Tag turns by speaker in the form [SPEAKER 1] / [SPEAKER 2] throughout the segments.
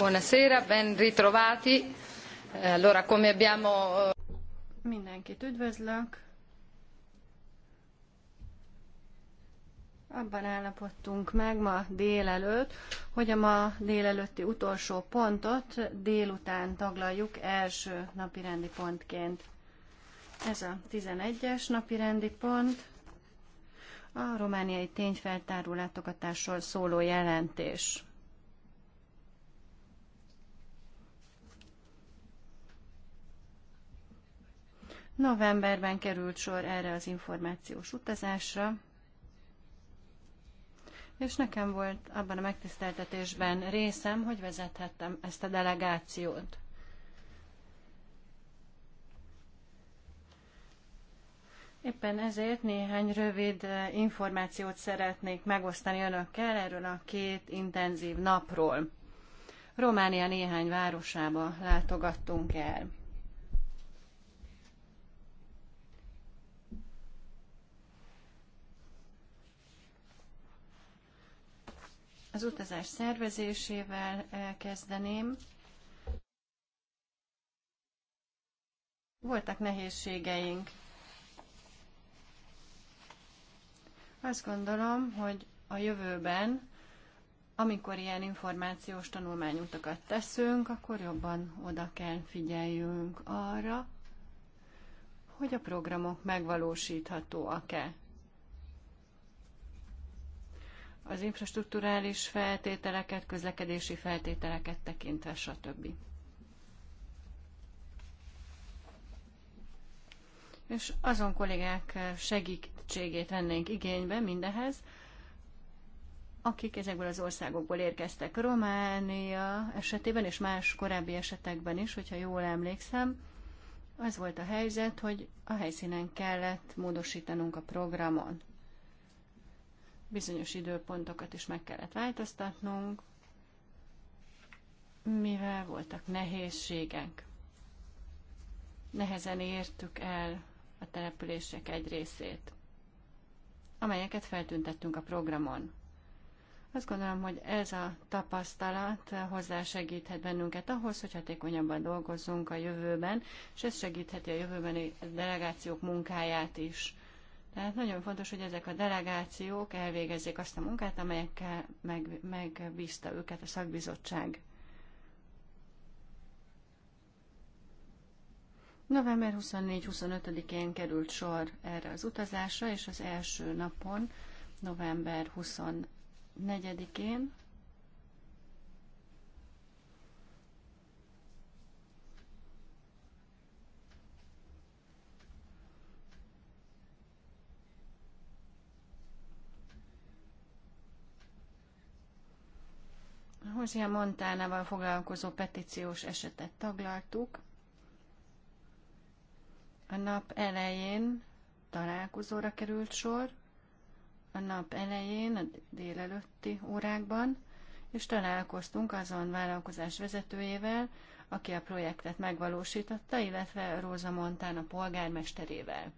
[SPEAKER 1] Buonasera, ben ritrovati. Eh, allora, come abbiamo... Eh, Mindenkit
[SPEAKER 2] üdvözlök. Abban állapodtunk meg ma délelőtt, hogy a ma délelőtti utolsó pontot délután taglaljuk első napirendi pontként. Ez a 11-es napirendi pont, a romániai tényfeltáró látogatásról szóló jelentés. Novemberben került sor erre az információs utazásra, és nekem volt abban a megtiszteltetésben részem, hogy vezethettem ezt a delegációt. Éppen ezért néhány rövid információt szeretnék megosztani önökkel erről a két intenzív napról. Románia néhány városába látogattunk el. Az utazás szervezésével eh, kezdeném. Voltak nehézségeink. Azt gondolom, hogy a jövőben, amikor ilyen információs tanulmányutakat teszünk, akkor jobban oda kell figyeljünk arra, hogy a programok megvalósíthatóak-e. az infrastruktúrális feltételeket, közlekedési feltételeket tekintve, stb. És azon kollégák segítségét vennénk igénybe mindehez, akik ezekből az országokból érkeztek. Románia esetében és más korábbi esetekben is, hogyha jól emlékszem, az volt a helyzet, hogy a helyszínen kellett módosítanunk a programon bizonyos időpontokat is meg kellett változtatnunk, mivel voltak nehézségek. Nehezen értük el a települések egy részét, amelyeket feltüntettünk a programon. Azt gondolom, hogy ez a tapasztalat hozzásegíthet bennünket ahhoz, hogy hatékonyabban dolgozzunk a jövőben, és ez segítheti a jövőbeni delegációk munkáját is. Tehát nagyon fontos, hogy ezek a delegációk elvégezzék azt a munkát, amelyekkel meg, megbízta őket a szakbizottság. November 24-25-én került sor erre az utazásra, és az első napon, november 24-én Hozia Montánával foglalkozó petíciós esetet taglaltuk. A nap elején találkozóra került sor, a nap elején, a délelőtti órákban, és találkoztunk azon vállalkozás vezetőjével, aki a projektet megvalósította, illetve Róza Montán a polgármesterével.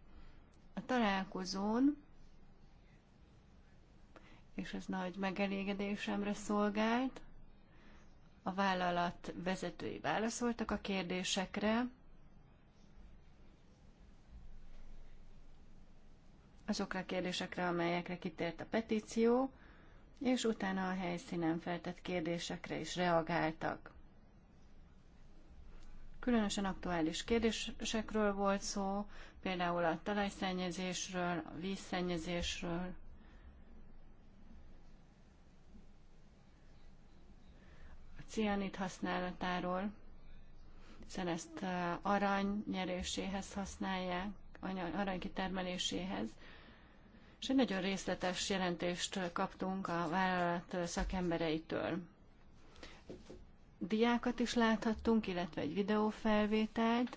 [SPEAKER 2] A találkozón, és ez nagy megelégedésemre szolgált, a vállalat vezetői válaszoltak a kérdésekre. azokra a kérdésekre, amelyekre kitért a petíció, és utána a helyszínen feltett kérdésekre is reagáltak. Különösen aktuális kérdésekről volt szó, például a talajszennyezésről, a vízszennyezésről, cianid használatáról, hiszen ezt uh, arany nyeréséhez használják, arany kitermeléséhez. És egy nagyon részletes jelentést uh, kaptunk a vállalat uh, szakembereitől. Diákat is láthattunk, illetve egy videófelvételt,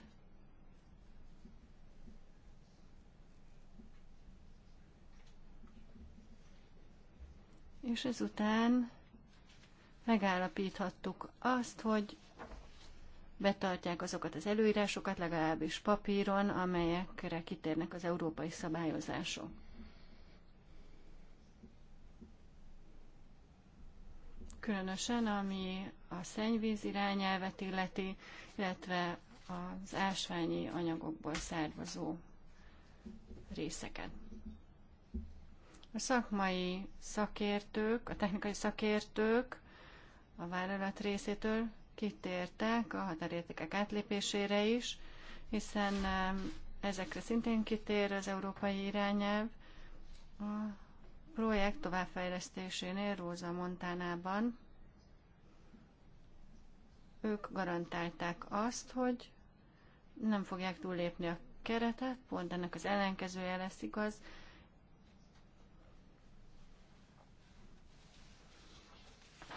[SPEAKER 2] És ezután megállapíthattuk azt, hogy betartják azokat az előírásokat, legalábbis papíron, amelyekre kitérnek az európai szabályozások. Különösen, ami a szennyvíz irányelvet illeti, illetve az ásványi anyagokból származó részeket. A szakmai szakértők, a technikai szakértők a vállalat részétől kitértek a határértékek átlépésére is, hiszen um, ezekre szintén kitér az európai irányelv. A projekt továbbfejlesztésénél Róza Montánában ők garantálták azt, hogy nem fogják túllépni a keretet, pont ennek az ellenkezője lesz igaz,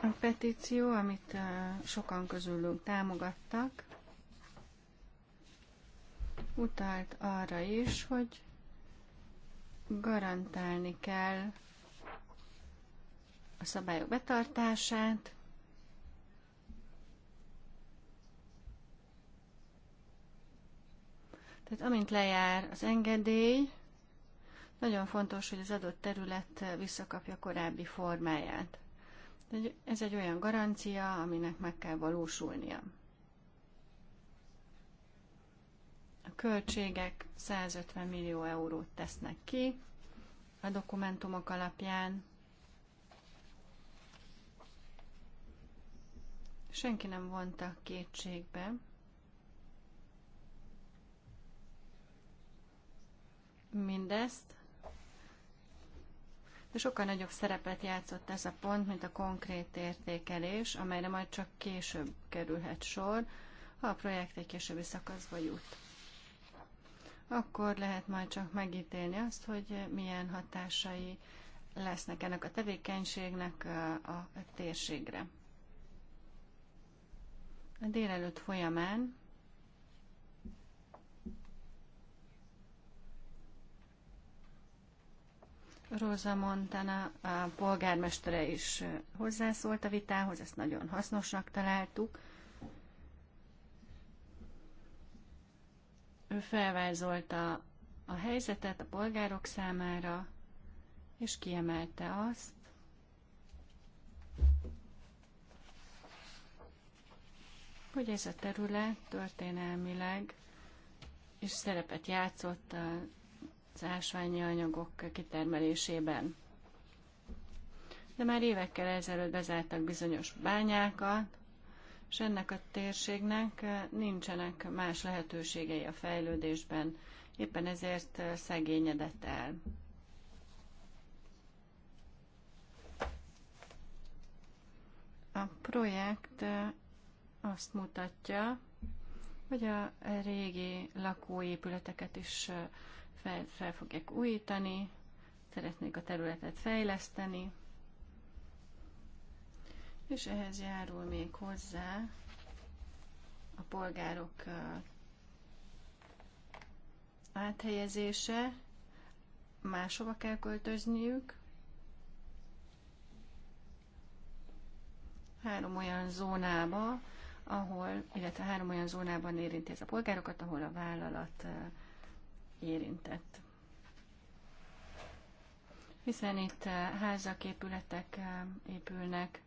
[SPEAKER 2] A petíció, amit sokan közülünk támogattak, utalt arra is, hogy garantálni kell a szabályok betartását, Tehát amint lejár az engedély, nagyon fontos, hogy az adott terület visszakapja korábbi formáját. Ez egy olyan garancia, aminek meg kell valósulnia. A költségek 150 millió eurót tesznek ki a dokumentumok alapján. Senki nem vonta kétségbe, mindezt, és sokkal nagyobb szerepet játszott ez a pont, mint a konkrét értékelés, amelyre majd csak később kerülhet sor, ha a projekt egy későbbi szakaszba jut. Akkor lehet majd csak megítélni azt, hogy milyen hatásai lesznek ennek a tevékenységnek a, a térségre. A délelőtt folyamán Rosa Montana a polgármestere is hozzászólt a vitához, ezt nagyon hasznosnak találtuk. Ő felvázolta a helyzetet a polgárok számára, és kiemelte azt, hogy ez a terület történelmileg és szerepet játszott a az ásványi anyagok kitermelésében. De már évekkel ezelőtt bezártak bizonyos bányákat, és ennek a térségnek eh, nincsenek más lehetőségei a fejlődésben, éppen ezért eh, szegényedett el. A projekt eh, azt mutatja, hogy a régi lakóépületeket is fel, fel fogják újítani, szeretnék a területet fejleszteni, és ehhez járul még hozzá a polgárok áthelyezése, máshova kell költözniük. Három olyan zónába, ahol, illetve három olyan zónában érinti ez a polgárokat, ahol a vállalat érintett. Hiszen itt eh, házak, épületek eh, épülnek,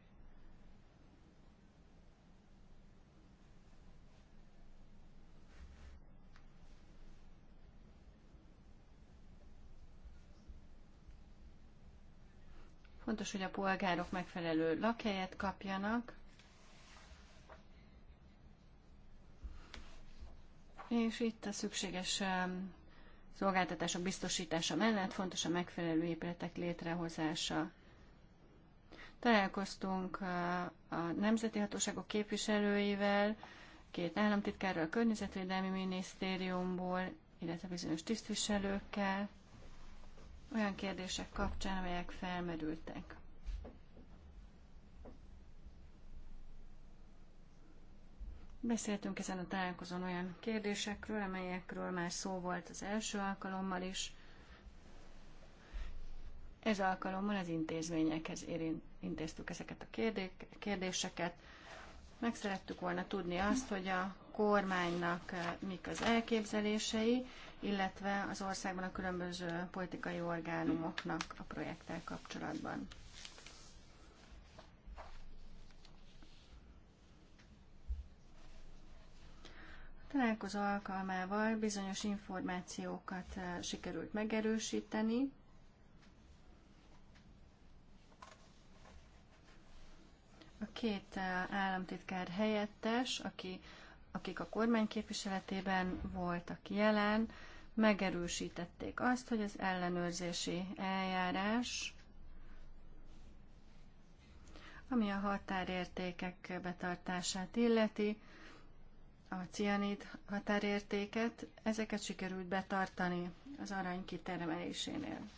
[SPEAKER 2] Fontos, hogy a polgárok megfelelő lakhelyet kapjanak, és itt a szükséges szolgáltatások biztosítása mellett fontos a megfelelő épületek létrehozása. Találkoztunk a nemzeti hatóságok képviselőivel, két államtitkárral, a Környezetvédelmi Minisztériumból, illetve bizonyos tisztviselőkkel, olyan kérdések kapcsán, amelyek felmerültek. Beszéltünk ezen a találkozón olyan kérdésekről, amelyekről már szó volt az első alkalommal is. Ez alkalommal az intézményekhez érint, intéztük ezeket a kérdéseket. Meg szerettük volna tudni azt, hogy a kormánynak eh, mik az elképzelései, illetve az országban a különböző politikai orgánumoknak a projekttel kapcsolatban. találkozó alkalmával bizonyos információkat eh, sikerült megerősíteni, A két eh, államtitkár helyettes, aki, akik a kormány képviseletében voltak jelen, megerősítették azt, hogy az ellenőrzési eljárás, ami a határértékek betartását illeti, a cianid határértéket, ezeket sikerült betartani az arany kitermelésénél.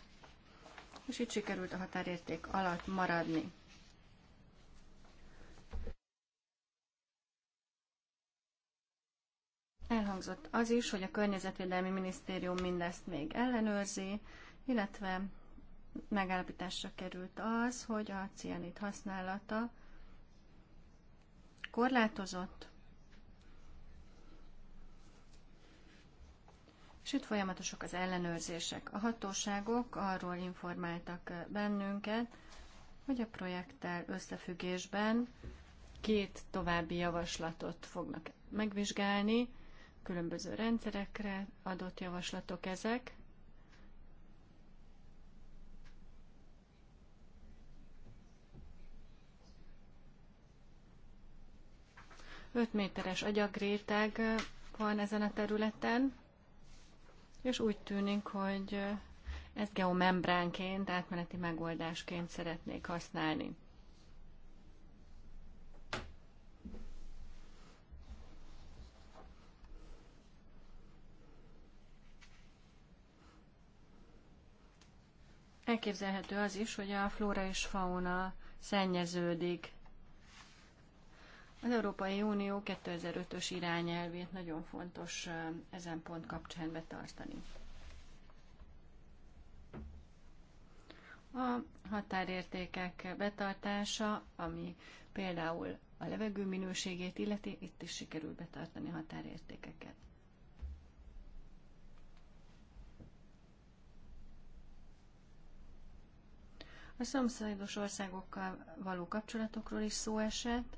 [SPEAKER 2] És itt sikerült a határérték alatt maradni. Elhangzott az is, hogy a Környezetvédelmi Minisztérium mindezt még ellenőrzi, illetve megállapításra került az, hogy a cianid használata korlátozott, Sőt, folyamatosak az ellenőrzések. A hatóságok arról informáltak eh, bennünket, hogy a projekttel összefüggésben két további javaslatot fognak megvizsgálni, különböző rendszerekre adott javaslatok ezek. Öt méteres agyagréteg eh, van ezen a területen, és úgy tűnik, hogy ezt geomembránként, átmeneti megoldásként szeretnék használni. Elképzelhető az is, hogy a flóra és fauna szennyeződik. Az Európai Unió 2005-ös irányelvét nagyon fontos ezen pont kapcsán betartani. A határértékek betartása, ami például a levegő minőségét illeti, itt is sikerül betartani a határértékeket. A szomszédos országokkal való kapcsolatokról is szó esett.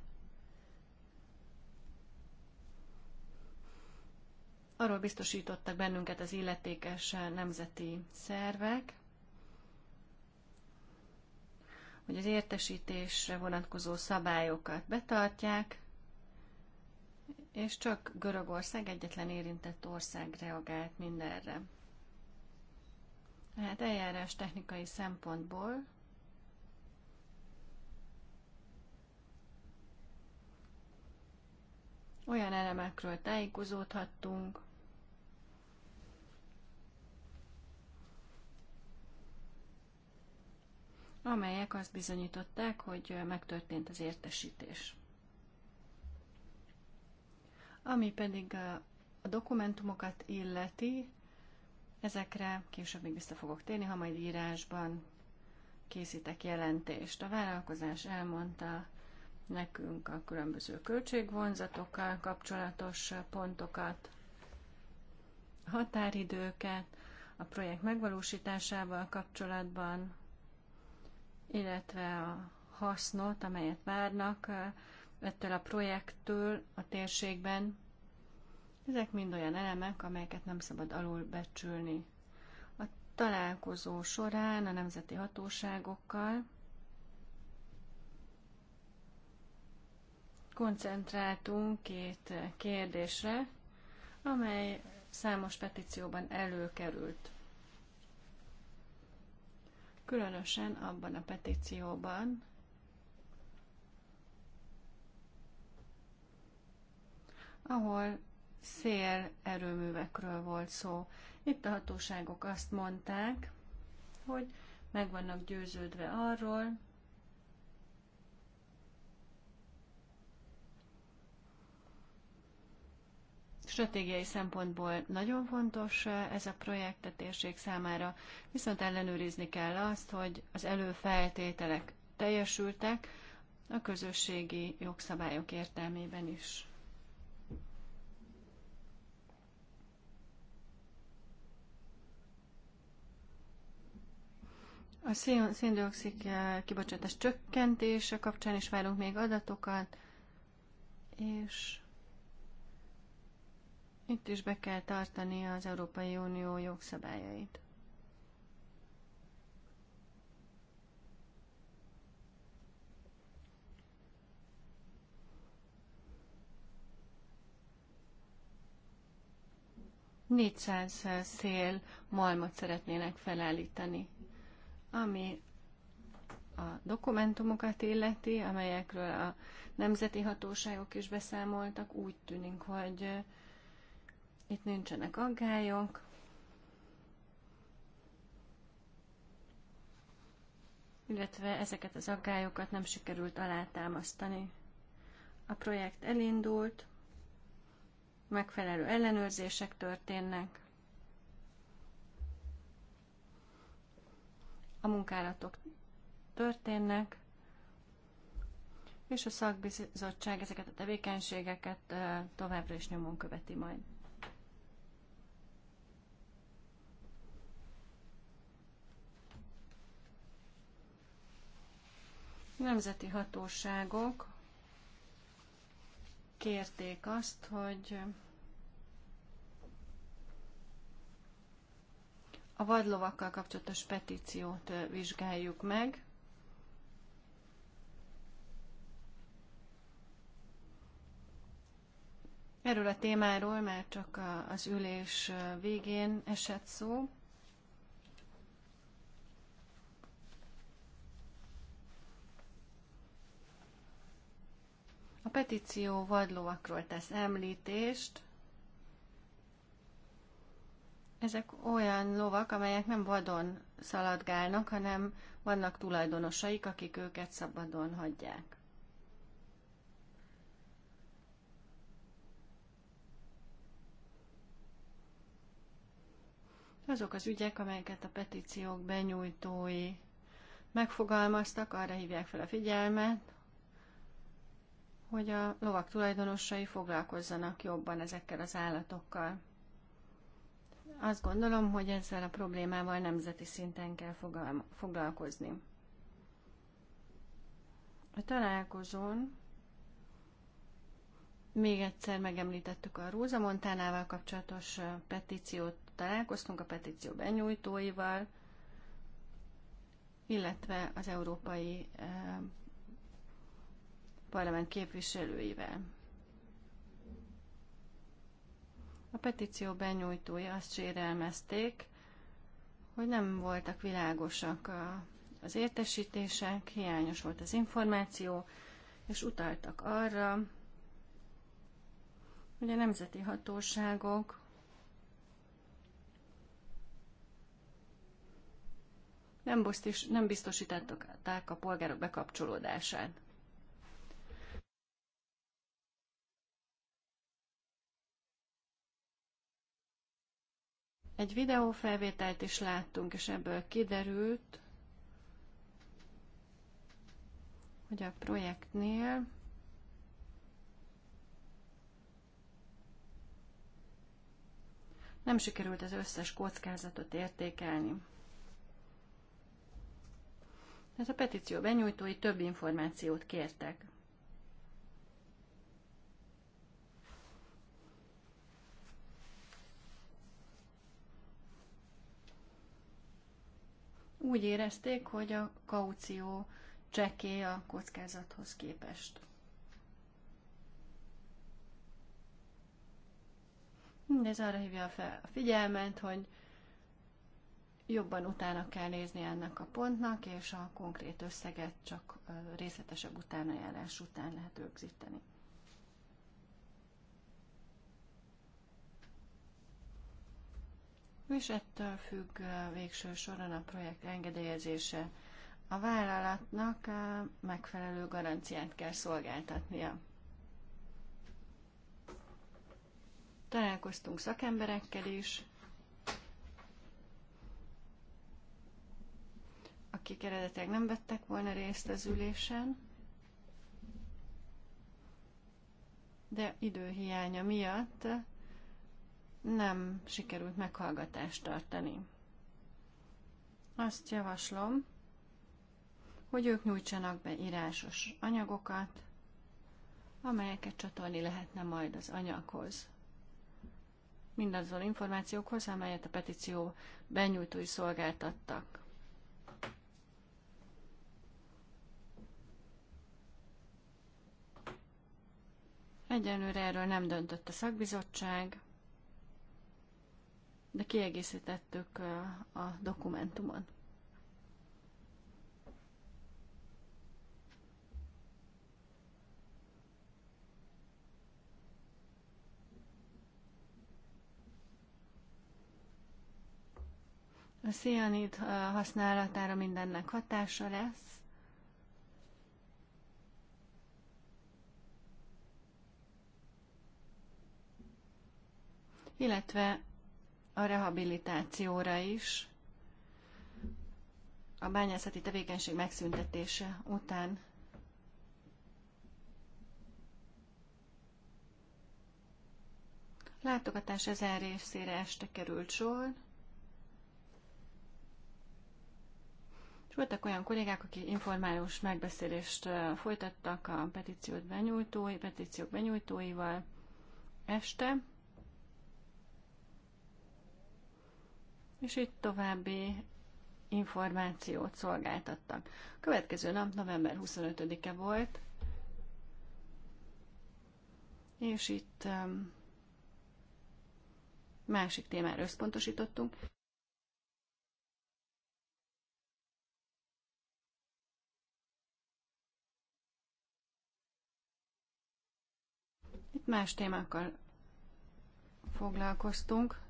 [SPEAKER 2] Arról biztosítottak bennünket az illetékes nemzeti szervek, hogy az értesítésre vonatkozó szabályokat betartják, és csak Görögország egyetlen érintett ország reagált mindenre. Tehát eljárás technikai szempontból olyan elemekről tájékozódhattunk, amelyek azt bizonyították, hogy megtörtént az értesítés. Ami pedig a dokumentumokat illeti, ezekre később még vissza fogok térni, ha majd írásban készítek jelentést. A vállalkozás elmondta nekünk a különböző költségvonzatokkal kapcsolatos pontokat, határidőket, a projekt megvalósításával kapcsolatban, illetve a hasznot, amelyet várnak ettől a projektől a térségben. Ezek mind olyan elemek, amelyeket nem szabad becsülni. A találkozó során a nemzeti hatóságokkal koncentráltunk két kérdésre, amely számos petícióban előkerült különösen abban a petícióban, ahol szél erőművekről volt szó. Itt a hatóságok azt mondták, hogy meg vannak győződve arról, Stratégiai szempontból nagyon fontos eh, ez a projekt a térség számára, viszont ellenőrizni kell azt, hogy az előfeltételek teljesültek a közösségi jogszabályok értelmében is. A széndiokszik eh, kibocsátás csökkentése kapcsán is várunk még adatokat, és itt is be kell tartani az Európai Unió jogszabályait. Négyszáz szél malmot szeretnének felállítani, ami a dokumentumokat illeti, amelyekről a nemzeti hatóságok is beszámoltak, úgy tűnik, hogy itt nincsenek aggályok. illetve ezeket az aggályokat nem sikerült alátámasztani. A projekt elindult, megfelelő ellenőrzések történnek, a munkálatok történnek, és a szakbizottság ezeket a tevékenységeket továbbra is nyomon követi majd. nemzeti hatóságok kérték azt, hogy a vadlovakkal kapcsolatos petíciót vizsgáljuk meg. Erről a témáról már csak az ülés végén esett szó. A petíció vadlóakról tesz említést. Ezek olyan lovak, amelyek nem vadon szaladgálnak, hanem vannak tulajdonosaik, akik őket szabadon hagyják. Azok az ügyek, amelyeket a petíciók benyújtói megfogalmaztak, arra hívják fel a figyelmet, hogy a lovak tulajdonosai foglalkozzanak jobban ezekkel az állatokkal. Azt gondolom, hogy ezzel a problémával nemzeti szinten kell foglalkozni. A találkozón még egyszer megemlítettük a Róza Montánával kapcsolatos petíciót, találkoztunk a petíció benyújtóival, illetve az Európai Parlament képviselőivel. A petíció benyújtói azt sérelmezték, hogy nem voltak világosak a, az értesítések, hiányos volt az információ, és utaltak arra, hogy a nemzeti hatóságok nem biztosították a polgárok bekapcsolódását. Egy videófelvételt is láttunk, és ebből kiderült, hogy a projektnél nem sikerült az összes kockázatot értékelni. Ez a petíció benyújtói több információt kértek. úgy érezték, hogy a kaució cseké a kockázathoz képest. ez arra hívja fel a figyelmet, hogy jobban utána kell nézni ennek a pontnak, és a konkrét összeget csak részletesebb utánajárás után lehet rögzíteni. és ettől függ végső soron a projekt engedélyezése. A vállalatnak megfelelő garanciát kell szolgáltatnia. Találkoztunk szakemberekkel is, akik eredetileg nem vettek volna részt az ülésen, de időhiánya miatt nem sikerült meghallgatást tartani. Azt javaslom, hogy ők nyújtsanak be írásos anyagokat, amelyeket csatolni lehetne majd az anyaghoz. Mindazon információkhoz, amelyet a petíció benyújtói szolgáltattak. Egyenlőre erről nem döntött a szakbizottság, de kiegészítettük a dokumentumon. A szianid használatára mindennek hatása lesz. Illetve a rehabilitációra is, a bányászati tevékenység megszüntetése után. Látogatás ezen részére este került sor. És voltak olyan kollégák, akik informálós megbeszélést folytattak a petíciót benyújtói, petíciók benyújtóival este. és itt további információt szolgáltattak. Következő nap november 25-e volt, és itt um, másik témára összpontosítottunk. Itt más témákkal foglalkoztunk,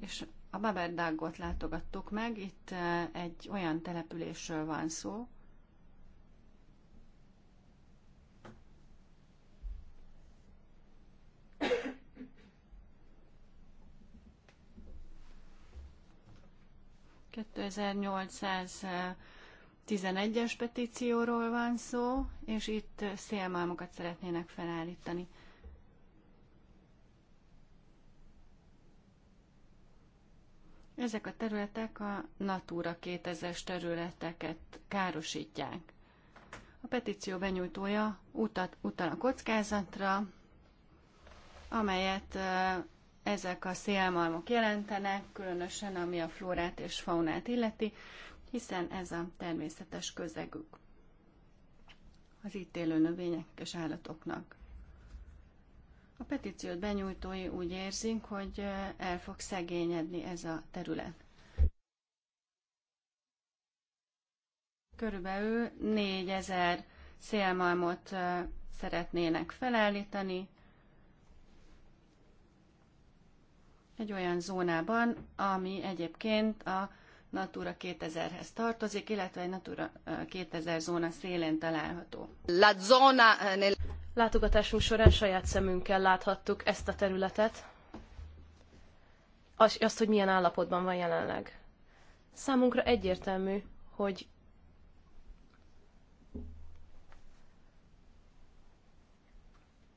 [SPEAKER 2] és a Babeddaggot látogattuk meg, itt eh, egy olyan településről van szó, ...2800 11-es petícióról van szó, és itt szélmalmokat szeretnének felállítani. Ezek a területek a Natura 2000-es területeket károsítják. A petíció benyújtója utat, utal a kockázatra, amelyet ezek a szélmalmok jelentenek, különösen ami a flórát és faunát illeti, hiszen ez a természetes közegük az itt élő növények és állatoknak. A petíciót benyújtói úgy érzik, hogy el fog szegényedni ez a terület. Körülbelül 4000 szélmalmot szeretnének felállítani, egy olyan zónában, ami egyébként a Natura 2000-hez tartozik, illetve egy Natura 2000 zóna szélén található. La zona nel... Látogatásunk során saját
[SPEAKER 3] szemünkkel láthattuk ezt a területet, azt, hogy milyen állapotban van jelenleg. Számunkra egyértelmű, hogy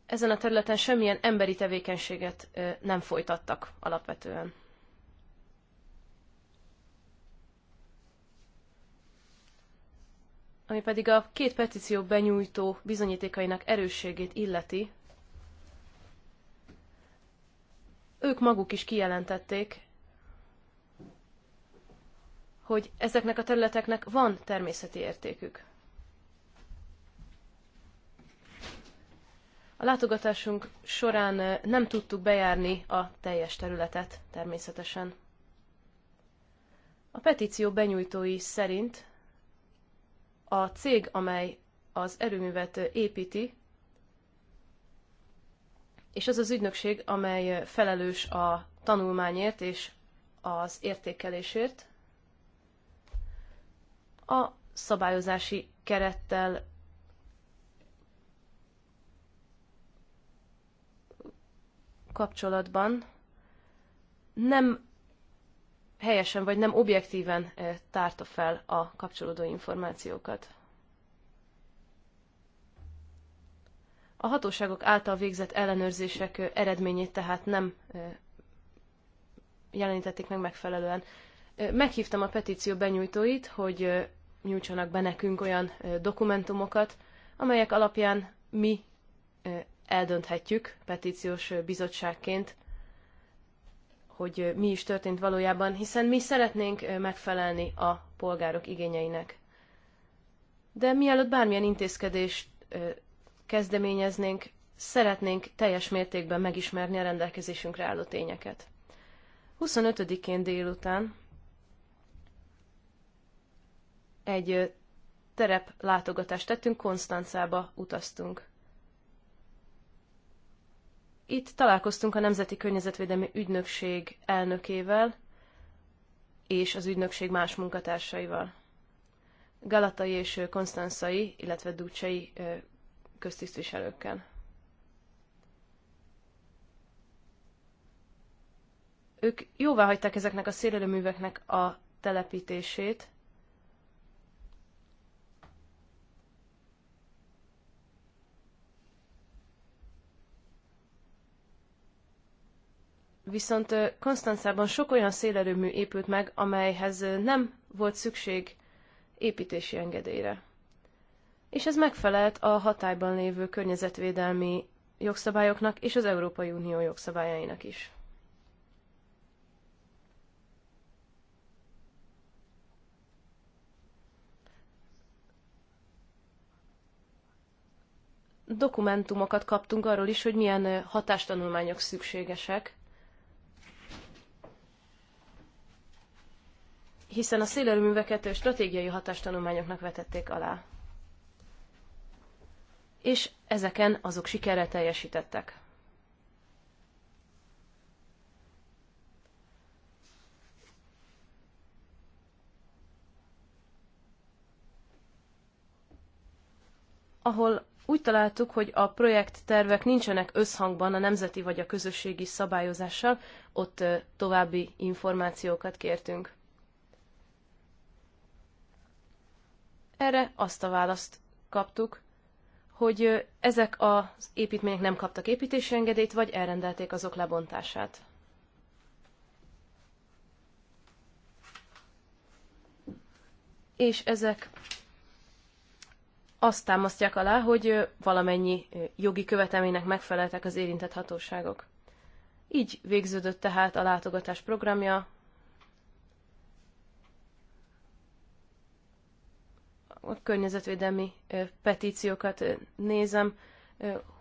[SPEAKER 3] ezen a területen semmilyen emberi tevékenységet nem folytattak alapvetően. ami pedig a két petíció benyújtó bizonyítékainak erősségét illeti, ők maguk is kijelentették, hogy ezeknek a területeknek van természeti értékük. A látogatásunk során eh, nem tudtuk bejárni a teljes területet, természetesen. A petíció benyújtói szerint a cég, amely az erőművet építi, és az az ügynökség, amely felelős a tanulmányért és az értékelésért, a szabályozási kerettel kapcsolatban nem helyesen vagy nem objektíven tárta fel a kapcsolódó információkat. A hatóságok által végzett ellenőrzések eredményét tehát nem jelenítették meg megfelelően. Meghívtam a petíció benyújtóit, hogy nyújtsanak be nekünk olyan dokumentumokat, amelyek alapján mi eldönthetjük petíciós bizottságként, hogy mi is történt valójában, hiszen mi szeretnénk megfelelni a polgárok igényeinek. De mielőtt bármilyen intézkedést kezdeményeznénk, szeretnénk teljes mértékben megismerni a rendelkezésünkre álló tényeket. 25-én délután egy terep látogatást tettünk, Konstancába utaztunk. Itt találkoztunk a Nemzeti Környezetvédelmi Ügynökség elnökével és az ügynökség más munkatársaival. Galatai és Konstanszai, illetve Ducsei köztisztviselőkkel. Ők jóvá hagyták ezeknek a szélelőműveknek a telepítését, Viszont Konstanzában sok olyan szélerőmű épült meg, amelyhez nem volt szükség építési engedélyre. És ez megfelelt a hatályban lévő környezetvédelmi jogszabályoknak és az Európai Unió jogszabályainak is. Dokumentumokat kaptunk arról is, hogy milyen hatástanulmányok szükségesek hiszen a szélerőműveket stratégiai hatástanulmányoknak vetették alá. És ezeken azok sikerrel teljesítettek. ahol úgy találtuk, hogy a projekttervek nincsenek összhangban a nemzeti vagy a közösségi szabályozással, ott további információkat kértünk. Erre azt a választ kaptuk, hogy ezek az építmények nem kaptak építési engedélyt, vagy elrendelték azok lebontását. És ezek azt támasztják alá, hogy valamennyi jogi követelménynek megfeleltek az érintett hatóságok. Így végződött tehát a látogatás programja a környezetvédelmi petíciókat nézem,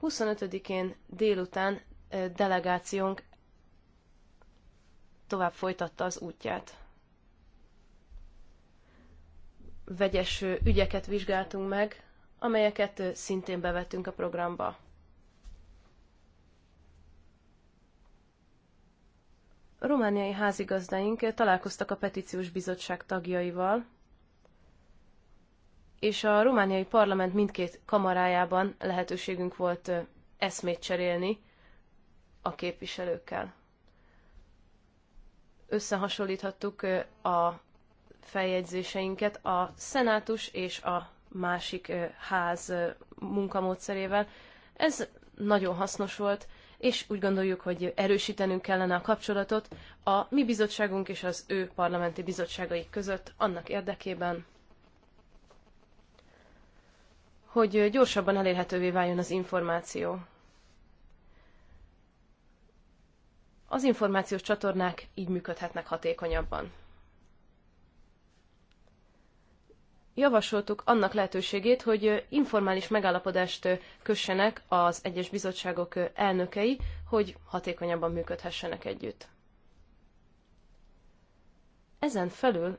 [SPEAKER 3] 25-én délután delegációnk tovább folytatta az útját. Vegyes ügyeket vizsgáltunk meg, amelyeket szintén bevettünk a programba. A romániai házigazdáink találkoztak a petíciós bizottság tagjaival, és a romániai parlament mindkét kamarájában lehetőségünk volt eszmét cserélni a képviselőkkel. Összehasonlíthattuk a feljegyzéseinket a szenátus és a másik ház munkamódszerével. Ez nagyon hasznos volt, és úgy gondoljuk, hogy erősítenünk kellene a kapcsolatot a mi bizottságunk és az ő parlamenti bizottságaik között annak érdekében, hogy gyorsabban elérhetővé váljon az információ. Az információs csatornák így működhetnek hatékonyabban. Javasoltuk annak lehetőségét, hogy informális megállapodást kössenek az egyes bizottságok elnökei, hogy hatékonyabban működhessenek együtt. Ezen felül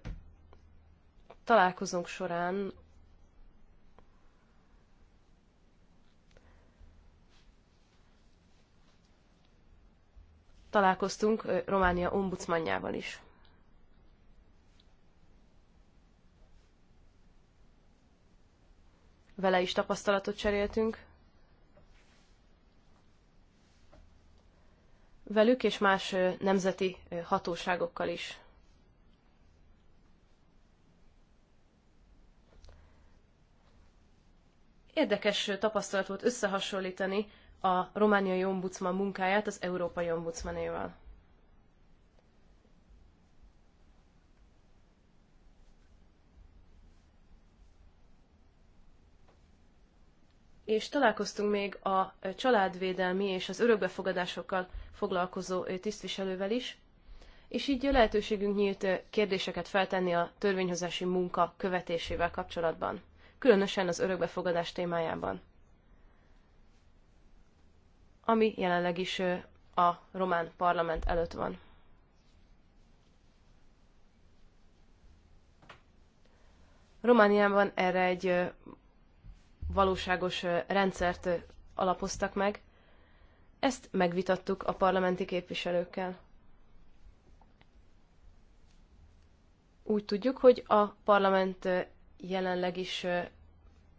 [SPEAKER 3] találkozunk során találkoztunk Románia ombudsmanjával is. Vele is tapasztalatot cseréltünk. Velük és más nemzeti hatóságokkal is. Érdekes tapasztalat volt összehasonlítani a romániai ombudsman munkáját az európai ombudsmanéval. és találkoztunk még a családvédelmi és az örökbefogadásokkal foglalkozó tisztviselővel is, és így lehetőségünk nyílt kérdéseket feltenni a törvényhozási munka követésével kapcsolatban, különösen az örökbefogadás témájában ami jelenleg is a román parlament előtt van. Romániában erre egy valóságos rendszert alapoztak meg. Ezt megvitattuk a parlamenti képviselőkkel. Úgy tudjuk, hogy a parlament jelenleg is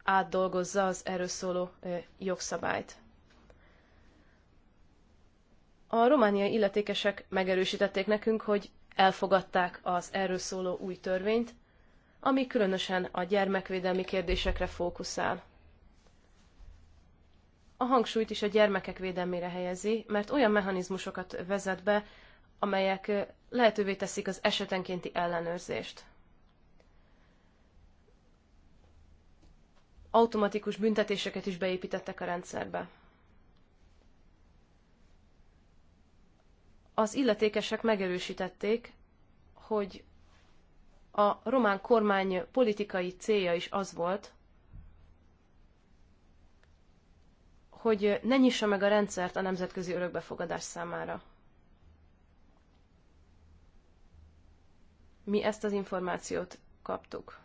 [SPEAKER 3] átdolgozza az erről szóló jogszabályt. A romániai illetékesek megerősítették nekünk, hogy elfogadták az erről szóló új törvényt, ami különösen a gyermekvédelmi kérdésekre fókuszál. A hangsúlyt is a gyermekek védelmére helyezi, mert olyan mechanizmusokat vezet be, amelyek lehetővé teszik az esetenkénti ellenőrzést. Automatikus büntetéseket is beépítettek a rendszerbe. az illetékesek megerősítették, hogy a román kormány politikai célja is az volt, hogy ne nyissa meg a rendszert a nemzetközi örökbefogadás számára. Mi ezt az információt kaptuk.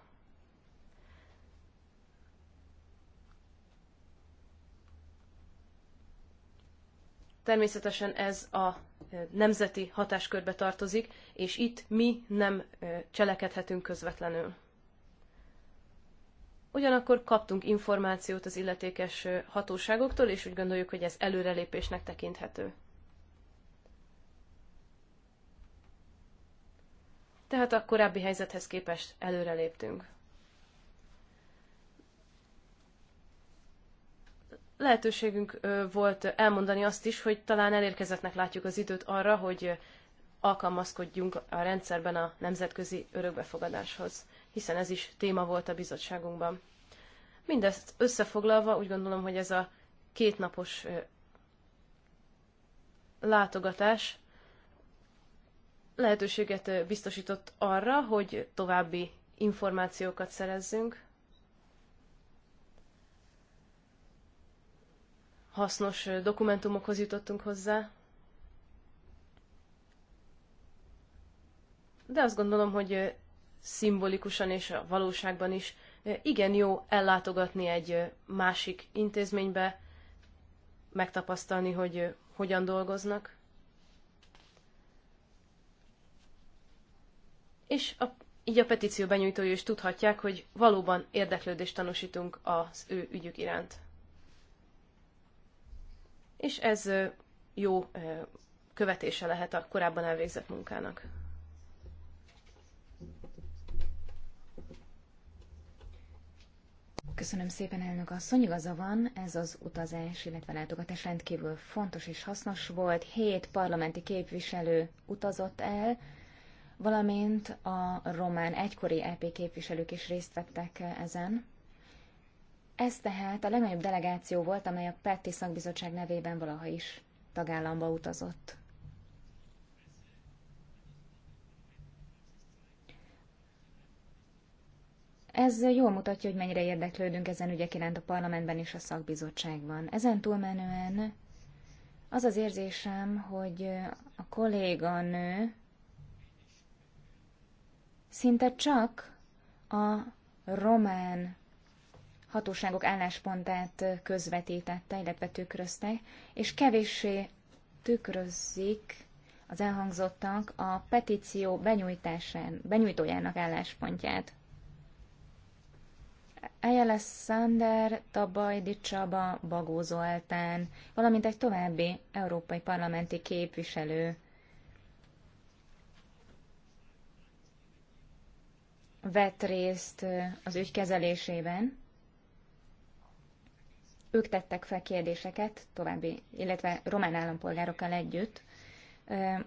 [SPEAKER 3] Természetesen ez a nemzeti hatáskörbe tartozik, és itt mi nem cselekedhetünk közvetlenül. Ugyanakkor kaptunk információt az illetékes hatóságoktól, és úgy gondoljuk, hogy ez előrelépésnek tekinthető. Tehát a korábbi helyzethez képest előreléptünk. lehetőségünk volt elmondani azt is, hogy talán elérkezettnek látjuk az időt arra, hogy alkalmazkodjunk a rendszerben a nemzetközi örökbefogadáshoz, hiszen ez is téma volt a bizottságunkban. Mindezt összefoglalva úgy gondolom, hogy ez a kétnapos látogatás lehetőséget biztosított arra, hogy további információkat szerezzünk hasznos dokumentumokhoz jutottunk hozzá. De azt gondolom, hogy szimbolikusan és a valóságban is igen jó ellátogatni egy másik intézménybe, megtapasztalni, hogy hogyan dolgoznak. És a, így a petíció benyújtói is tudhatják, hogy valóban érdeklődést tanúsítunk az ő ügyük iránt és ez jó követése lehet a korábban elvégzett munkának.
[SPEAKER 4] Köszönöm szépen, elnök asszony, igaza van, ez az utazás, illetve látogatás rendkívül fontos és hasznos volt. Hét parlamenti képviselő utazott el, valamint a román egykori EP képviselők is részt vettek ezen. Ez tehát a legnagyobb delegáció volt, amely a Petti szakbizottság nevében valaha is tagállamba utazott. Ez jól mutatja, hogy mennyire érdeklődünk ezen ügyek iránt a parlamentben és a szakbizottságban. Ezen túlmenően az az érzésem, hogy a kolléganő szinte csak a román hatóságok álláspontát közvetítette, illetve tükrözte, és kevéssé tükrözik az elhangzottak a petíció benyújtásán, benyújtójának álláspontját. Ejele Sander, Tabajdi Csaba, Bagó Zoltán, valamint egy további európai parlamenti képviselő vett részt az ügy kezelésében, ők tettek fel kérdéseket, további, illetve román állampolgárokkal együtt,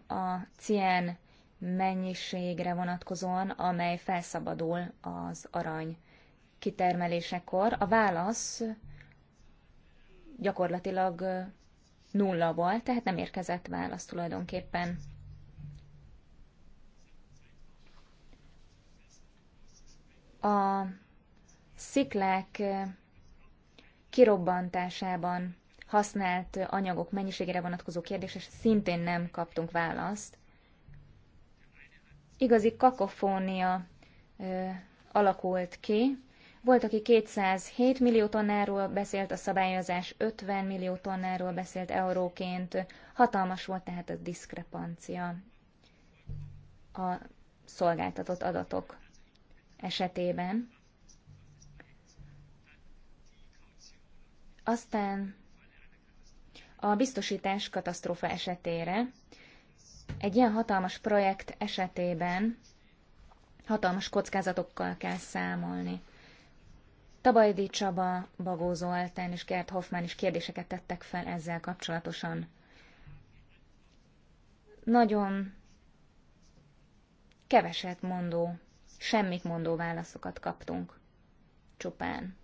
[SPEAKER 4] a cien mennyiségre vonatkozóan, amely felszabadul az arany kitermelésekor. A válasz gyakorlatilag nulla volt, tehát nem érkezett válasz tulajdonképpen. A sziklák kirobbantásában használt anyagok mennyiségére vonatkozó kérdésre szintén nem kaptunk választ. Igazi kakofónia ö, alakult ki. Volt, aki 207 millió tonnáról beszélt, a szabályozás 50 millió tonnáról beszélt euróként. Hatalmas volt tehát a diszkrepancia a szolgáltatott adatok esetében. Aztán a biztosítás katasztrófa esetére. Egy ilyen hatalmas projekt esetében hatalmas kockázatokkal kell számolni. Tabajdi Csaba, Bagó Zoltán és Gert Hoffman is kérdéseket tettek fel ezzel kapcsolatosan. Nagyon keveset mondó, semmit mondó válaszokat kaptunk. Csupán.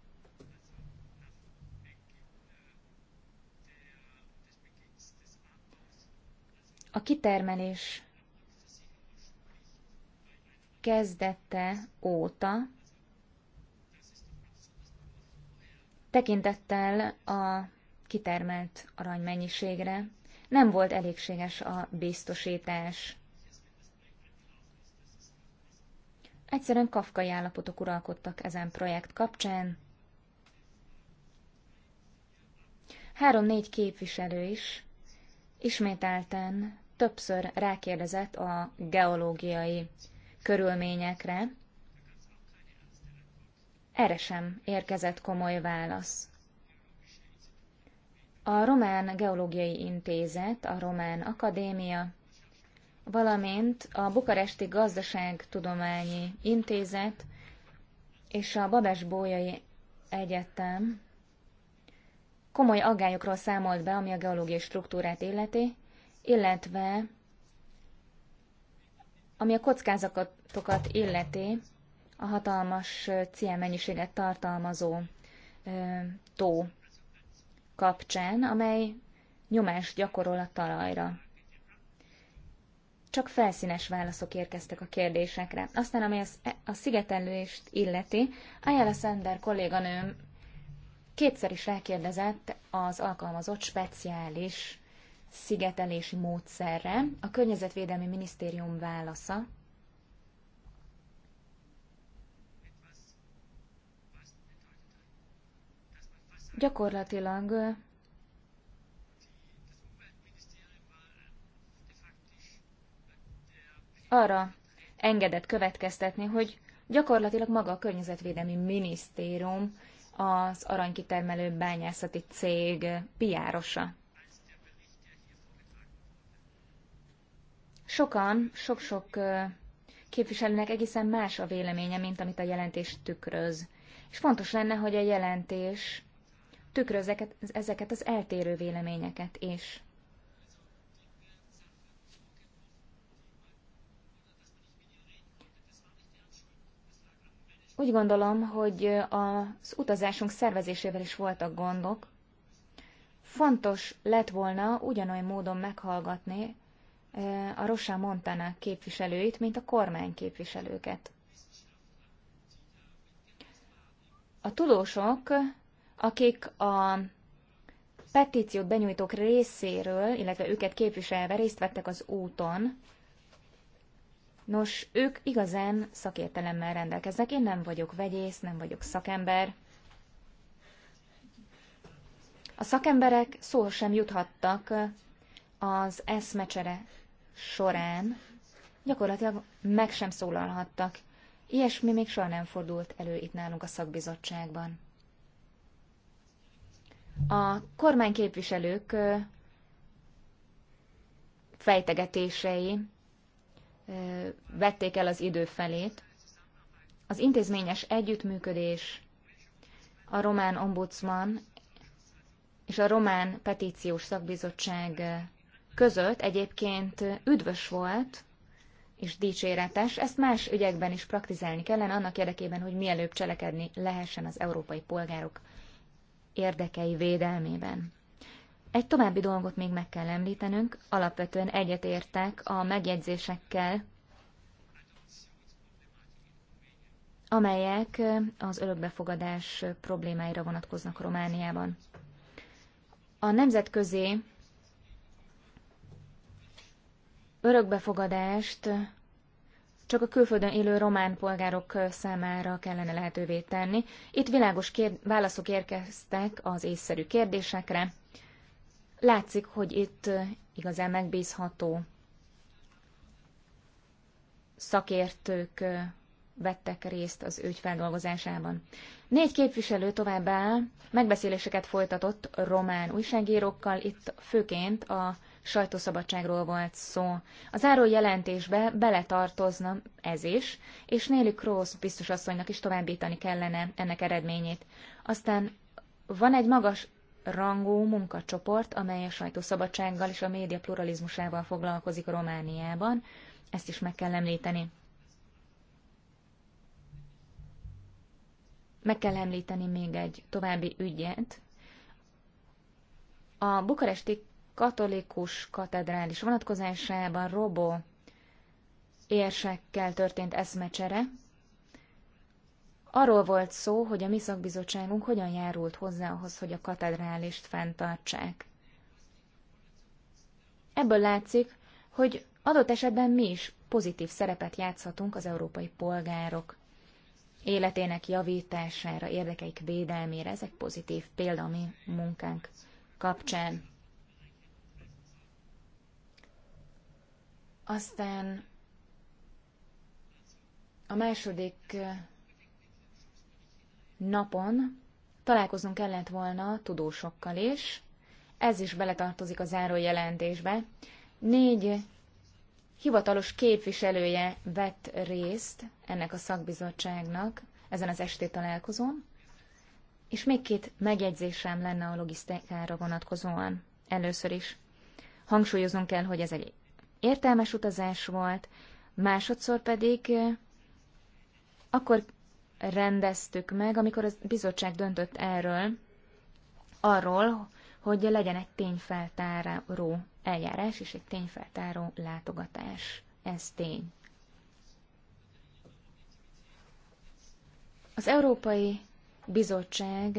[SPEAKER 4] A kitermelés kezdette óta tekintettel a kitermelt aranymennyiségre nem volt elégséges a biztosítás. Egyszerűen kafkai állapotok uralkodtak ezen projekt kapcsán. Három-négy képviselő is ismételten többször rákérdezett a geológiai körülményekre, erre sem érkezett komoly válasz. A Román Geológiai Intézet, a Román Akadémia, valamint a Bukaresti Gazdaságtudományi Intézet és a babes Bójai Egyetem komoly aggályokról számolt be, ami a geológiai struktúrát illeti, illetve ami a kockázatokat illeti, a hatalmas célmennyiséget tartalmazó tó kapcsán, amely nyomást gyakorol a talajra. Csak felszínes válaszok érkeztek a kérdésekre. Aztán, ami e- a szigetelést illeti, Ayala Sender kolléganőm kétszer is elkérdezett az alkalmazott speciális szigetelési módszerre. A Környezetvédelmi Minisztérium válasza gyakorlatilag arra engedett következtetni, hogy gyakorlatilag maga a Környezetvédelmi Minisztérium az aranykitermelő bányászati cég piárosa. Sokan, sok-sok képviselőnek egészen más a véleménye, mint amit a jelentés tükröz. És fontos lenne, hogy a jelentés tükröz ezeket az eltérő véleményeket is. Úgy gondolom, hogy az utazásunk szervezésével is voltak gondok. Fontos lett volna ugyanolyan módon meghallgatni a Rosa Montana képviselőit, mint a kormány képviselőket. A tudósok, akik a petíciót benyújtók részéről, illetve őket képviselve részt vettek az úton, nos, ők igazán szakértelemmel rendelkeznek. Én nem vagyok vegyész, nem vagyok szakember. A szakemberek szó sem juthattak az eszmecsere során gyakorlatilag meg sem szólalhattak. Ilyesmi még soha nem fordult elő itt nálunk a szakbizottságban. A kormányképviselők fejtegetései vették el az idő felét. Az intézményes együttműködés, a román ombudsman és a román petíciós szakbizottság között egyébként üdvös volt, és dicséretes, ezt más ügyekben is praktizálni kellene, annak érdekében, hogy mielőbb cselekedni lehessen az európai polgárok érdekei védelmében. Egy további dolgot még meg kell említenünk, alapvetően egyetértek a megjegyzésekkel, amelyek az örökbefogadás problémáira vonatkoznak Romániában. A nemzetközi örökbefogadást csak a külföldön élő román polgárok számára kellene lehetővé tenni. Itt világos kérd- válaszok érkeztek az észszerű kérdésekre. Látszik, hogy itt igazán megbízható szakértők vettek részt az ügy feldolgozásában. Négy képviselő továbbá megbeszéléseket folytatott román újságírókkal, itt főként a sajtószabadságról volt szó. A záró jelentésbe beletartozna ez is, és Néli Krósz biztos asszonynak is továbbítani kellene ennek eredményét. Aztán van egy magas rangú munkacsoport, amely a sajtószabadsággal és a média pluralizmusával foglalkozik a Romániában. Ezt is meg kell említeni. Meg kell említeni még egy további ügyet. A bukaresti katolikus katedrális vonatkozásában Robo érsekkel történt eszmecsere. Arról volt szó, hogy a mi szakbizottságunk hogyan járult hozzá ahhoz, hogy a katedrálist fenntartsák. Ebből látszik, hogy adott esetben mi is pozitív szerepet játszhatunk az európai polgárok életének javítására, érdekeik védelmére. Ez egy pozitív példa a mi munkánk kapcsán. Aztán a második napon találkozunk kellett volna tudósokkal is. Ez is beletartozik a jelentésbe. Négy hivatalos képviselője vett részt ennek a szakbizottságnak ezen az estét találkozón, és még két megjegyzésem lenne a logisztikára vonatkozóan. Először is hangsúlyoznunk kell, hogy ez egy értelmes utazás volt, másodszor pedig akkor rendeztük meg, amikor a bizottság döntött erről, arról, hogy legyen egy tényfeltáró eljárás és egy tényfeltáró látogatás. Ez tény. Az Európai Bizottság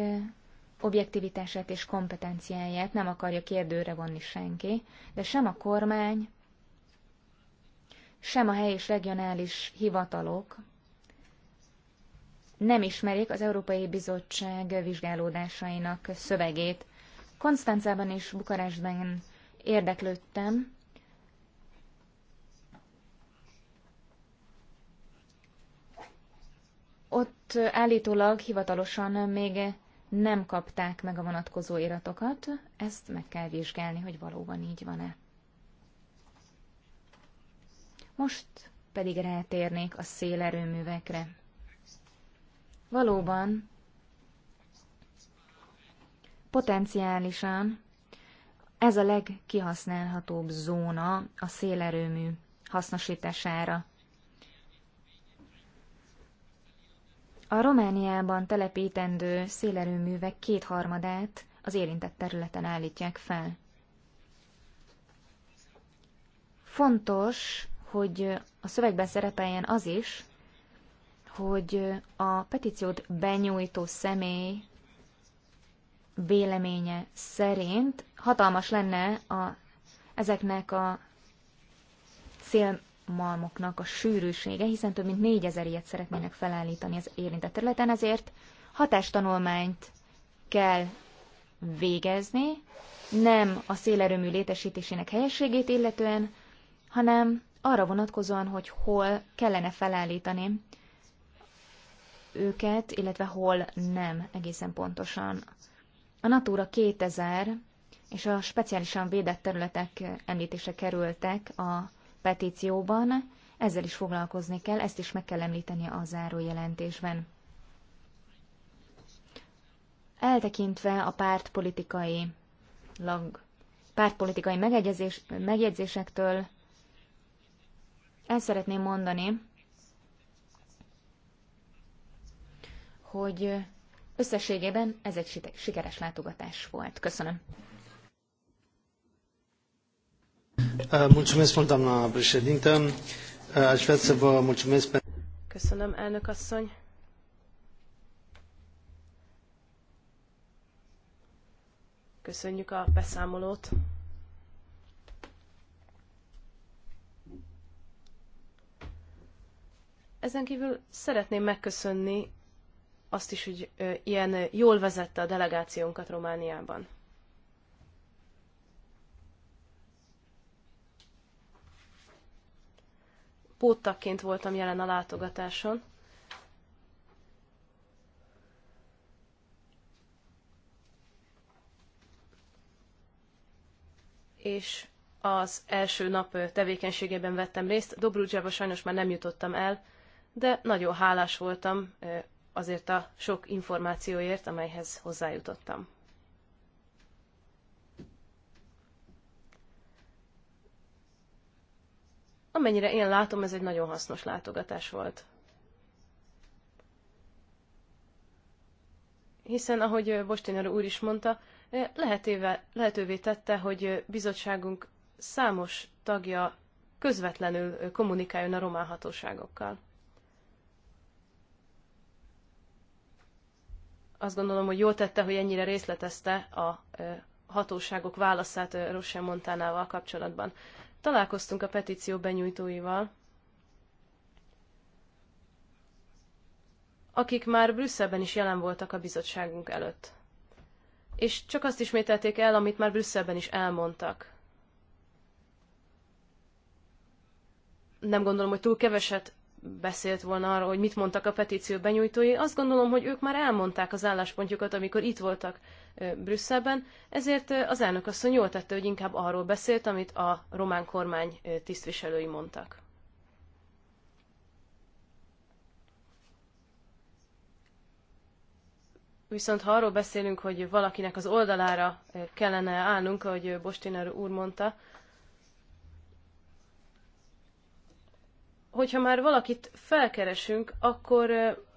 [SPEAKER 4] objektivitását és kompetenciáját nem akarja kérdőre vonni senki, de sem a kormány, sem a helyi és regionális hivatalok nem ismerik az Európai Bizottság vizsgálódásainak szövegét. Konstancában és Bukarestben érdeklődtem, ott állítólag hivatalosan még nem kapták meg a vonatkozó iratokat, ezt meg kell vizsgálni, hogy valóban így van-e. Most pedig rátérnék a szélerőművekre. Valóban, potenciálisan ez a legkihasználhatóbb zóna a szélerőmű hasznosítására. A Romániában telepítendő szélerőművek kétharmadát az érintett területen állítják fel. Fontos hogy a szövegben szerepeljen az is, hogy a petíciót benyújtó személy véleménye szerint hatalmas lenne a, ezeknek a szélmalmoknak a sűrűsége, hiszen több mint négyezer ilyet szeretnének felállítani az érintett területen, ezért hatástanulmányt kell végezni, nem a szélerőmű létesítésének helyességét illetően, hanem arra vonatkozóan, hogy hol kellene felállítani őket, illetve hol nem egészen pontosan. A Natura 2000 és a speciálisan védett területek említése kerültek a petícióban, ezzel is foglalkozni kell, ezt is meg kell említeni a zárójelentésben. Eltekintve a pártpolitikai lag, pártpolitikai megegyezés, megjegyzésektől, el szeretném mondani, hogy összességében ez egy sikeres látogatás volt. Köszönöm.
[SPEAKER 5] Eh, mulțumesc mult, doamna președintă. Eh, aș vrea să vă mulțumesc pentru...
[SPEAKER 3] Köszönöm, elnök asszony. Köszönjük a beszámolót. Ezen kívül szeretném megköszönni azt is, hogy ilyen jól vezette a delegációnkat Romániában. Póttakként voltam jelen a látogatáson, és az első nap tevékenységében vettem részt. Dobrúdzsába sajnos már nem jutottam el, de nagyon hálás voltam azért a sok információért, amelyhez hozzájutottam. Amennyire én látom, ez egy nagyon hasznos látogatás volt. Hiszen, ahogy Bostinár úr is mondta, lehetéve, lehetővé tette, hogy bizottságunk számos tagja közvetlenül kommunikáljon a román hatóságokkal. azt gondolom, hogy jól tette, hogy ennyire részletezte a hatóságok válaszát Rosse Montánával kapcsolatban. Találkoztunk a petíció benyújtóival, akik már Brüsszelben is jelen voltak a bizottságunk előtt. És csak azt ismételték el, amit már Brüsszelben is elmondtak. Nem gondolom, hogy túl keveset beszélt volna arról, hogy mit mondtak a petíció benyújtói. Azt gondolom, hogy ők már elmondták az álláspontjukat, amikor itt voltak Brüsszelben, ezért az elnök asszony jól tette, hogy inkább arról beszélt, amit a román kormány tisztviselői mondtak. Viszont ha arról beszélünk, hogy valakinek az oldalára kellene állnunk, ahogy Bostiner úr mondta, hogyha már valakit felkeresünk, akkor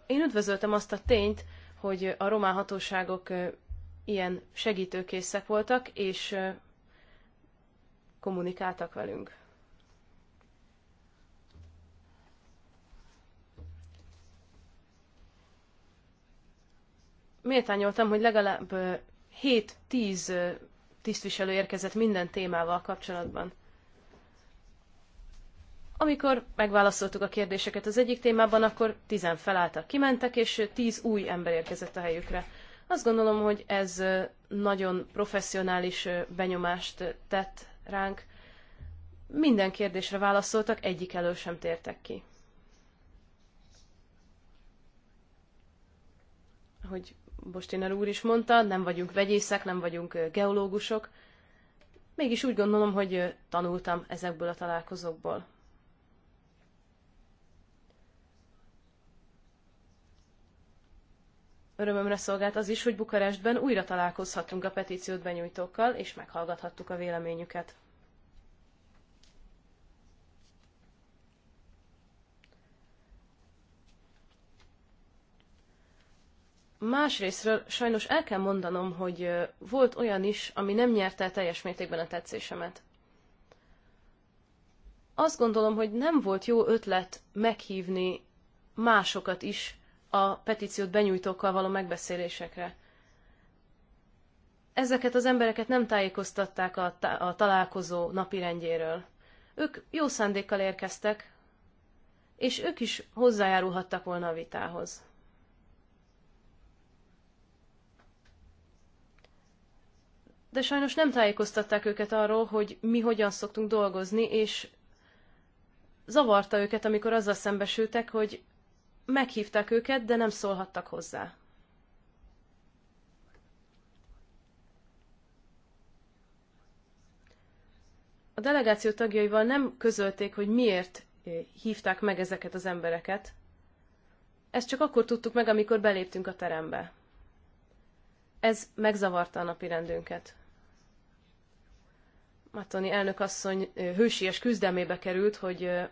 [SPEAKER 3] én üdvözöltem azt a tényt, hogy a román hatóságok ilyen segítőkészek voltak, és kommunikáltak velünk. Méltányoltam, hogy legalább 7-10 tisztviselő érkezett minden témával kapcsolatban. Amikor megválaszoltuk a kérdéseket az egyik témában, akkor tizen felálltak, kimentek, és tíz új ember érkezett a helyükre. Azt gondolom, hogy ez nagyon professzionális benyomást tett ránk. Minden kérdésre válaszoltak, egyik elől sem tértek ki. Hogy Bostiner úr is mondta, nem vagyunk vegyészek, nem vagyunk geológusok. Mégis úgy gondolom, hogy tanultam ezekből a találkozókból. örömömre szolgált az is, hogy Bukarestben újra találkozhattunk a petíciót benyújtókkal, és meghallgathattuk a véleményüket. Másrésztről sajnos el kell mondanom, hogy volt olyan is, ami nem nyerte teljes mértékben a tetszésemet. Azt gondolom, hogy nem volt jó ötlet meghívni másokat is a petíciót benyújtókkal való megbeszélésekre. Ezeket az embereket nem tájékoztatták a, tá- a találkozó napirendjéről. Ők jó szándékkal érkeztek, és ők is hozzájárulhattak volna a vitához. De sajnos nem tájékoztatták őket arról, hogy mi hogyan szoktunk dolgozni, és zavarta őket, amikor azzal szembesültek, hogy Meghívták őket, de nem szólhattak hozzá. A delegáció tagjaival nem közölték, hogy miért eh, hívták meg ezeket az embereket. Ezt csak akkor tudtuk meg, amikor beléptünk a terembe. Ez megzavarta a napi rendünket. Matoni elnök asszony eh, hősies küzdelmébe került, hogy, eh,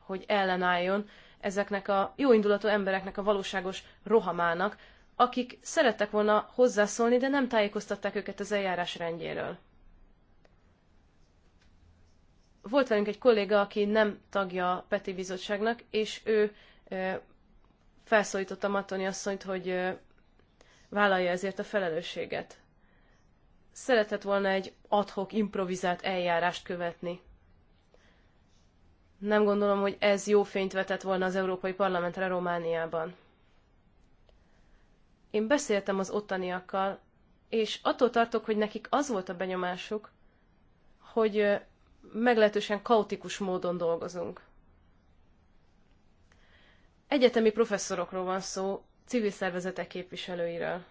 [SPEAKER 3] hogy ellenálljon, ezeknek a jóindulatú embereknek a valóságos rohamának, akik szerettek volna hozzászólni, de nem tájékoztatták őket az eljárás rendjéről. Volt velünk egy kolléga, aki nem tagja a Peti Bizottságnak, és ő felszólította Mattoni asszonyt, hogy vállalja ezért a felelősséget. Szeretett volna egy adhok, improvizált eljárást követni nem gondolom, hogy ez jó fényt vetett volna az Európai Parlamentre Romániában. Én beszéltem az ottaniakkal, és attól tartok, hogy nekik az volt a benyomásuk, hogy meglehetősen kaotikus módon dolgozunk. Egyetemi professzorokról van szó, civil szervezetek képviselőiről.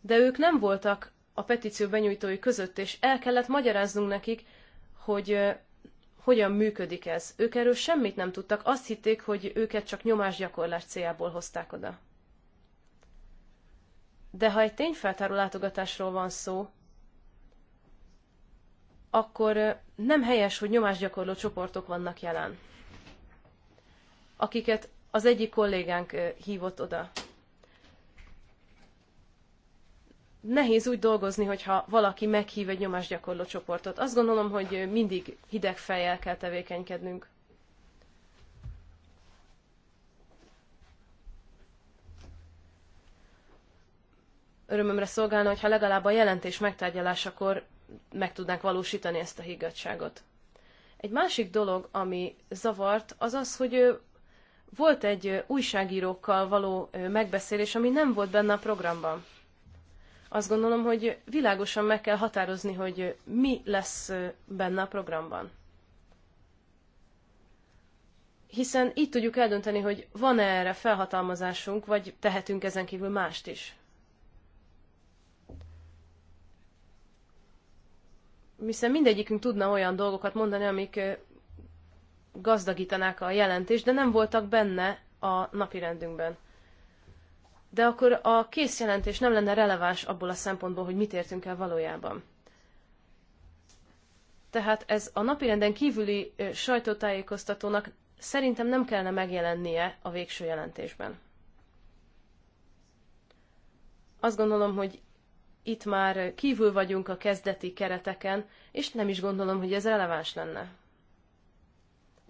[SPEAKER 3] De ők nem voltak a petíció benyújtói között, és el kellett magyaráznunk nekik, hogy hogyan működik ez. Ők erről semmit nem tudtak, azt hitték, hogy őket csak nyomásgyakorlás céljából hozták oda. De ha egy tényfeltáró látogatásról van szó, akkor nem helyes, hogy nyomásgyakorló csoportok vannak jelen, akiket az egyik kollégánk hívott oda. nehéz úgy dolgozni, hogyha valaki meghív egy nyomásgyakorló csoportot. Azt gondolom, hogy mindig hideg fejjel kell tevékenykednünk. Örömömre szolgálna, hogyha legalább a jelentés megtárgyalásakor meg tudnánk valósítani ezt a higgadságot. Egy másik dolog, ami zavart, az az, hogy volt egy újságírókkal való megbeszélés, ami nem volt benne a programban azt gondolom, hogy világosan meg kell határozni, hogy mi lesz benne a programban. Hiszen így tudjuk eldönteni, hogy van-e erre felhatalmazásunk, vagy tehetünk ezen kívül mást is. Hiszen mindegyikünk tudna olyan dolgokat mondani, amik gazdagítanák a jelentést, de nem voltak benne a napirendünkben de akkor a kész jelentés nem lenne releváns abból a szempontból, hogy mit értünk el valójában. Tehát ez a napirenden kívüli sajtótájékoztatónak szerintem nem kellene megjelennie a végső jelentésben. Azt gondolom, hogy itt már kívül vagyunk a kezdeti kereteken, és nem is gondolom, hogy ez releváns lenne.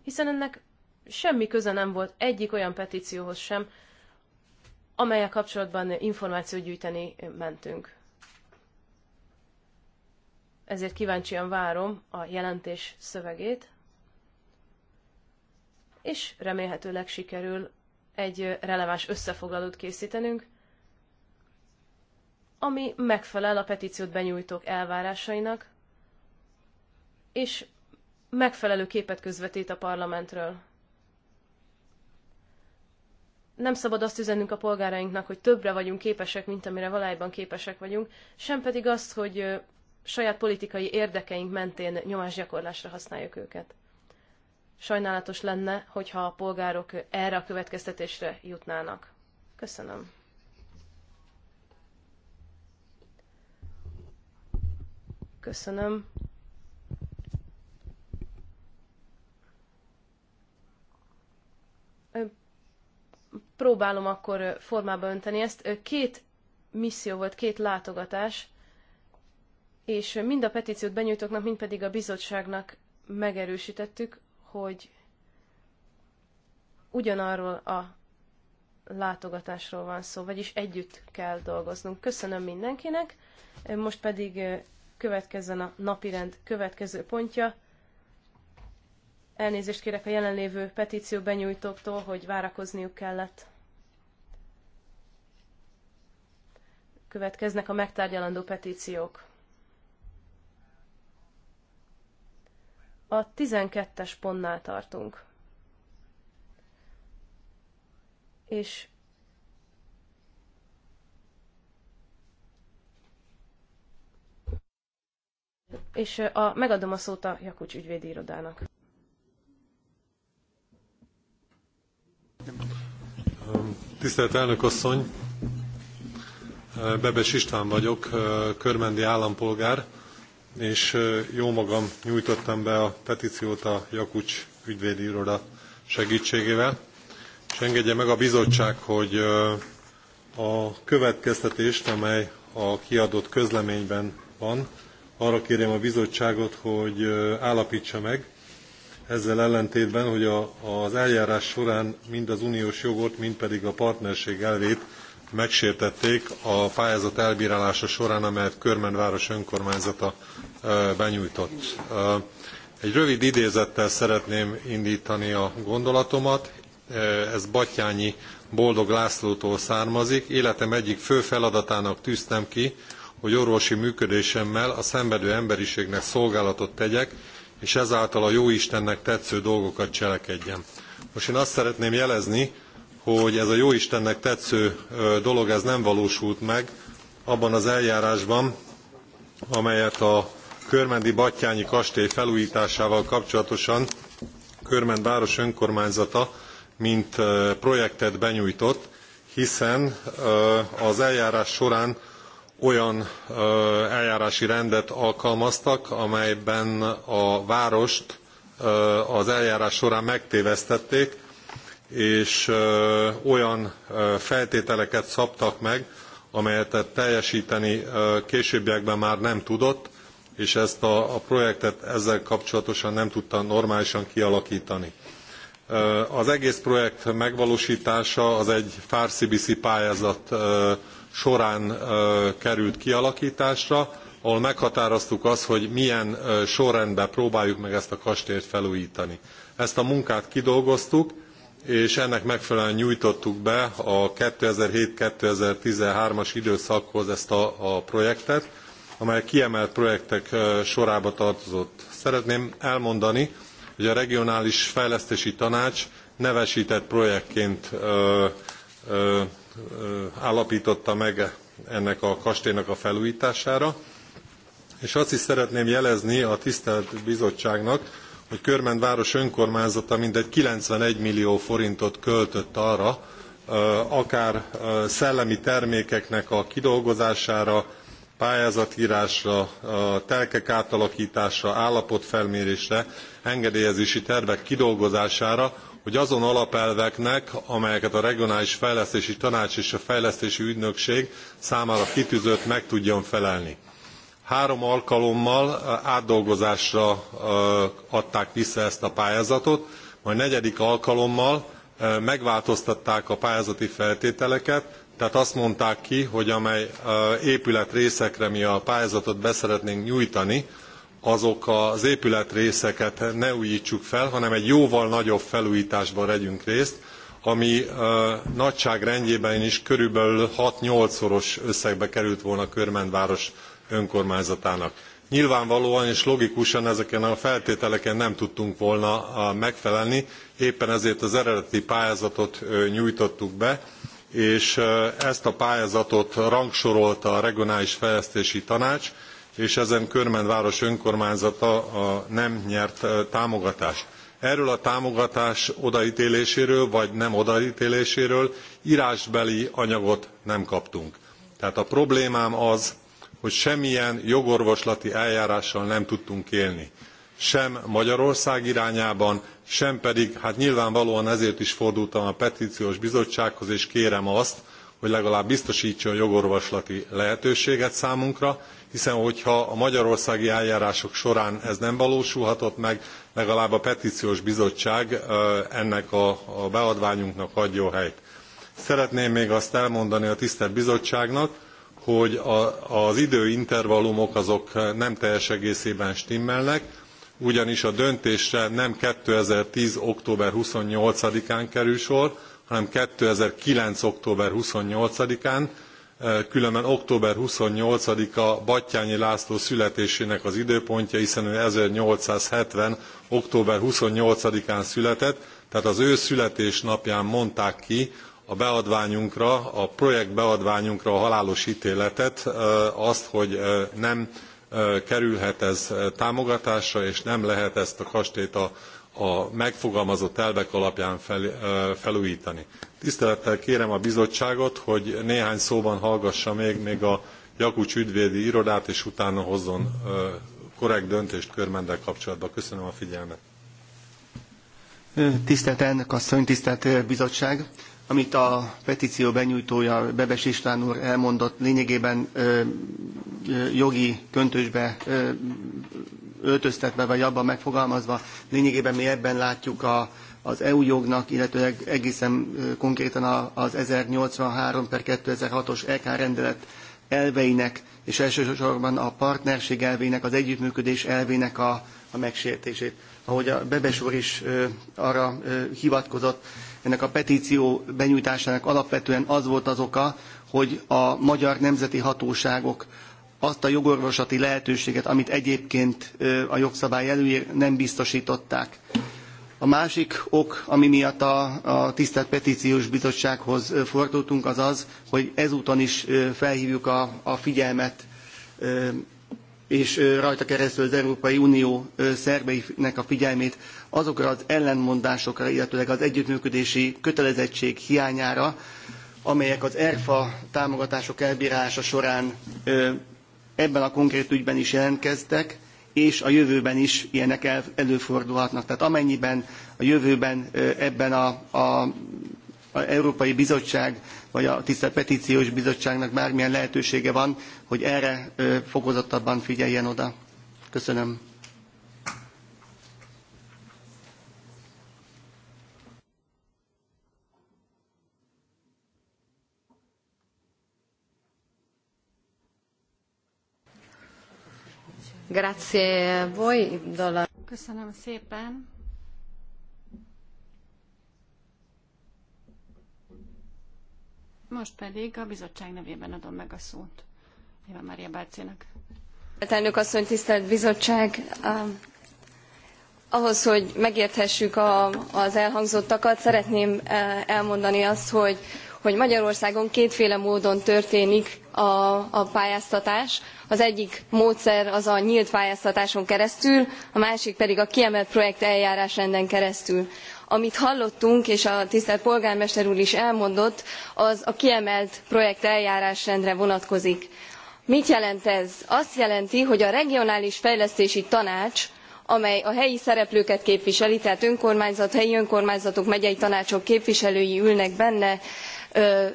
[SPEAKER 3] Hiszen ennek semmi köze nem volt egyik olyan petícióhoz sem, amelyek kapcsolatban információt gyűjteni mentünk. Ezért kíváncsian várom a jelentés szövegét, és remélhetőleg sikerül egy releváns összefoglalót készítenünk, ami megfelel a petíciót benyújtók elvárásainak, és megfelelő képet közvetít a parlamentről nem szabad azt üzennünk a polgárainknak, hogy többre vagyunk képesek, mint amire valójában képesek vagyunk, sem pedig azt, hogy saját politikai érdekeink mentén nyomásgyakorlásra használjuk őket. Sajnálatos lenne, hogyha a polgárok erre a következtetésre jutnának. Köszönöm. Köszönöm. Ö próbálom akkor formába önteni ezt. Két misszió volt, két látogatás, és mind a petíciót benyújtóknak, mind pedig a bizottságnak megerősítettük, hogy ugyanarról a látogatásról van szó, vagyis együtt kell dolgoznunk. Köszönöm mindenkinek, most pedig következzen a napirend következő pontja. Elnézést kérek a jelenlévő petíció benyújtóktól, hogy várakozniuk kellett. Következnek a megtárgyalandó petíciók. A 12-es pontnál tartunk. És és a, megadom a szót a Jakucs ügyvédi irodának.
[SPEAKER 6] Tisztelt elnök asszony! Bebes István vagyok, körmendi állampolgár, és jó magam nyújtottam be a petíciót a Jakucs ügyvédi iroda segítségével. És engedje meg a bizottság, hogy a következtetést, amely a kiadott közleményben van, arra kérjem a bizottságot, hogy állapítsa meg, ezzel ellentétben, hogy a, az eljárás során mind az uniós jogot, mind pedig a partnerség elvét megsértették a pályázat elbírálása során, amelyet Körmen város önkormányzata benyújtott. Egy rövid idézettel szeretném indítani a gondolatomat, ez Batyányi Boldog Lászlótól származik. Életem egyik fő feladatának tűztem ki, hogy orvosi működésemmel a szenvedő emberiségnek szolgálatot tegyek, és ezáltal a Istennek tetsző dolgokat cselekedjem. Most én azt szeretném jelezni, hogy ez a jó Istennek tetsző dolog ez nem valósult meg abban az eljárásban, amelyet a Körmendi Battyányi kastély felújításával kapcsolatosan Körmend város önkormányzata mint projektet benyújtott, hiszen az eljárás során olyan eljárási rendet alkalmaztak, amelyben a várost az eljárás során megtévesztették, és olyan feltételeket szabtak meg, amelyet teljesíteni későbbiekben már nem tudott, és ezt a, a projektet ezzel kapcsolatosan nem tudta normálisan kialakítani. Az egész projekt megvalósítása az egy FARCBC pályázat során került kialakításra, ahol meghatároztuk azt, hogy milyen sorrendben próbáljuk meg ezt a kastélyt felújítani. Ezt a munkát kidolgoztuk, és ennek megfelelően nyújtottuk be a 2007-2013-as időszakhoz ezt a, a projektet, amely kiemelt projektek sorába tartozott. Szeretném elmondani, hogy a Regionális Fejlesztési Tanács nevesített projektként ö, ö, ö állapította meg ennek a kastélynak a felújítására, és azt is szeretném jelezni a tisztelt bizottságnak, hogy körmend város önkormányzata mindegy 91 millió forintot költött arra, akár szellemi termékeknek a kidolgozására, pályázatírásra, telkek átalakításra, állapotfelmérésre, engedélyezési tervek kidolgozására, hogy azon alapelveknek, amelyeket a Regionális Fejlesztési Tanács és a Fejlesztési Ügynökség számára kitűzött, meg tudjon felelni három alkalommal átdolgozásra adták vissza ezt a pályázatot majd negyedik alkalommal megváltoztatták a pályázati feltételeket tehát azt mondták ki hogy amely épületrészekre mi a pályázatot be szeretnénk nyújtani azok az épületrészeket ne újtsuk fel hanem egy jóval nagyobb felújtásban vegyünk részt ami nagyságrendjében is körülbelül hat eight szoros összegbe került volna körmend város önkormányzatának. nyilvánvalóan és logikusan ezeken a feltételeken nem tudtunk volna megfelelni éppen ezért az eredeti pályázatot nyújtottuk be és ezt a pályázatot rangsorolta a regionális fejlesztési tanács és ezen körmen város önkormányzata nem nyert támogatást. erről a támogatás odatéléséről vagy nem odatéléséről rásbeli anyagot nem kaptunk. tehát a problémám az hogy semmilyen jogorvoslati eljárással nem tudtunk élni sem magyarország irányában sem pedig hát nyilvánvalóan ezért is fordultam a petciós bizottsághoz és kérem azt hogy legalább biztostson jogorvoslati lehetőséget számunkra hiszen hogyha a magyarországi eljárások során ez nem valósulhatott meg legalább a petciós bizottság ennek a beadványunknak adjon helyt. szeretném még azt elmondani a tisztelt bizottságnak hogy a, az időintervallumok azok nem teljes egészében stimmelnek, ugyanis a döntésre nem 2010. október 28-án kerül sor, hanem 2009. október 28-án, különben október 28-a Battyányi László születésének az időpontja, hiszen ő 1870. október 28-án született, tehát az ő születésnapján mondták ki a beadványunkra, a projekt beadványunkra a halálos ítéletet, azt, hogy nem kerülhet ez támogatásra, és nem lehet ezt a kastélyt a, a megfogalmazott elvek alapján fel, felújítani. Tisztelettel kérem a bizottságot, hogy néhány szóban hallgassa még, még a Jakucs ügyvédi irodát, és utána hozzon korrekt döntést körmendel kapcsolatban. Köszönöm a figyelmet.
[SPEAKER 5] Tisztelt elnök asszony, tisztelt bizottság! Amit a petíció benyújtója Bebes István úr elmondott, lényegében ö, ö, jogi köntösbe ö, öltöztetve vagy abban megfogalmazva, lényegében mi ebben látjuk a, az EU jognak, illetőleg egészen konkrétan az 1083 per 2006-os EK rendelet elveinek, és elsősorban a partnerség elvének, az együttműködés elvének a, a megsértését. Ahogy a Bebes úr is ö, arra ö, hivatkozott, ennek a petíció benyújtásának alapvetően az volt az oka, hogy a magyar nemzeti hatóságok azt a jogorvosati lehetőséget, amit egyébként a jogszabály előír, nem biztosították. A másik ok, ami miatt a, a tisztelt petíciós bizottsághoz fordultunk, az az, hogy ezúton is felhívjuk a, a figyelmet és rajta keresztül az Európai Unió szerveinek a figyelmét azokra az ellentmondásokra, illetőleg az együttműködési kötelezettség hiányára, amelyek az ERFA támogatások elbírálása során ebben a konkrét ügyben is jelentkeztek, és a jövőben is ilyenek előfordulhatnak. Tehát amennyiben a jövőben ebben a, a, a Európai Bizottság vagy a tisztelt petíciós bizottságnak bármilyen lehetősége van, hogy erre fokozottabban figyeljen oda. Köszönöm.
[SPEAKER 1] Köszönöm
[SPEAKER 2] szépen. Most pedig a bizottság nevében adom meg a szót. Éva Mária Bárcénak.
[SPEAKER 7] Elnök asszony, tisztelt bizottság! Um, ahhoz, hogy megérthessük a, az elhangzottakat, szeretném uh, elmondani azt, hogy, hogy Magyarországon kétféle módon történik a, a pályáztatás. Az egyik módszer az a nyílt pályáztatáson keresztül, a másik pedig a kiemelt projekt eljárásrenden keresztül amit hallottunk és a tisztelt polgármester úr is elmondott az a kiemelt projekt eljárásrendre vonatkozik. mit jelent ez? azt jelenti hogy a regionális fejlesztési tanács amely a helyi szereplőket képviseli tehát önkormányzat helyi önkormányzatok megyei tanácsok képviselői ülnek benne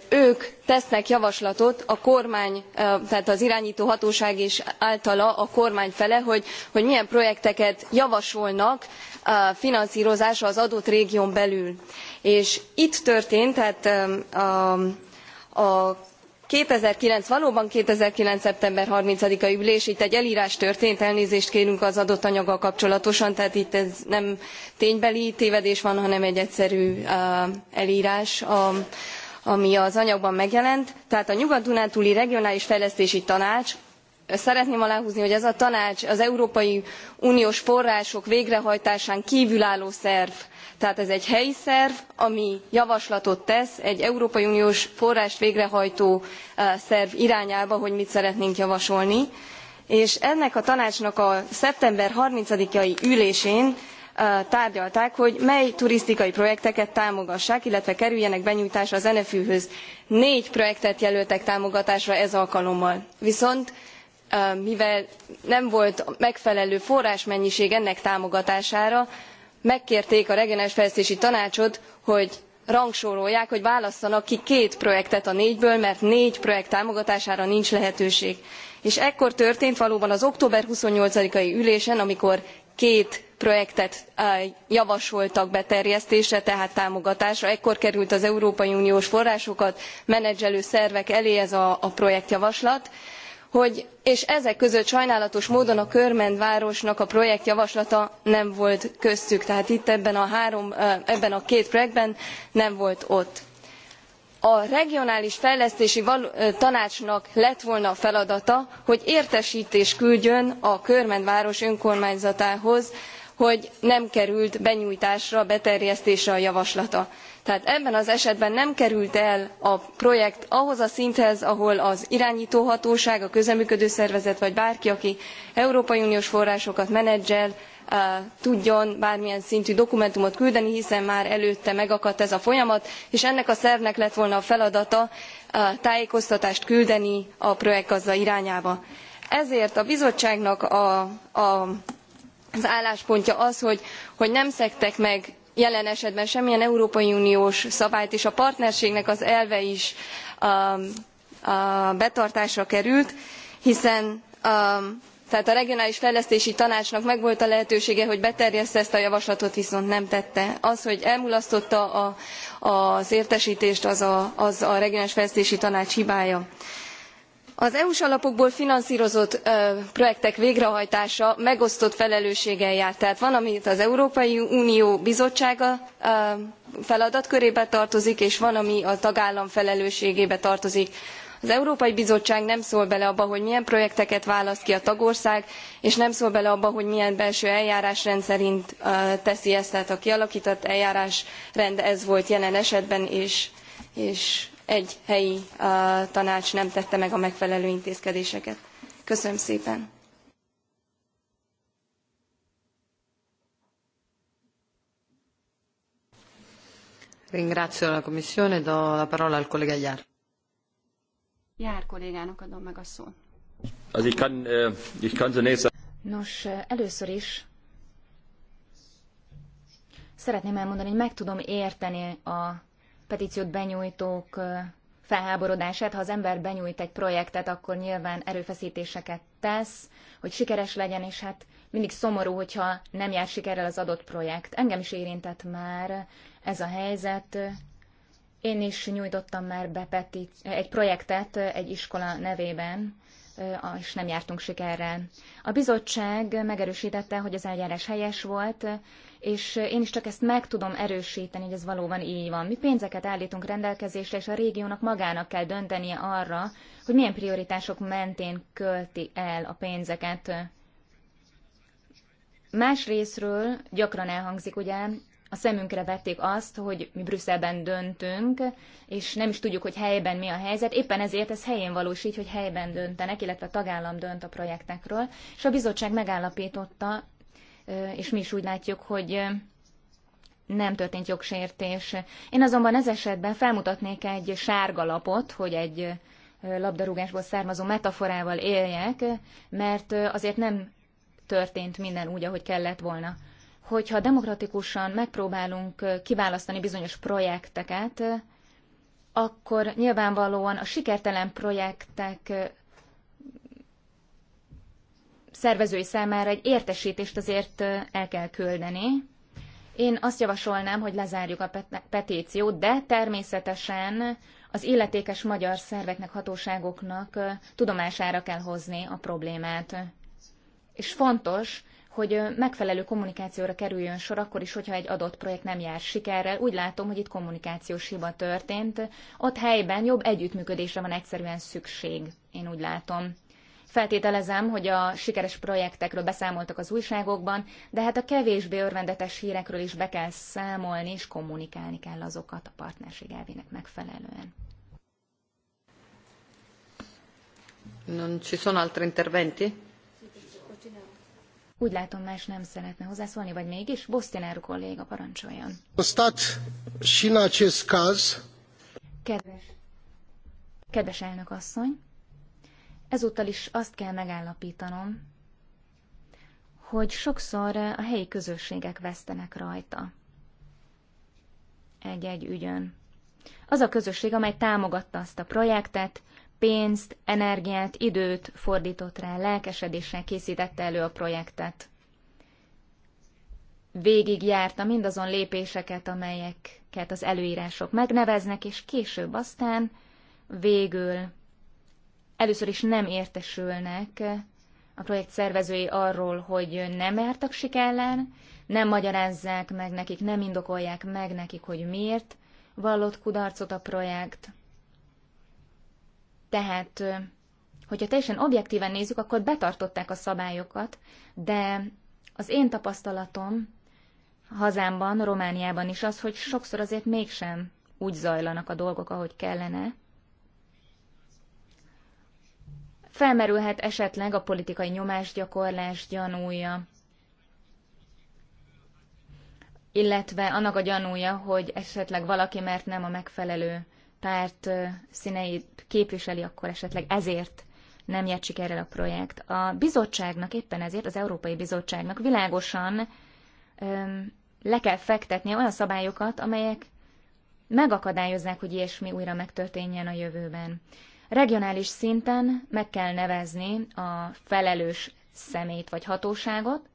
[SPEAKER 7] ők tesznek javaslatot a kormány tehát az iránytó hatóság is általa a kormány felé hogy, milyen projekteket javasolnak finanszrozásra az adott régión belül és itt történt tehát a, and 2009, valóban 2009. szeptember thirty a ülés, itt egy elírás történt, elnézést kérünk az adott anyaggal kapcsolatosan, tehát itt ez nem ténybeli tévedés van, hanem egy egyszerű elírás. A, ami az anyagban megjelent tehát a nyugat dunántúli regionális fejlesztési tanács szeretném aláhúzni hogy ez a tanács az európai uniós források végrehajtásán kvülálló szerv tehát ez egy helyi szerv ami javaslatot tesz egy európai uniós forrást végrehajtó eh, szerv irányába hogy mit szeretnénk javasolni és ennek a tanácsnak a szeptember thirty i ülésén tárgyalták hogy mely turisztikai projekteket támogassák illetve kerüljenek benyújtásra a zenefűhöz. négy projektet jelöltek támogatásra ez alkalommal viszont mivel nem volt megfelelő forrásmennyiség ennek támogatására megkérték a regionális fejlesztési tanácsot hogy rangsorolják hogy válasszanak ki két projektet a négyből mert négy projekt támogatására nincs lehetőség és ekkor történt valóban az október twenty eight i ülésen amikor két projektet javasoltak beterjesztésre tehát támogatásra ekkor került az európai uniós forrásokat menedzselő szervek elé ez a, projektjavaslat hogy, és ezek között sajnálatos módon a körmend városnak a projektjavaslata nem volt köztük tehát itt ebben a, három, ebben a két projektben nem volt ott a regionális fejlesztési tanácsnak lett volna a feladata hogy értestést küldjön a körmend város önkormányzatához hogy nem került benyújtásra beterjesztésre a javaslata. tehát ebben az esetben nem került el a projekt ahhoz a szinthez ahol az iránytó hatóság a közreműködő szervezet vagy bárki aki európai uniós forrásokat menedzsel eh, tudjon bármilyen szintű dokumentumot küldeni hiszen már előtte megakadt ez a folyamat és ennek a szervnek lett volna a feladata eh, tájékoztatást küldeni a projektgazda irányába. ezért a bizottságnak a az álláspontja az hogy, hogy nem szegtek meg jelen esetben semmilyen európai uniós szabályt és a partnerségnek az elve is a, um, a betartásra került hiszen a, um, tehát a regionális fejlesztési tanácsnak megvolt a lehetősége hogy beterjessze ezt a javaslatot viszont nem tette. az hogy elmulasztotta a, az értestést az, az a regionális fejlesztési tanács hibája az eu s alapokból finanszrozott projektek végrehajtása megosztott felelősséggel jár tehát van ami az európai unió bizottsága feladatkörébe tartozik és van ami a tagállam felelősségébe tartozik. az európai bizottság nem szól bele abba hogy milyen projekteket választ ki a tagország és nem szól bele abba hogy milyen belső eljárásrend szerint teszi ezt tehát a kialaktott eljárásrend ez volt jelen esetben is. és egy helyi tanács nem tette meg a megfelelő intézkedéseket. Köszönöm szépen!
[SPEAKER 1] Ringrazio la Commissione, do la parola al collega Jár.
[SPEAKER 2] Jár kollégának adom meg a szót.
[SPEAKER 5] Also ich kann,
[SPEAKER 4] Nos, először is szeretném elmondani, hogy meg tudom érteni a petíciót benyújtók felháborodását. Ha az ember benyújt egy projektet, akkor nyilván erőfeszítéseket tesz, hogy sikeres legyen, és hát mindig szomorú, hogyha nem jár sikerrel az adott projekt. Engem is érintett már ez a helyzet. Én is nyújtottam már be Peti, egy projektet egy iskola nevében, és nem jártunk sikerrel. A bizottság megerősítette, hogy az eljárás helyes volt, és én is csak ezt meg tudom erősíteni, hogy ez valóban így van. Mi pénzeket állítunk rendelkezésre, és a régiónak magának kell döntenie arra, hogy milyen prioritások mentén költi el a pénzeket. Más részről gyakran elhangzik ugye, a szemünkre vették azt, hogy mi Brüsszelben döntünk, és nem is tudjuk, hogy helyben mi a helyzet. Éppen ezért ez helyén valós így, hogy helyben döntenek, illetve a tagállam dönt a projektekről. És a bizottság megállapította, és mi is úgy látjuk, hogy nem történt jogsértés. Én azonban ez esetben felmutatnék egy sárga lapot, hogy egy labdarúgásból származó metaforával éljek, mert azért nem történt minden úgy, ahogy kellett volna. Hogyha demokratikusan megpróbálunk kiválasztani bizonyos projekteket, akkor nyilvánvalóan a sikertelen projektek szervezői számára egy értesítést azért el kell küldeni. Én azt javasolnám, hogy lezárjuk a petíciót, de természetesen az illetékes magyar szerveknek, hatóságoknak tudomására kell hozni a problémát. És fontos, hogy megfelelő kommunikációra kerüljön sor, akkor is, hogyha egy adott projekt nem jár sikerrel. Úgy látom, hogy itt kommunikációs hiba történt. Ott helyben jobb együttműködésre van egyszerűen szükség, én úgy látom. Feltételezem, hogy a sikeres projektekről beszámoltak az újságokban, de hát a kevésbé örvendetes hírekről is be kell számolni, és kommunikálni kell azokat a partnerség elvének megfelelően. Non ci sono altri interventi? Úgy látom, más nem szeretne hozzászólni, vagy mégis? Bostinár kolléga, parancsoljon. Stat Kedves, kedves elnök asszony, Ezúttal is azt kell megállapítanom, hogy sokszor a helyi közösségek vesztenek rajta egy-egy ügyön. Az a közösség, amely támogatta azt a projektet, pénzt, energiát, időt fordított rá, lelkesedéssel készítette elő a projektet. Végig járta mindazon lépéseket, amelyeket az előírások megneveznek, és később aztán végül először is nem értesülnek a projekt szervezői arról, hogy nem jártak ellen, nem magyarázzák meg nekik, nem indokolják meg nekik, hogy miért vallott kudarcot a projekt. Tehát, hogyha teljesen objektíven nézzük, akkor betartották a szabályokat, de az én tapasztalatom hazámban, Romániában is az, hogy sokszor azért mégsem úgy zajlanak a dolgok, ahogy kellene, felmerülhet esetleg a politikai nyomásgyakorlás gyanúja, illetve annak a gyanúja, hogy esetleg valaki, mert nem a megfelelő párt színeit képviseli, akkor esetleg ezért nem jött sikerrel a projekt. A bizottságnak, éppen ezért az Európai Bizottságnak világosan öm, le kell fektetnie olyan szabályokat, amelyek megakadályozzák, hogy ilyesmi újra megtörténjen a jövőben. Regionális szinten meg kell nevezni a felelős szemét vagy hatóságot.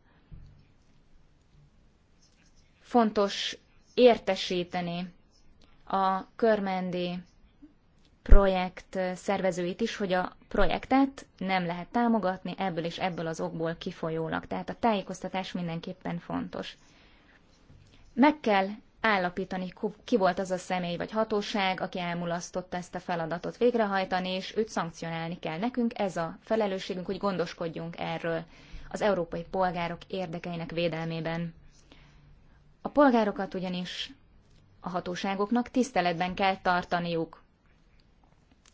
[SPEAKER 4] Fontos értesíteni a körmendi projekt szervezőit is, hogy a projektet nem lehet támogatni ebből és ebből az okból kifolyólag. Tehát a tájékoztatás mindenképpen fontos. Meg kell állapítani, ki volt az a személy vagy hatóság, aki elmulasztotta ezt a feladatot végrehajtani, és őt szankcionálni kell. Nekünk ez a felelősségünk, hogy gondoskodjunk erről az európai polgárok érdekeinek védelmében. A polgárokat ugyanis a hatóságoknak tiszteletben kell tartaniuk,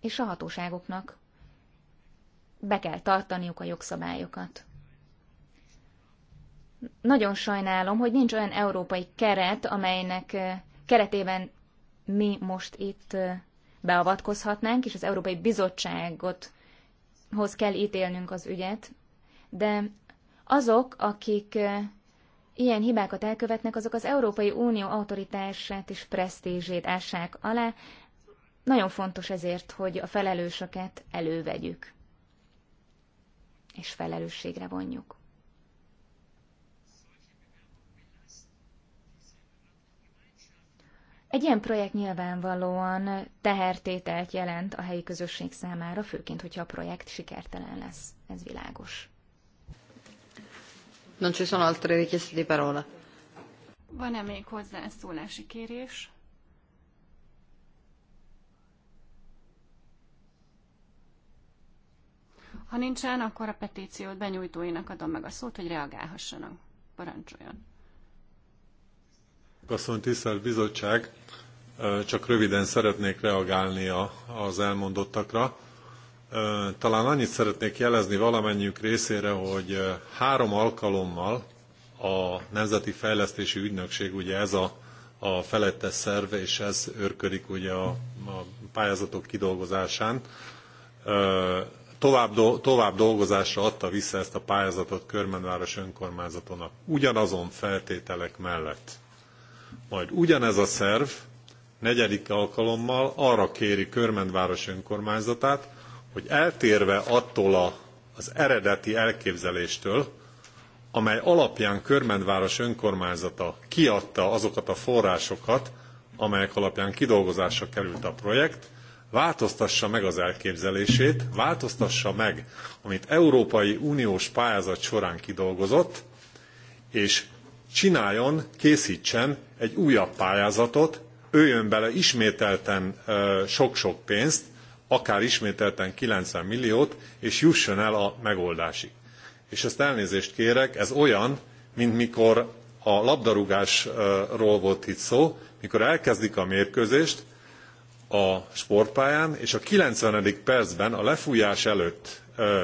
[SPEAKER 4] és a hatóságoknak be kell tartaniuk a jogszabályokat. Nagyon sajnálom, hogy nincs olyan európai keret, amelynek keretében mi most itt beavatkozhatnánk, és az Európai Bizottságot hoz kell ítélnünk az ügyet, de azok, akik ilyen hibákat elkövetnek, azok az Európai Unió autoritását és presztízsét ássák alá. Nagyon fontos ezért, hogy a felelősöket elővegyük, és felelősségre vonjuk. Egy ilyen projekt nyilvánvalóan tehertételt jelent a helyi közösség számára, főként, hogyha a projekt sikertelen lesz. Ez világos.
[SPEAKER 1] Non ci sono altre richieste di parola.
[SPEAKER 2] Van-e még hozzászólási kérés? Ha nincsen, akkor a petíciót benyújtóinak adom meg a szót, hogy reagálhassanak. Parancsoljon.
[SPEAKER 6] Asszony, tisztelt bizottság, csak röviden szeretnék reagálni az elmondottakra. Talán annyit szeretnék jelezni valamennyiük részére, hogy három alkalommal a Nemzeti Fejlesztési Ügynökség, ugye ez a, a felettes szerv, és ez őrködik ugye a, a pályázatok kidolgozásán, tovább, tovább dolgozásra adta vissza ezt a pályázatot Körmenváros önkormányzatónak, ugyanazon feltételek mellett. Majd ugyanez a szerv negyedik alkalommal arra kéri Körmendváros önkormányzatát, hogy eltérve attól a, az eredeti elképzeléstől, amely alapján Körmendváros önkormányzata kiadta azokat a forrásokat, amelyek alapján kidolgozásra került a projekt, változtassa meg az elképzelését, változtassa meg, amit Európai Uniós pályázat során kidolgozott, és csináljon, készítsen egy újabb pályázatot, öljön bele ismételten sok-sok pénzt, akár ismételten 90 milliót, és jusson el a megoldásig. És ezt elnézést kérek, ez olyan, mint mikor a labdarúgásról volt itt szó, mikor elkezdik a mérkőzést a sportpályán, és a 90. percben, a lefújás előtt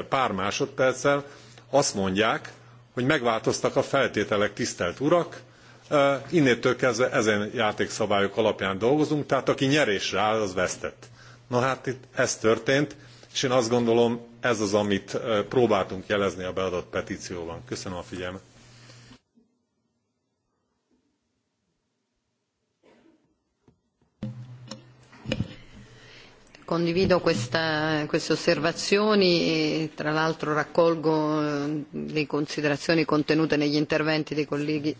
[SPEAKER 6] pár másodperccel azt mondják, hogy megváltoztak a feltételek, tisztelt urak, innétől kezdve ezen játékszabályok alapján dolgozunk, tehát aki nyerésre áll, az vesztett. Na hát itt ez történt, és én azt gondolom ez az, amit próbáltunk jelezni a beadott petícióban. Köszönöm a figyelmet.
[SPEAKER 1] Condivido questa, queste osservazioni e tra l'altro raccolgo eh, le considerazioni contenute negli interventi dei colleghi.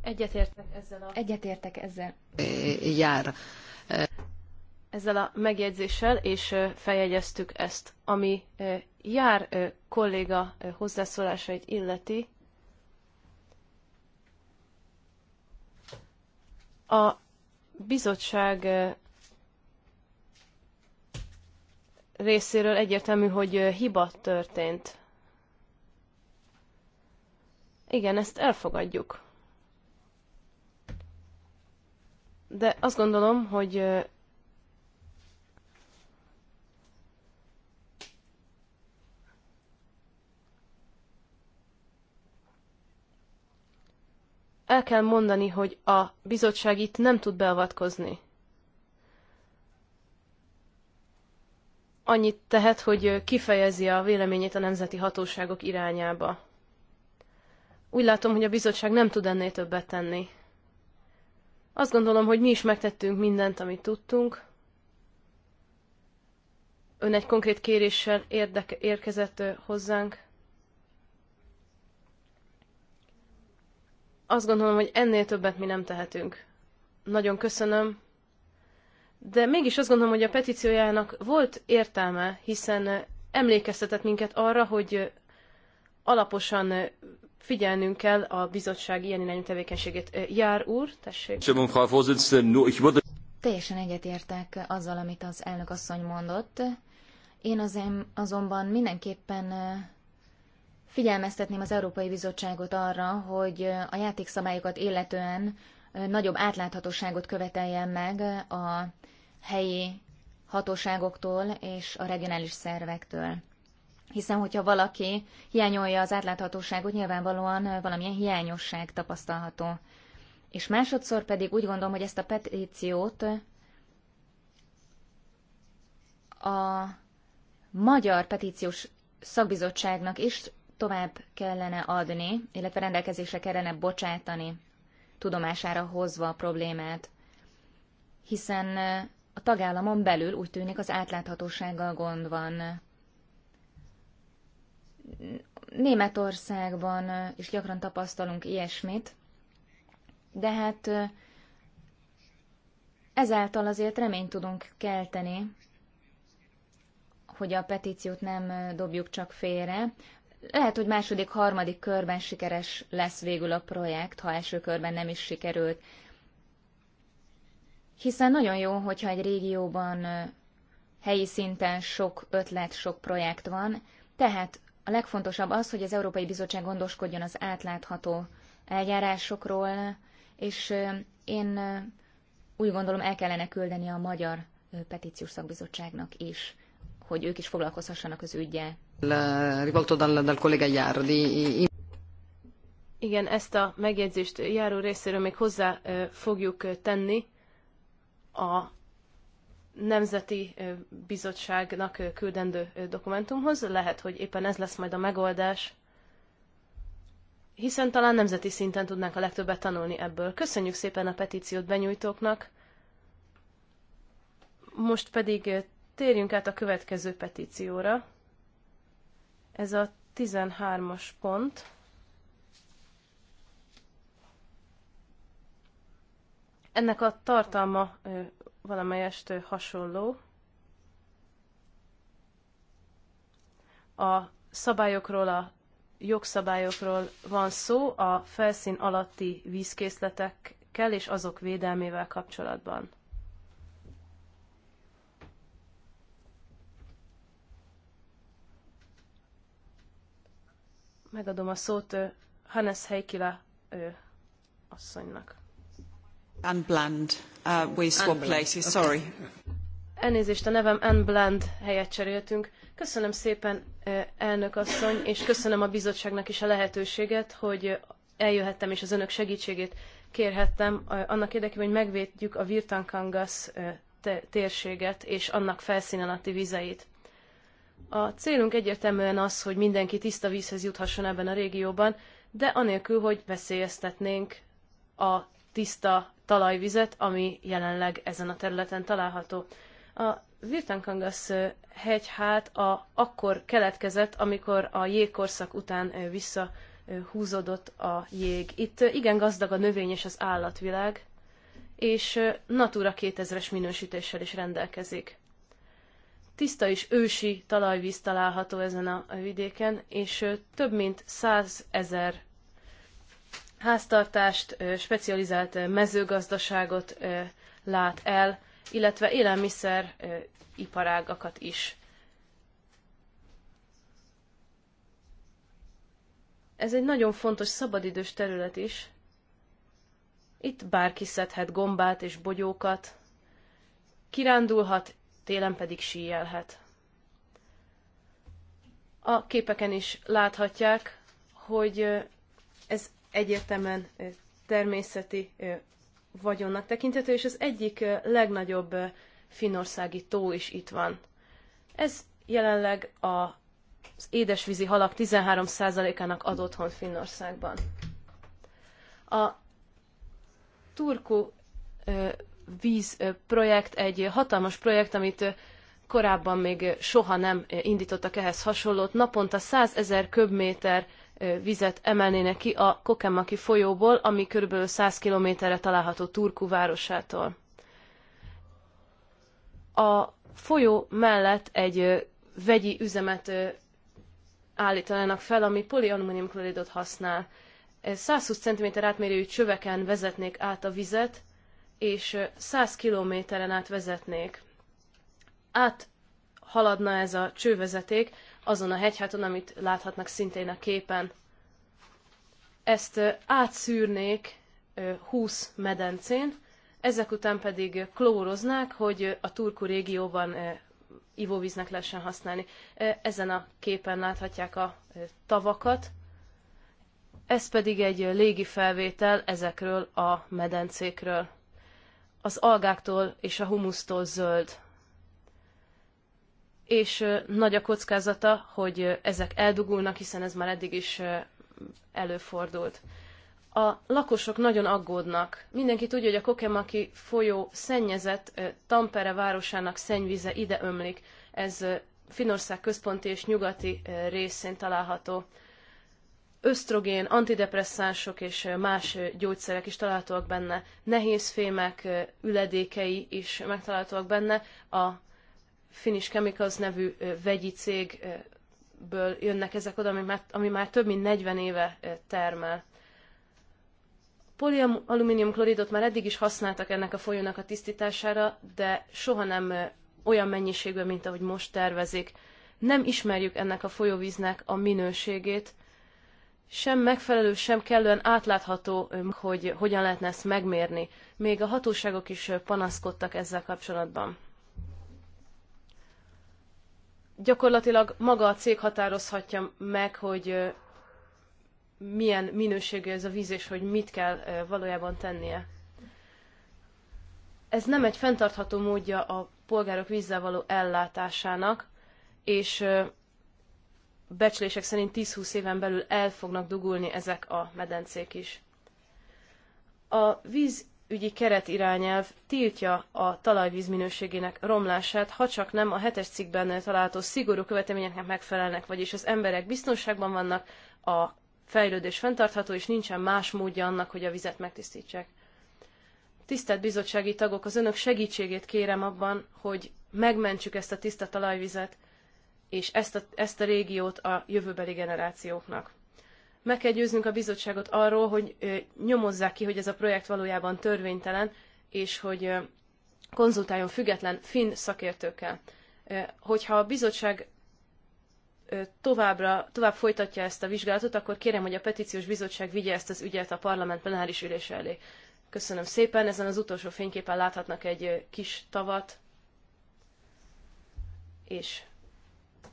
[SPEAKER 4] Egyetértek ezzel a... Egyetértek ezzel.
[SPEAKER 1] E, eh, jár. Eh,
[SPEAKER 3] ezzel a megjegyzéssel, és feljegyeztük ezt, ami jár kolléga hozzászólásait illeti. A bizottság részéről egyértelmű, hogy hiba történt. Igen, ezt elfogadjuk. De azt gondolom, hogy el kell mondani, hogy a bizottság itt nem tud beavatkozni. annyit tehet, hogy kifejezi a véleményét a nemzeti hatóságok irányába. Úgy látom, hogy a bizottság nem tud ennél többet tenni. Azt gondolom, hogy mi is megtettünk mindent, amit tudtunk. Ön egy konkrét kéréssel érdeke, érkezett hozzánk. Azt gondolom, hogy ennél többet mi nem tehetünk. Nagyon köszönöm, de mégis azt gondolom, hogy a petíciójának volt értelme, hiszen emlékeztetett minket arra, hogy alaposan figyelnünk kell a bizottság ilyen irányú
[SPEAKER 4] tevékenységét. Jár úr, tessék. Teljesen egyetértek azzal, amit az elnök asszony mondott. Én az azonban mindenképpen figyelmeztetném az Európai Bizottságot arra, hogy a játékszabályokat illetően nagyobb átláthatóságot követeljen meg a helyi hatóságoktól és a regionális szervektől. Hiszen, hogyha valaki hiányolja az átláthatóságot, nyilvánvalóan valamilyen hiányosság tapasztalható. És másodszor pedig úgy gondolom, hogy ezt a petíciót a magyar petíciós szakbizottságnak is tovább kellene adni, illetve rendelkezésre kellene bocsátani tudomására hozva a problémát, hiszen a tagállamon belül úgy tűnik az átláthatósággal gond van. Németországban is gyakran tapasztalunk ilyesmit, de hát ezáltal azért reményt tudunk kelteni, hogy a petíciót nem dobjuk csak félre lehet, hogy második, harmadik körben sikeres lesz végül a projekt, ha első körben nem is sikerült. Hiszen nagyon jó, hogyha egy régióban helyi szinten sok ötlet, sok projekt van, tehát a legfontosabb az, hogy az Európai Bizottság gondoskodjon az átlátható eljárásokról, és én úgy gondolom el kellene küldeni a Magyar Petíciós Szakbizottságnak is, hogy ők is foglalkozhassanak az ügyjel
[SPEAKER 1] rivolto dal, dal collega Iardi.
[SPEAKER 4] Igen, ezt a megjegyzést járó
[SPEAKER 3] részéről még hozzá fogjuk tenni a Nemzeti Bizottságnak küldendő dokumentumhoz. Lehet, hogy éppen ez lesz majd a megoldás, hiszen talán nemzeti szinten tudnánk a legtöbbet tanulni ebből. Köszönjük szépen a petíciót benyújtóknak. Most pedig térjünk át a következő petícióra. Ez a 13-as pont. Ennek a tartalma valamelyest hasonló. A szabályokról, a jogszabályokról van szó a felszín alatti vízkészletekkel és azok védelmével kapcsolatban. Megadom a szót Hannes Heikila
[SPEAKER 2] asszonynak. Anne Bland, uh, we swap places, sorry.
[SPEAKER 3] Elnézést, a nevem Anne Bland helyet cseréltünk. Köszönöm szépen, elnök asszony, és köszönöm a bizottságnak is a lehetőséget, hogy eljöhettem és az önök segítségét kérhettem annak érdekében, hogy megvédjük a Virtankangas térséget és annak felszín alatti vizeit. A célunk egyértelműen az, hogy mindenki tiszta vízhez juthasson ebben a régióban, de anélkül, hogy veszélyeztetnénk a tiszta talajvizet, ami jelenleg ezen a területen található. A Virtankangas hegyhát a, akkor keletkezett, amikor a jégkorszak után visszahúzódott a jég. Itt igen gazdag a növény és az állatvilág, és Natura 2000-es minősítéssel is rendelkezik tiszta és ősi talajvíz található ezen a vidéken, és több mint 100 ezer háztartást, specializált mezőgazdaságot lát el, illetve élelmiszer iparágakat is. Ez egy nagyon fontos szabadidős terület is. Itt bárki szedhet gombát és bogyókat, kirándulhat, télen pedig síjelhet. A képeken is láthatják, hogy ez egyértelműen természeti vagyonnak tekinthető, és az egyik legnagyobb finországi tó is itt van. Ez jelenleg az édesvízi halak 13%-ának ad otthon Finnországban. A Turku vízprojekt egy hatalmas projekt, amit korábban még soha nem indítottak ehhez hasonlót. Naponta 100 ezer köbméter vizet emelnének ki a Kokemaki folyóból, ami körülbelül 100 kilométerre található Turku városától. A folyó mellett egy vegyi üzemet állítanának fel, ami polialumínium kloridot használ. 120 cm átmérőjű csöveken vezetnék át a vizet, és 100 kilométeren át vezetnék. Át haladna ez a csővezeték azon a hegyháton, amit láthatnak szintén a képen. Ezt átszűrnék 20 medencén, ezek után pedig klóroznák, hogy a Turku régióban ivóvíznek lehessen használni. Ezen a képen láthatják a tavakat, ez pedig egy légi felvétel ezekről a medencékről az algáktól és a humusztól zöld. És nagy a kockázata, hogy ezek eldugulnak, hiszen ez már eddig is előfordult. A lakosok nagyon aggódnak. Mindenki tudja, hogy a Kokemaki folyó szennyezett Tampere városának szennyvize ide ömlik. Ez Finország központi és nyugati részén található ösztrogén, antidepresszánsok és más gyógyszerek is találhatóak benne, nehézfémek, üledékei is megtalálhatóak benne. A Finnish Chemicals nevű vegyi cégből jönnek ezek oda, ami már, ami már több mint 40 éve termel. Polialumínium kloridot már eddig is használtak ennek a folyónak a tisztítására, de soha nem olyan mennyiségben, mint ahogy most tervezik. Nem ismerjük ennek a folyóvíznek a minőségét, sem megfelelő, sem kellően átlátható, hogy hogyan lehetne ezt megmérni. Még a hatóságok is panaszkodtak ezzel kapcsolatban. Gyakorlatilag maga a cég határozhatja meg, hogy milyen minőségű ez a víz, és hogy mit kell valójában tennie. Ez nem egy fenntartható módja a polgárok vízzel való ellátásának, és becslések szerint 10-20 éven belül el fognak dugulni ezek a medencék is. A vízügyi keretirányelv tiltja a talajvíz minőségének romlását, ha csak nem a hetes cikkben található szigorú követelményeknek megfelelnek, vagyis az emberek biztonságban vannak, a fejlődés fenntartható, és nincsen más módja annak, hogy a vizet megtisztítsák. Tisztelt bizottsági tagok, az önök segítségét kérem abban, hogy megmentsük ezt a tiszta talajvizet, és ezt a, ezt a régiót a jövőbeli generációknak. Meg kell győznünk a bizottságot arról, hogy nyomozzák ki, hogy ez a projekt valójában törvénytelen, és hogy konzultáljon független finn szakértőkkel. Hogyha a bizottság továbbra, tovább folytatja ezt a vizsgálatot, akkor kérem, hogy a petíciós bizottság vigye ezt az ügyet a parlament plenáris ülése elé. Köszönöm szépen, ezen az utolsó fényképen láthatnak egy kis tavat, és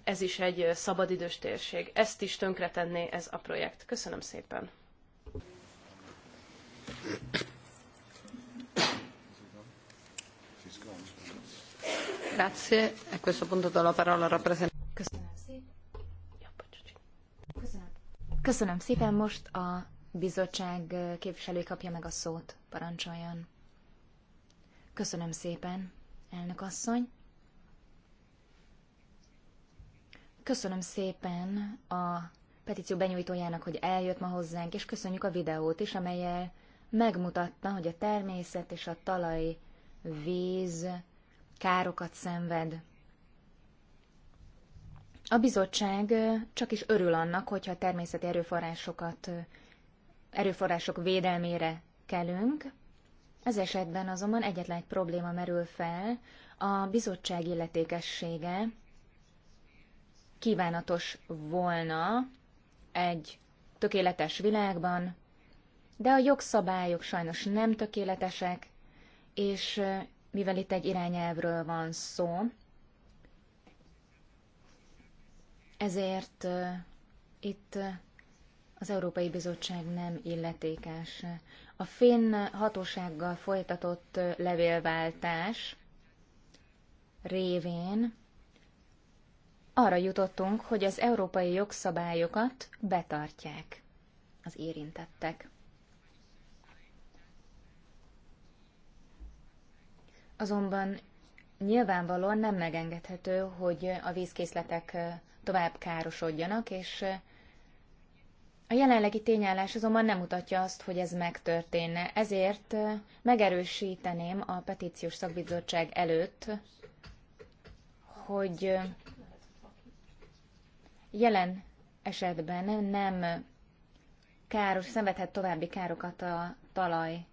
[SPEAKER 3] ez is egy szabadidős térség. Ezt is tönkretenné ez a projekt. Köszönöm szépen.
[SPEAKER 1] Grazie. A questo punto do la parola Köszönöm szépen.
[SPEAKER 4] Köszönöm szépen. Most a bizottság képviselő kapja meg a szót. Parancsoljon. Köszönöm szépen, elnök asszony. Köszönöm szépen a petíció benyújtójának, hogy eljött ma hozzánk, és köszönjük a videót is, amelyel megmutatta, hogy a természet és a talaj víz károkat szenved. A bizottság csak is örül annak, hogyha a természeti erőforrásokat, erőforrások védelmére kelünk. Ez esetben azonban egyetlen egy probléma merül fel, a bizottság illetékessége kívánatos volna egy tökéletes világban, de a jogszabályok sajnos nem tökéletesek, és mivel itt egy irányelvről van szó, ezért itt az Európai Bizottság nem illetékes. A finn hatósággal folytatott levélváltás révén arra jutottunk, hogy az európai jogszabályokat betartják az érintettek. Azonban nyilvánvalóan nem megengedhető, hogy a vízkészletek tovább károsodjanak, és a jelenlegi tényállás azonban nem mutatja azt, hogy ez megtörténne. Ezért megerősíteném a petíciós szakbizottság előtt, hogy jelen esetben nem káros, szenvedhet további károkat a talaj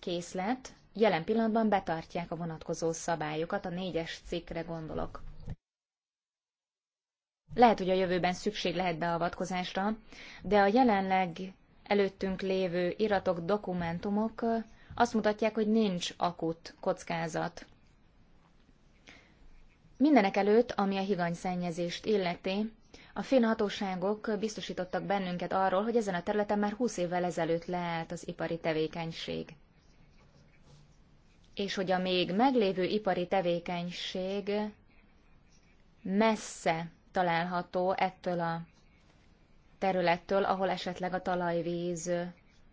[SPEAKER 4] készlet. Jelen pillanatban betartják a vonatkozó szabályokat, a négyes cikkre gondolok. Lehet, hogy a jövőben szükség lehet beavatkozásra, de a jelenleg előttünk lévő iratok, dokumentumok azt mutatják, hogy nincs akut kockázat. Mindenek előtt, ami a higany-szennyezést illeti, a finn hatóságok biztosítottak bennünket arról, hogy ezen a területen már 20 évvel ezelőtt leállt az ipari tevékenység. És hogy a még meglévő ipari tevékenység messze található ettől a területtől, ahol esetleg a talajvíz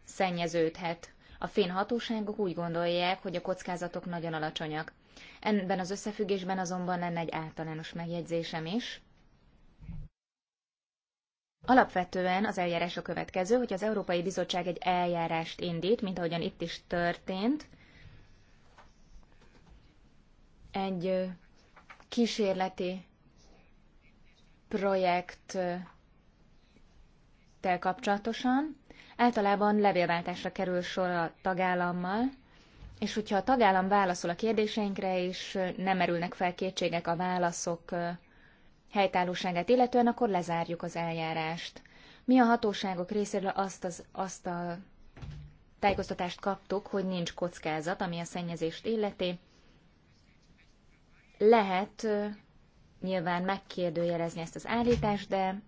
[SPEAKER 4] szennyeződhet. A finn hatóságok úgy gondolják, hogy a kockázatok nagyon alacsonyak. Ebben az összefüggésben azonban lenne egy általános megjegyzésem is. Alapvetően az eljárás a következő, hogy az Európai Bizottság egy eljárást indít, mint ahogyan itt is történt, egy kísérleti projekttel kapcsolatosan. Általában levélváltásra kerül sor a tagállammal, és hogyha a tagállam válaszol a kérdéseinkre, és nem merülnek fel kétségek a válaszok helytállóságát illetően, akkor lezárjuk az eljárást. Mi a hatóságok részéről azt, az, azt a tájékoztatást kaptuk, hogy nincs kockázat, ami a szennyezést illeti. Lehet nyilván megkérdőjelezni ezt az állítást, de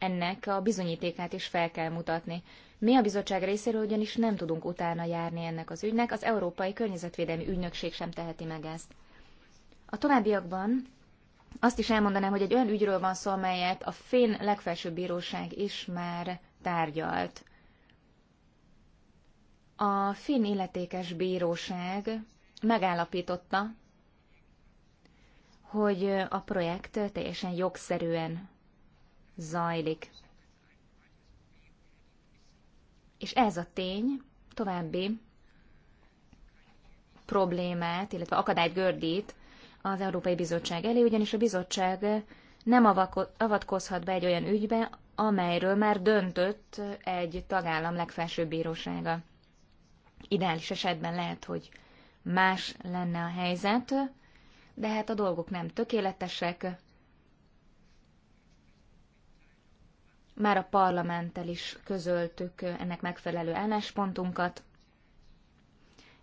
[SPEAKER 4] ennek a bizonyítékát is fel kell mutatni. Mi a bizottság részéről ugyanis nem tudunk utána járni ennek az ügynek, az Európai Környezetvédelmi Ügynökség sem teheti meg ezt. A továbbiakban azt is elmondanám, hogy egy olyan ügyről van szó, amelyet a Fén legfelsőbb bíróság is már tárgyalt. A Fén illetékes bíróság megállapította, hogy a projekt teljesen jogszerűen zajlik. És ez a tény további problémát, illetve akadályt gördít az Európai Bizottság elé, ugyanis a bizottság nem avatkozhat be egy olyan ügybe, amelyről már döntött egy tagállam legfelsőbb bírósága. Ideális esetben lehet, hogy más lenne a helyzet, de hát a dolgok nem tökéletesek, Már a parlamenttel is közöltük ennek megfelelő álláspontunkat,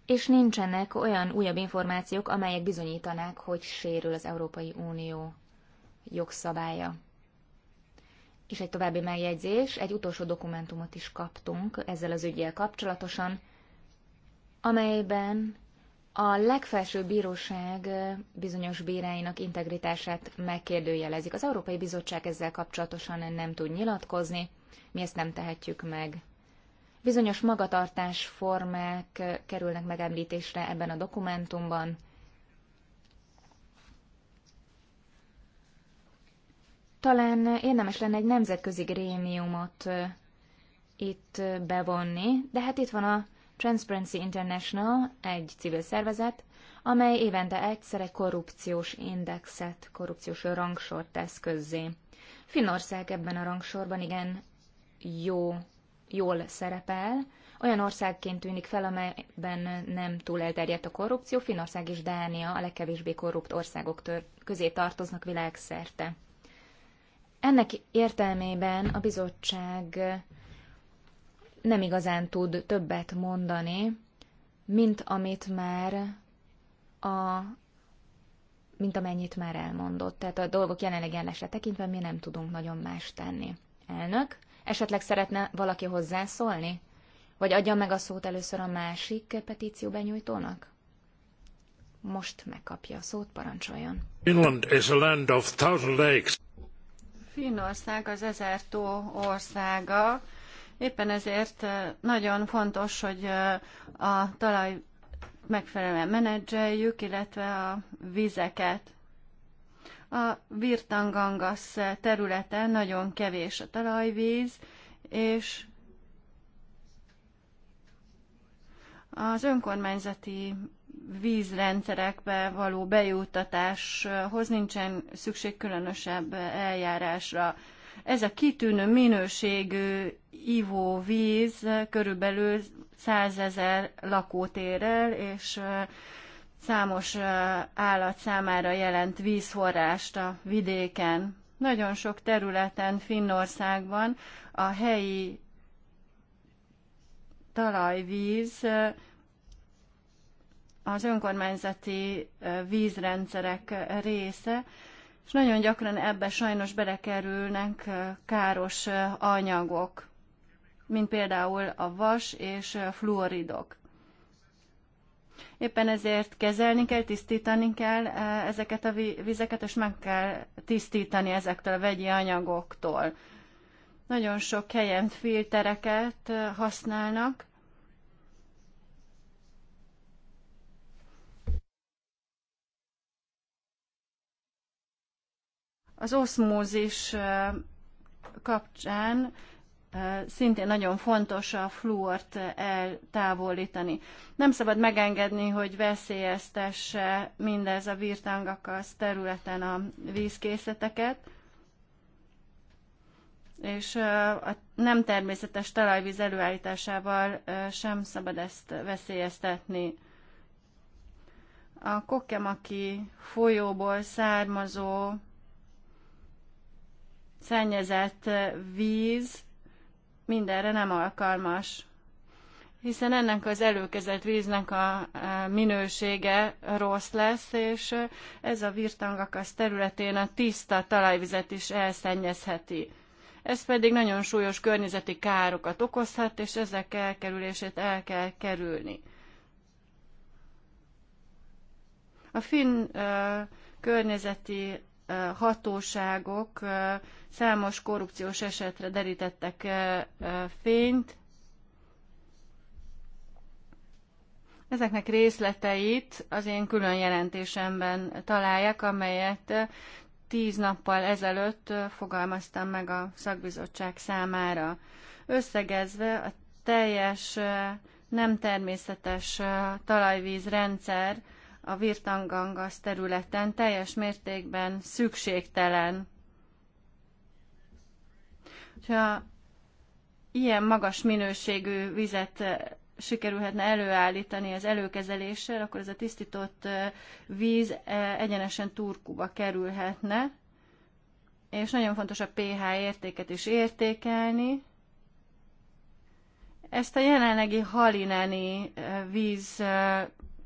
[SPEAKER 4] és nincsenek olyan újabb információk, amelyek bizonyítanák, hogy sérül az Európai Unió jogszabálya. És egy további megjegyzés, egy utolsó dokumentumot is kaptunk ezzel az ügyjel kapcsolatosan, amelyben a legfelsőbb bíróság bizonyos bíráinak integritását megkérdőjelezik. Az Európai Bizottság ezzel kapcsolatosan nem tud nyilatkozni, mi ezt nem tehetjük meg. Bizonyos magatartásformák kerülnek megemlítésre ebben a dokumentumban. Talán érdemes lenne egy nemzetközi grémiumot itt bevonni, de hát itt van a Transparency International egy civil szervezet, amely évente egyszer egy korrupciós indexet, korrupciós rangsort tesz közzé. Finnország ebben a rangsorban igen jó, jól szerepel, olyan országként tűnik fel, amelyben nem túl elterjedt a korrupció. Finnország és Dánia a legkevésbé korrupt országok tör- közé tartoznak világszerte. Ennek értelmében a bizottság nem igazán tud többet mondani, mint amit már a mint amennyit már elmondott. Tehát a dolgok jelenleg állásra tekintve mi nem tudunk nagyon más tenni. Elnök, esetleg szeretne valaki hozzászólni? Vagy adja meg a szót először a másik petíció benyújtónak? Most megkapja a szót, parancsoljon.
[SPEAKER 6] Finland is a land of thousand lakes.
[SPEAKER 4] Finnország az ezer
[SPEAKER 2] tó országa, Éppen ezért nagyon fontos, hogy a talaj megfelelően menedzseljük, illetve a vizeket. A Virtangangas területen nagyon kevés a talajvíz, és az önkormányzati vízrendszerekbe való bejuttatáshoz nincsen szükség különösebb eljárásra. Ez a kitűnő minőségű ivóvíz körülbelül 100 ezer lakótérrel, és számos állat számára jelent vízforrást a vidéken. Nagyon sok területen Finnországban a helyi talajvíz az önkormányzati vízrendszerek része, és nagyon gyakran ebbe sajnos belekerülnek káros anyagok, mint például a vas és fluoridok. Éppen ezért kezelni kell, tisztítani kell ezeket a vizeket, és meg kell tisztítani ezektől a vegyi anyagoktól. Nagyon sok helyen filtereket használnak, Az oszmózis kapcsán szintén nagyon fontos a fluort eltávolítani. Nem szabad megengedni, hogy veszélyeztesse mindez a virtangakasz területen a vízkészleteket, és a nem természetes talajvíz előállításával sem szabad ezt veszélyeztetni. A kokemaki folyóból származó szennyezett víz mindenre nem alkalmas, hiszen ennek az előkezett víznek a minősége rossz lesz, és ez a virtangakasz területén a tiszta talajvizet is elszennyezheti. Ez pedig nagyon súlyos környezeti károkat okozhat, és ezek elkerülését el kell kerülni. A finn környezeti hatóságok számos korrupciós esetre derítettek fényt. Ezeknek részleteit az én külön jelentésemben találják, amelyet tíz nappal ezelőtt fogalmaztam meg a szakbizottság számára. Összegezve a teljes nem természetes talajvízrendszer rendszer a virtangangas területen teljes mértékben szükségtelen. Ha ilyen magas minőségű vizet eh, sikerülhetne előállítani az előkezeléssel, akkor ez a tisztított eh, víz eh, egyenesen Turkuba kerülhetne, és nagyon fontos a pH értéket is értékelni. Ezt a jelenlegi halineni víz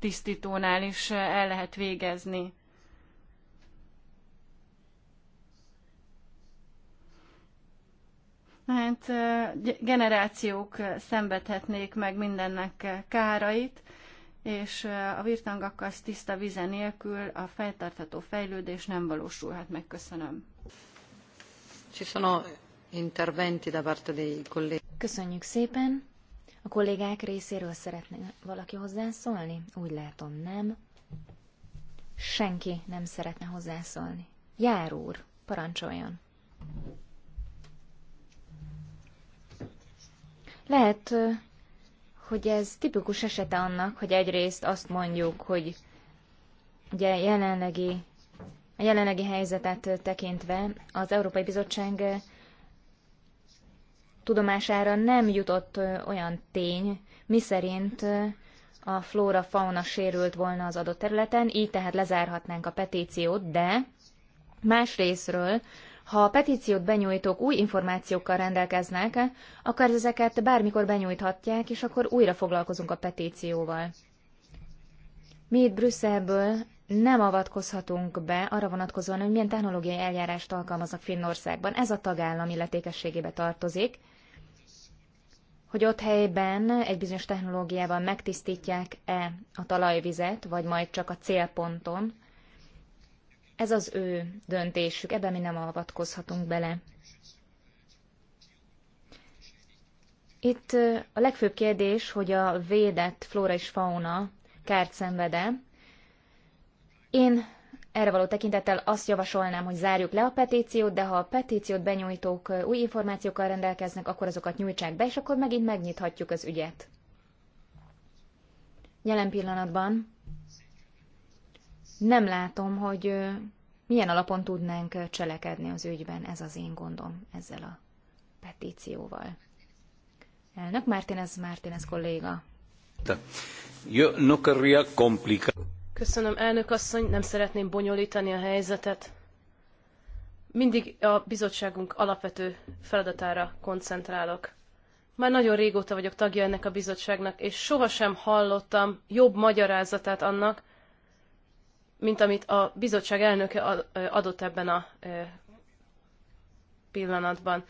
[SPEAKER 2] tisztítónál is eh, el lehet végezni. Hát eh, generációk eh, szenvedhetnék meg mindennek kárait, és a virtangakasz tiszta vize nélkül a feltartható fejlődés nem valósulhat meg. Köszönöm. Ci sono
[SPEAKER 4] interventi da parte dei colleghi. Köszönjük szépen. A kollégák részéről szeretne valaki hozzászólni? Úgy látom, nem. Senki nem szeretne hozzászólni. Jár úr, parancsoljon. Lehet, hogy ez tipikus esete annak, hogy egyrészt azt mondjuk, hogy ugye jelenlegi, a jelenlegi helyzetet tekintve az Európai Bizottság tudomására nem jutott olyan tény, miszerint a flóra-fauna sérült volna az adott területen, így tehát lezárhatnánk a petíciót, de más részről, ha a petíciót benyújtók új információkkal rendelkeznek, akkor ezeket bármikor benyújthatják, és akkor újra foglalkozunk a petícióval. Mi itt Brüsszelből nem avatkozhatunk be arra vonatkozóan, hogy milyen technológiai eljárást alkalmaznak Finnországban. Ez a tagállam illetékességébe tartozik, hogy ott helyben egy bizonyos technológiával megtisztítják-e a talajvizet, vagy majd csak a célponton. Ez az ő döntésük, ebben mi nem avatkozhatunk bele. Itt a legfőbb kérdés, hogy a védett flóra és fauna kárt szenvede. Én erre való tekintettel azt javasolnám, hogy zárjuk le a petíciót, de ha a petíciót benyújtók új információkkal rendelkeznek, akkor azokat nyújtsák be, és akkor megint megnyithatjuk az ügyet. Jelen pillanatban nem látom, hogy milyen alapon tudnánk cselekedni az ügyben, ez az én gondom ezzel a petícióval. Elnök Mártinez, Mártinez kolléga.
[SPEAKER 7] Yo no querría complicar.
[SPEAKER 4] Köszönöm, elnök asszony, nem szeretném bonyolítani
[SPEAKER 3] a helyzetet. Mindig a bizottságunk alapvető feladatára koncentrálok. Már nagyon régóta vagyok tagja ennek a bizottságnak, és sohasem hallottam jobb magyarázatát annak, mint amit a bizottság elnöke adott ebben a pillanatban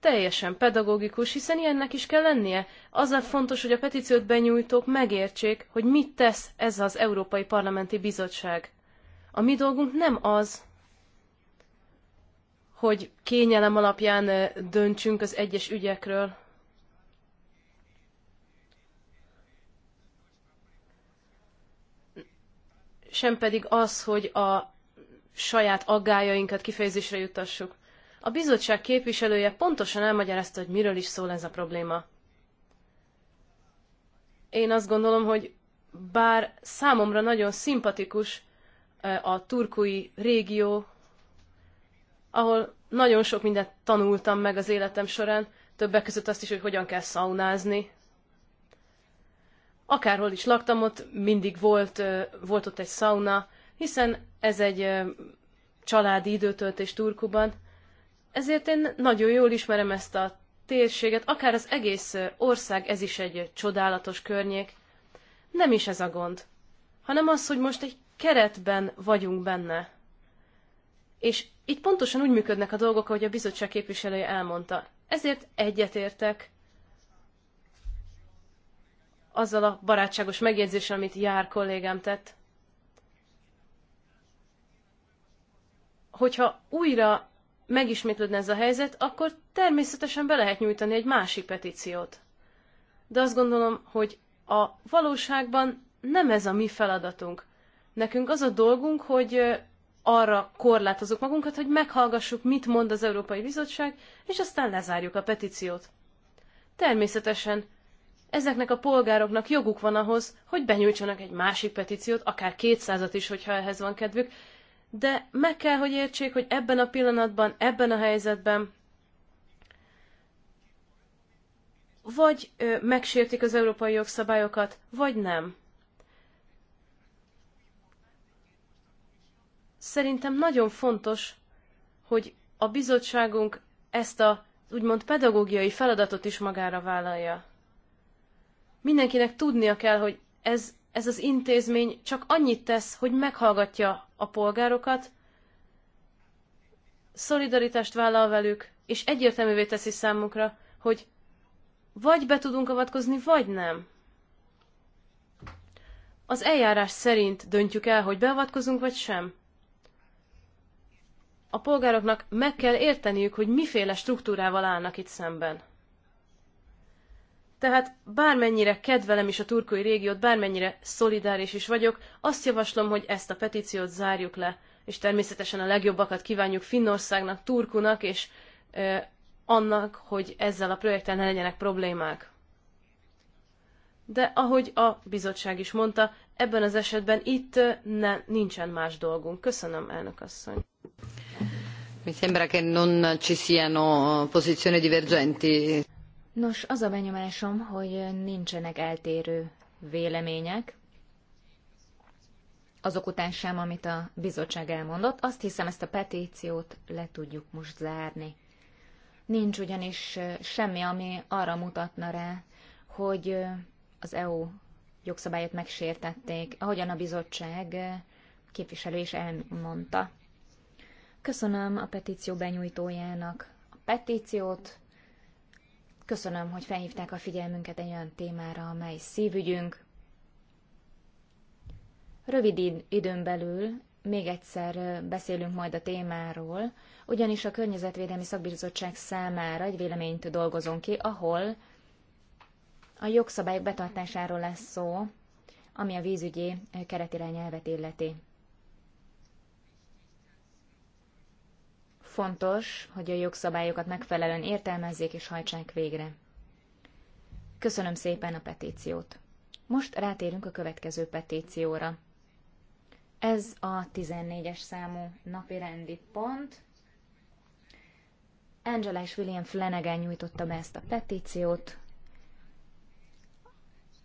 [SPEAKER 3] teljesen pedagógikus, hiszen ilyennek is kell lennie. Az a fontos, hogy a petíciót benyújtók megértsék, hogy mit tesz ez az Európai Parlamenti Bizottság. A mi dolgunk nem az, hogy kényelem alapján döntsünk az egyes ügyekről. Sem pedig az, hogy a saját aggájainkat kifejezésre juttassuk. A bizottság képviselője pontosan elmagyarázta, hogy miről is szól ez a probléma. Én azt gondolom, hogy bár számomra nagyon szimpatikus a turkui régió, ahol nagyon sok mindent tanultam meg az életem során, többek között azt is, hogy hogyan kell szaunázni. Akárhol is laktam, ott mindig volt, volt ott egy szauna, hiszen ez egy családi időtöltés Turkuban, ezért én nagyon jól ismerem ezt a térséget, akár az egész ország, ez is egy csodálatos környék. Nem is ez a gond, hanem az, hogy most egy keretben vagyunk benne. És itt pontosan úgy működnek a dolgok, ahogy a bizottság képviselője elmondta. Ezért egyetértek azzal a barátságos megjegyzéssel, amit jár kollégám tett. Hogyha újra megismétlődne ez a helyzet, akkor természetesen be lehet nyújtani egy másik petíciót. De azt gondolom, hogy a valóságban nem ez a mi feladatunk. Nekünk az a dolgunk, hogy arra korlátozunk magunkat, hogy meghallgassuk, mit mond az Európai Bizottság, és aztán lezárjuk a petíciót. Természetesen ezeknek a polgároknak joguk van ahhoz, hogy benyújtsanak egy másik petíciót, akár kétszázat is, hogyha ehhez van kedvük, de meg kell, hogy értsék, hogy ebben a pillanatban, ebben a helyzetben vagy ö, megsértik az európai jogszabályokat, vagy nem. Szerintem nagyon fontos, hogy a bizottságunk ezt a úgymond pedagógiai feladatot is magára vállalja. Mindenkinek tudnia kell, hogy ez, ez az intézmény csak annyit tesz, hogy meghallgatja a polgárokat, szolidaritást vállal velük, és egyértelművé teszi számunkra, hogy vagy be tudunk avatkozni, vagy nem. Az eljárás szerint döntjük el, hogy beavatkozunk, vagy sem. A polgároknak meg kell érteniük, hogy miféle struktúrával állnak itt szemben. Tehát bármennyire kedvelem is a turkói régiót, bármennyire szolidáris is vagyok, azt javaslom, hogy ezt a petíciót zárjuk le, és természetesen a legjobbakat kívánjuk Finnországnak, Turkunak, és ö, annak, hogy ezzel a projekten ne legyenek problémák. De ahogy a bizottság is mondta, ebben az esetben itt ne, nincsen más dolgunk. Köszönöm, elnök asszony.
[SPEAKER 1] Mi sembra che non ci siano posizioni divergenti.
[SPEAKER 4] Nos, az a benyomásom, hogy nincsenek eltérő vélemények, azok után sem, amit a bizottság elmondott. Azt hiszem, ezt a petíciót le tudjuk most zárni. Nincs ugyanis semmi, ami arra mutatna rá, hogy az EU jogszabályot megsértették, ahogyan a bizottság képviselő is elmondta. Köszönöm a petíció benyújtójának a petíciót, Köszönöm, hogy felhívták a figyelmünket egy olyan témára, amely szívügyünk. Rövid időn belül még egyszer beszélünk majd a témáról, ugyanis a Környezetvédelmi Szakbizottság számára egy véleményt dolgozunk ki, ahol a jogszabályok betartásáról lesz szó, ami a vízügyi keretirányelvet illeti. Fontos, hogy a jogszabályokat megfelelően értelmezzék és hajtsák végre. Köszönöm szépen a petíciót. Most rátérünk a következő petícióra. Ez a 14-es számú napi rendi pont. Angela és William Flanagan nyújtotta be ezt a petíciót.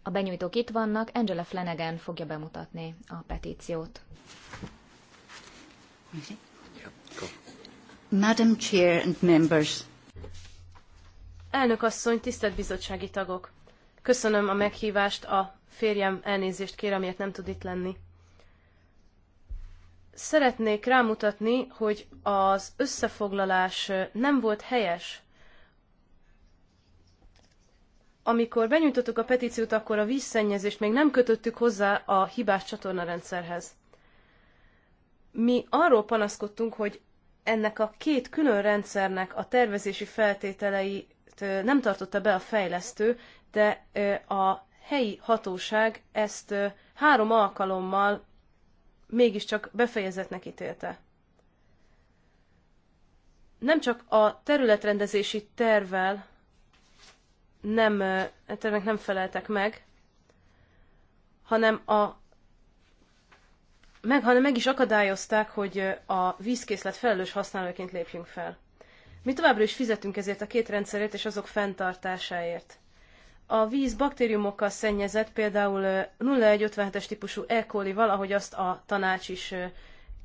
[SPEAKER 4] A benyújtók itt vannak, Angela Flanagan fogja bemutatni a petíciót.
[SPEAKER 2] Okay. cool. Madam Chair and members.
[SPEAKER 3] Elnök asszony, tisztelt bizottsági tagok! Köszönöm a meghívást, a férjem elnézést kér, amiért nem tud itt lenni. Szeretnék rámutatni, hogy az összefoglalás nem volt helyes. Amikor benyújtottuk a petíciót, akkor a vízszennyezést még nem kötöttük hozzá a hibás csatornarendszerhez. Mi arról panaszkodtunk, hogy ennek a két külön rendszernek a tervezési feltételeit nem tartotta be a fejlesztő, de a helyi hatóság ezt három alkalommal mégiscsak befejezetnek ítélte. Nem csak a területrendezési tervvel nem, tervnek nem feleltek meg, hanem a meg, hanem meg is akadályozták, hogy a vízkészlet felelős használóként lépjünk fel. Mi továbbra is fizetünk ezért a két rendszerért és azok fenntartásáért. A víz baktériumokkal szennyezett, például 0157-es típusú E. coli valahogy azt a tanács is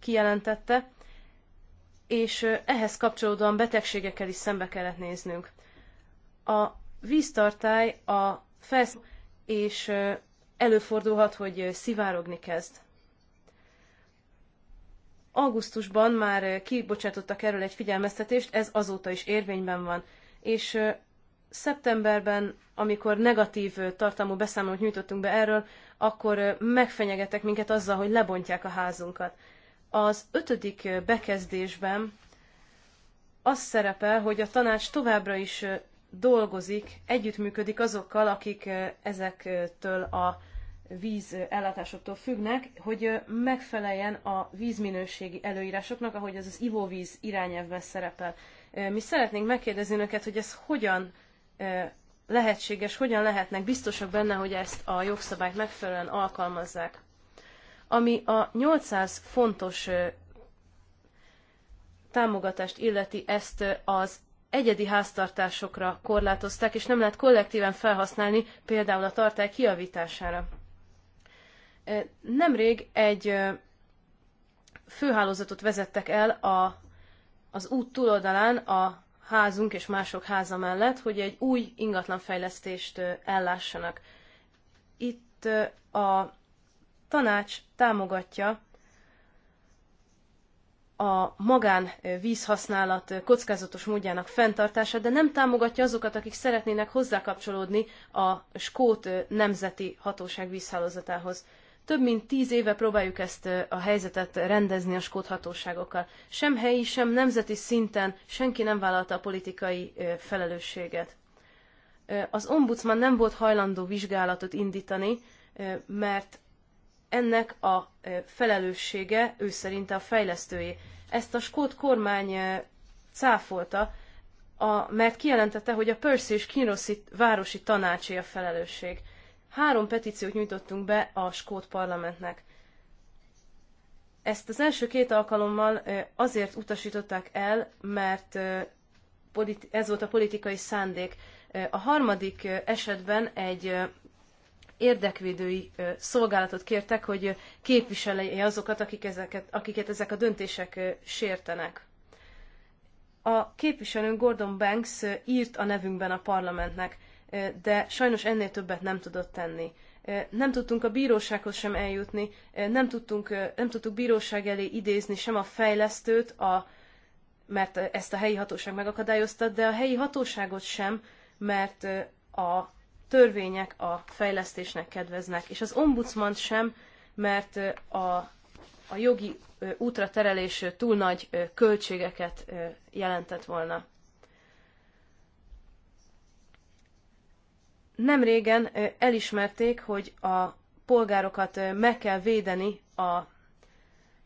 [SPEAKER 3] kijelentette, és ehhez kapcsolódóan betegségekkel is szembe kellett néznünk. A víztartály a felsz és előfordulhat, hogy szivárogni kezd. Augusztusban már kibocsátottak erről egy figyelmeztetést, ez azóta is érvényben van. És szeptemberben, amikor negatív tartalmú beszámolót nyújtottunk be erről, akkor megfenyegetek minket azzal, hogy lebontják a házunkat. Az ötödik bekezdésben az szerepel, hogy a tanács továbbra is dolgozik, együttműködik azokkal, akik ezektől a vízellátásoktól függnek, hogy megfeleljen a vízminőségi előírásoknak, ahogy ez az ivóvíz irányelvben szerepel. Mi szeretnénk megkérdezni önöket, hogy ez hogyan lehetséges, hogyan lehetnek biztosak benne, hogy ezt a jogszabályt megfelelően alkalmazzák. Ami a 800 fontos támogatást illeti, ezt az egyedi háztartásokra korlátozták, és nem lehet kollektíven felhasználni például a tartály kiavítására. Nemrég egy főhálózatot vezettek el a, az út túloldalán a házunk és mások háza mellett, hogy egy új ingatlanfejlesztést ellássanak. Itt a tanács támogatja a magán vízhasználat kockázatos módjának fenntartását, de nem támogatja azokat, akik szeretnének hozzákapcsolódni a Skót Nemzeti Hatóság vízhálózatához. Több mint tíz éve próbáljuk ezt a helyzetet rendezni a skót hatóságokkal. Sem helyi, sem nemzeti szinten senki nem vállalta a politikai felelősséget. Az ombudsman nem volt hajlandó vizsgálatot indítani, mert ennek a felelőssége ő szerinte a fejlesztői. Ezt a skót kormány cáfolta, a, mert kijelentette, hogy a Percy és Kinrosszi városi tanácsé a felelősség. Három petíciót nyújtottunk be a Skót parlamentnek. Ezt az első két alkalommal azért utasították el, mert ez volt a politikai szándék. A harmadik esetben egy érdekvédői szolgálatot kértek, hogy képviselje azokat, akik ezeket, akiket ezek a döntések sértenek. A képviselőnk Gordon Banks írt a nevünkben a parlamentnek de sajnos ennél többet nem tudott tenni. Nem tudtunk a bírósághoz sem eljutni, nem, tudtunk, nem tudtuk bíróság elé idézni sem a fejlesztőt, a, mert ezt a helyi hatóság megakadályozta, de a helyi hatóságot sem, mert a törvények a fejlesztésnek kedveznek, és az ombudsman sem, mert a, a jogi útra terelés túl nagy költségeket jelentett volna. nem régen elismerték, hogy a polgárokat meg kell védeni a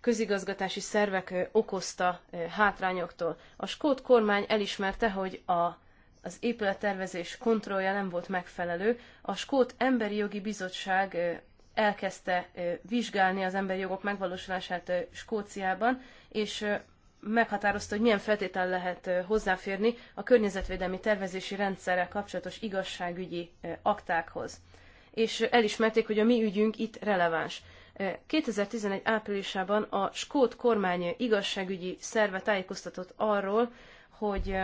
[SPEAKER 3] közigazgatási szervek okozta hátrányoktól. A skót kormány elismerte, hogy a, az épülettervezés kontrollja nem volt megfelelő. A skót emberi jogi bizottság elkezdte vizsgálni az emberi jogok megvalósulását Skóciában, és meghatározta, hogy milyen feltétel lehet hozzáférni a környezetvédelmi tervezési rendszerrel kapcsolatos igazságügyi aktákhoz. És elismerték, hogy a mi ügyünk itt releváns. 2011 áprilisában a skót kormány igazságügyi szerve tájékoztatott arról, hogy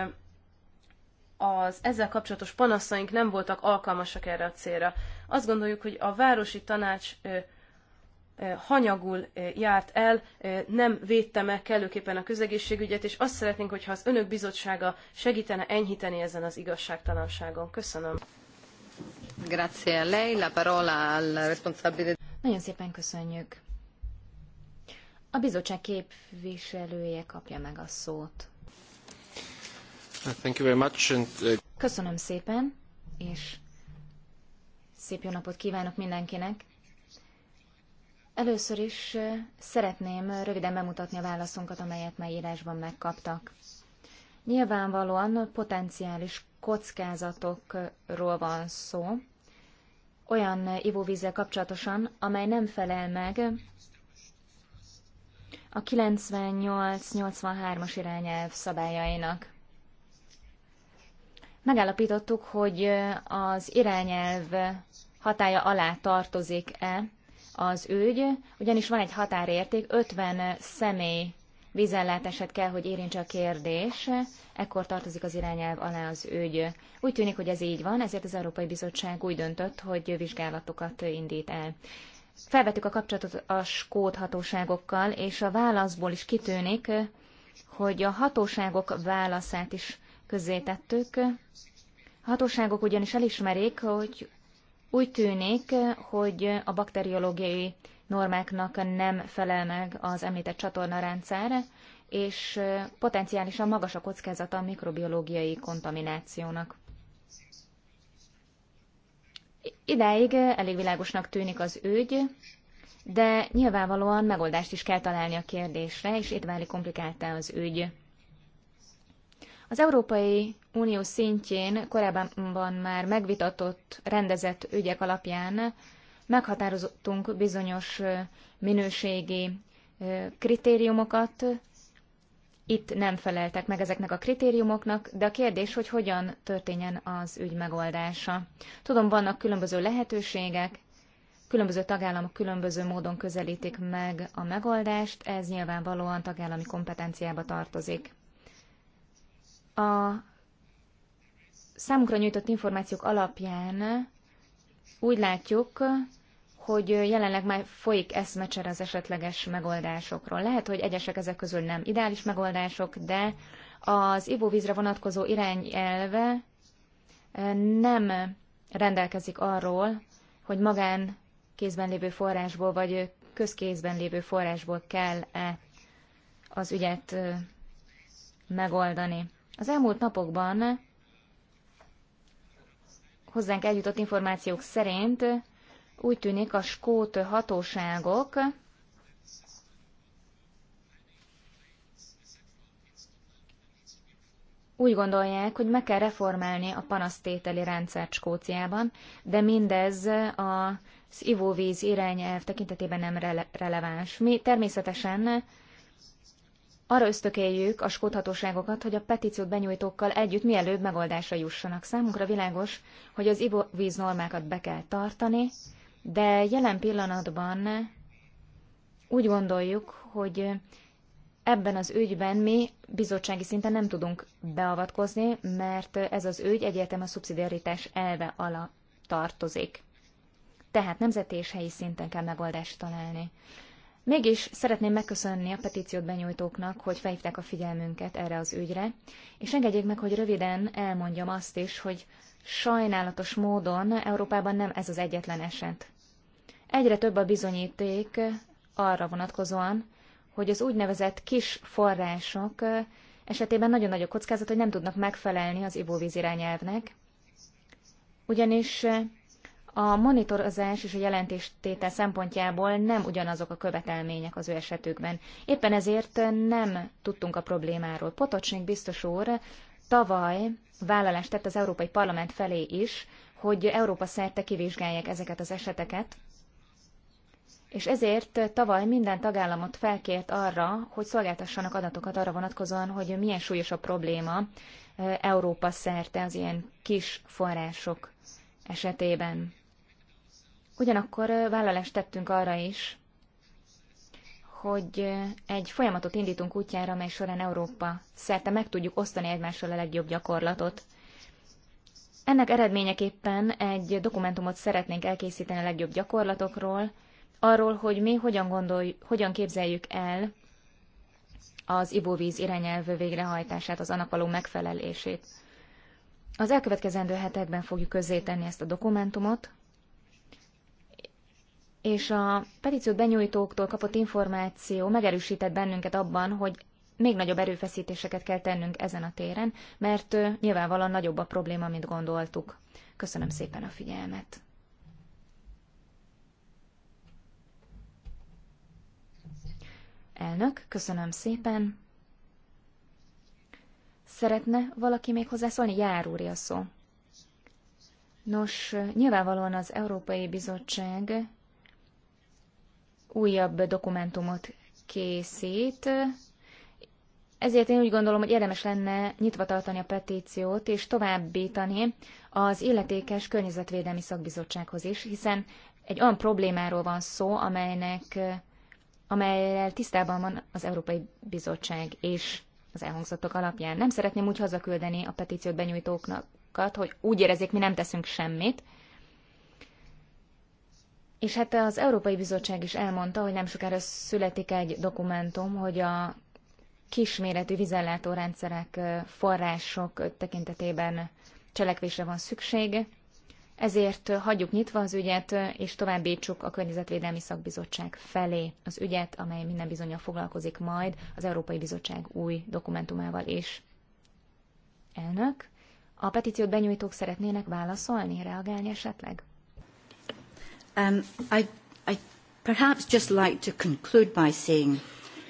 [SPEAKER 3] az ezzel kapcsolatos panaszaink nem voltak alkalmasak erre a célra. Azt gondoljuk, hogy a városi tanács hanyagul járt el, nem védte meg kellőképpen a közegészségügyet, és azt szeretnénk, hogyha az önök bizottsága segítene enyhíteni ezen az igazságtalanságon. Köszönöm.
[SPEAKER 1] Grazie a lei, la parola al
[SPEAKER 4] responsabile. Nagyon szépen köszönjük. A bizottság képviselője kapja meg a szót.
[SPEAKER 6] Thank you very much and, uh...
[SPEAKER 4] Köszönöm szépen, és szép jó napot kívánok mindenkinek. Először is szeretném röviden bemutatni a válaszunkat, amelyet már írásban megkaptak. Nyilvánvalóan potenciális kockázatokról van szó, olyan ivóvízzel kapcsolatosan, amely nem felel meg a 98-83-as irányelv szabályainak. Megállapítottuk, hogy az irányelv hatája alá tartozik-e az ügy, ugyanis van egy határérték, 50 személy vízellátását kell, hogy érintse a kérdés, ekkor tartozik az irányelv alá az ügy. Úgy tűnik, hogy ez így van, ezért az Európai Bizottság úgy döntött, hogy vizsgálatokat indít el. Felvettük a kapcsolatot a skót hatóságokkal, és a válaszból is kitűnik, hogy a hatóságok válaszát is közzétettük. A hatóságok ugyanis elismerik, hogy úgy tűnik, hogy a bakteriológiai normáknak nem felel meg az említett csatornarendszer, és potenciálisan magas a kockázata a mikrobiológiai kontaminációnak. Ideig elég világosnak tűnik az ügy, de nyilvánvalóan megoldást is kell találni a kérdésre, és itt válik komplikáltá az ügy. Az Európai Unió szintjén korábban már megvitatott, rendezett ügyek alapján meghatározottunk bizonyos minőségi kritériumokat. Itt nem feleltek meg ezeknek a kritériumoknak, de a kérdés, hogy hogyan történjen az ügy megoldása. Tudom, vannak különböző lehetőségek, különböző tagállamok különböző módon közelítik meg a megoldást, ez nyilvánvalóan tagállami kompetenciába tartozik. A számunkra nyújtott információk alapján úgy látjuk, hogy jelenleg már folyik eszmecser az esetleges megoldásokról. Lehet, hogy egyesek ezek közül nem ideális megoldások, de az ivóvízre vonatkozó irányelve e, nem rendelkezik arról, hogy magán kézben lévő forrásból vagy közkézben lévő forrásból kell-e az ügyet e, megoldani. Az elmúlt napokban hozzánk eljutott információk szerint úgy tűnik a skót hatóságok úgy gondolják, hogy meg kell reformálni a panasztételi rendszert Skóciában, de mindez az ivóvíz irányelv tekintetében nem rele- releváns. Mi természetesen arra ösztökéljük a skóthatóságokat, hogy a petíciót benyújtókkal együtt mielőbb megoldásra jussanak. Számunkra világos, hogy az ivóvíz normákat be kell tartani, de jelen pillanatban úgy gondoljuk, hogy ebben az ügyben mi bizottsági szinten nem tudunk beavatkozni, mert ez az ügy egyértelműen a szubszidiaritás elve alá tartozik. Tehát nemzeti és helyi szinten kell megoldást találni. Mégis szeretném megköszönni a petíciót benyújtóknak, hogy felhívták a figyelmünket erre az ügyre, és engedjék meg, hogy röviden elmondjam azt is, hogy sajnálatos módon Európában nem ez az egyetlen eset. Egyre több a bizonyíték arra vonatkozóan, hogy az úgynevezett kis források esetében nagyon nagy a kockázat, hogy nem tudnak megfelelni az ivóvíz irányelvnek, ugyanis a monitorozás és a jelentéstétel szempontjából nem ugyanazok a követelmények az ő esetükben. Éppen ezért nem tudtunk a problémáról. Potocsnik biztos úr tavaly vállalást tett az Európai Parlament felé is, hogy Európa szerte kivizsgálják ezeket az eseteket, és ezért tavaly minden tagállamot felkért arra, hogy szolgáltassanak adatokat arra vonatkozóan, hogy milyen súlyos a probléma eh, Európa szerte az ilyen kis források esetében. Ugyanakkor vállalást tettünk arra is, hogy egy folyamatot indítunk útjára, mely során Európa szerte meg tudjuk osztani egymással a legjobb gyakorlatot. Ennek eredményeképpen egy dokumentumot szeretnénk elkészíteni a legjobb gyakorlatokról, arról, hogy mi hogyan, gondolj, hogyan képzeljük el az ivóvíz irányelv végrehajtását, az annak való megfelelését. Az elkövetkezendő hetekben fogjuk közzétenni ezt a dokumentumot, és a petíció benyújtóktól kapott információ megerősített bennünket abban, hogy még nagyobb erőfeszítéseket kell tennünk ezen a téren, mert nyilvánvalóan nagyobb a probléma, mint gondoltuk. Köszönöm szépen a figyelmet! Elnök, köszönöm szépen. Szeretne valaki még hozzászólni? Jár úr a szó. Nos, nyilvánvalóan az Európai Bizottság újabb dokumentumot készít. Ezért én úgy gondolom, hogy érdemes lenne nyitva tartani a petíciót és továbbítani az illetékes környezetvédelmi szakbizottsághoz is, hiszen egy olyan problémáról van szó, amelynek, amelyel tisztában van az Európai Bizottság és az elhangzottak alapján. Nem szeretném úgy hazaküldeni a petíciót benyújtóknak, hogy úgy érezzék, mi nem teszünk semmit, és hát az Európai Bizottság is elmondta, hogy nem sokára születik egy dokumentum, hogy a kisméretű vízellátórendszerek, források tekintetében cselekvésre van szükség. Ezért hagyjuk nyitva az ügyet, és továbbítsuk a Környezetvédelmi Szakbizottság felé az ügyet, amely minden bizonyja foglalkozik majd az Európai Bizottság új dokumentumával is. Elnök, a petíciót benyújtók szeretnének válaszolni, reagálni esetleg? Um, I,
[SPEAKER 2] I perhaps just like to conclude by saying,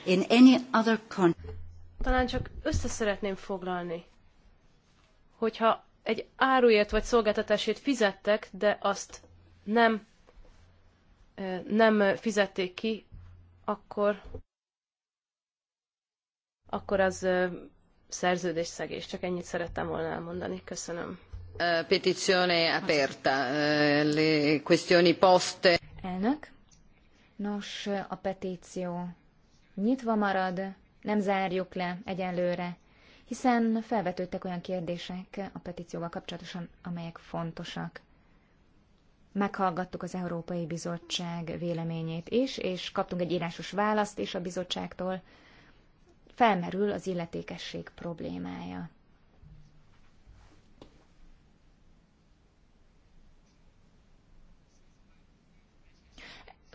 [SPEAKER 2] in any other context.
[SPEAKER 3] Talán csak össze szeretném foglalni, hogyha egy áruért vagy szolgáltatásért fizettek, de azt nem, nem fizették ki, akkor, akkor az szerződésszegés. Csak ennyit szerettem volna elmondani. Köszönöm.
[SPEAKER 4] Eh, Petícióne
[SPEAKER 1] aperta, eh, le questioni poste.
[SPEAKER 4] Elnök, nos, a petíció nyitva marad, nem zárjuk le egyelőre, hiszen felvetődtek olyan kérdések a petícióval kapcsolatosan, amelyek fontosak. Meghallgattuk az Európai Bizottság véleményét is, és kaptunk egy írásos választ is a bizottságtól. Felmerül az illetékesség problémája.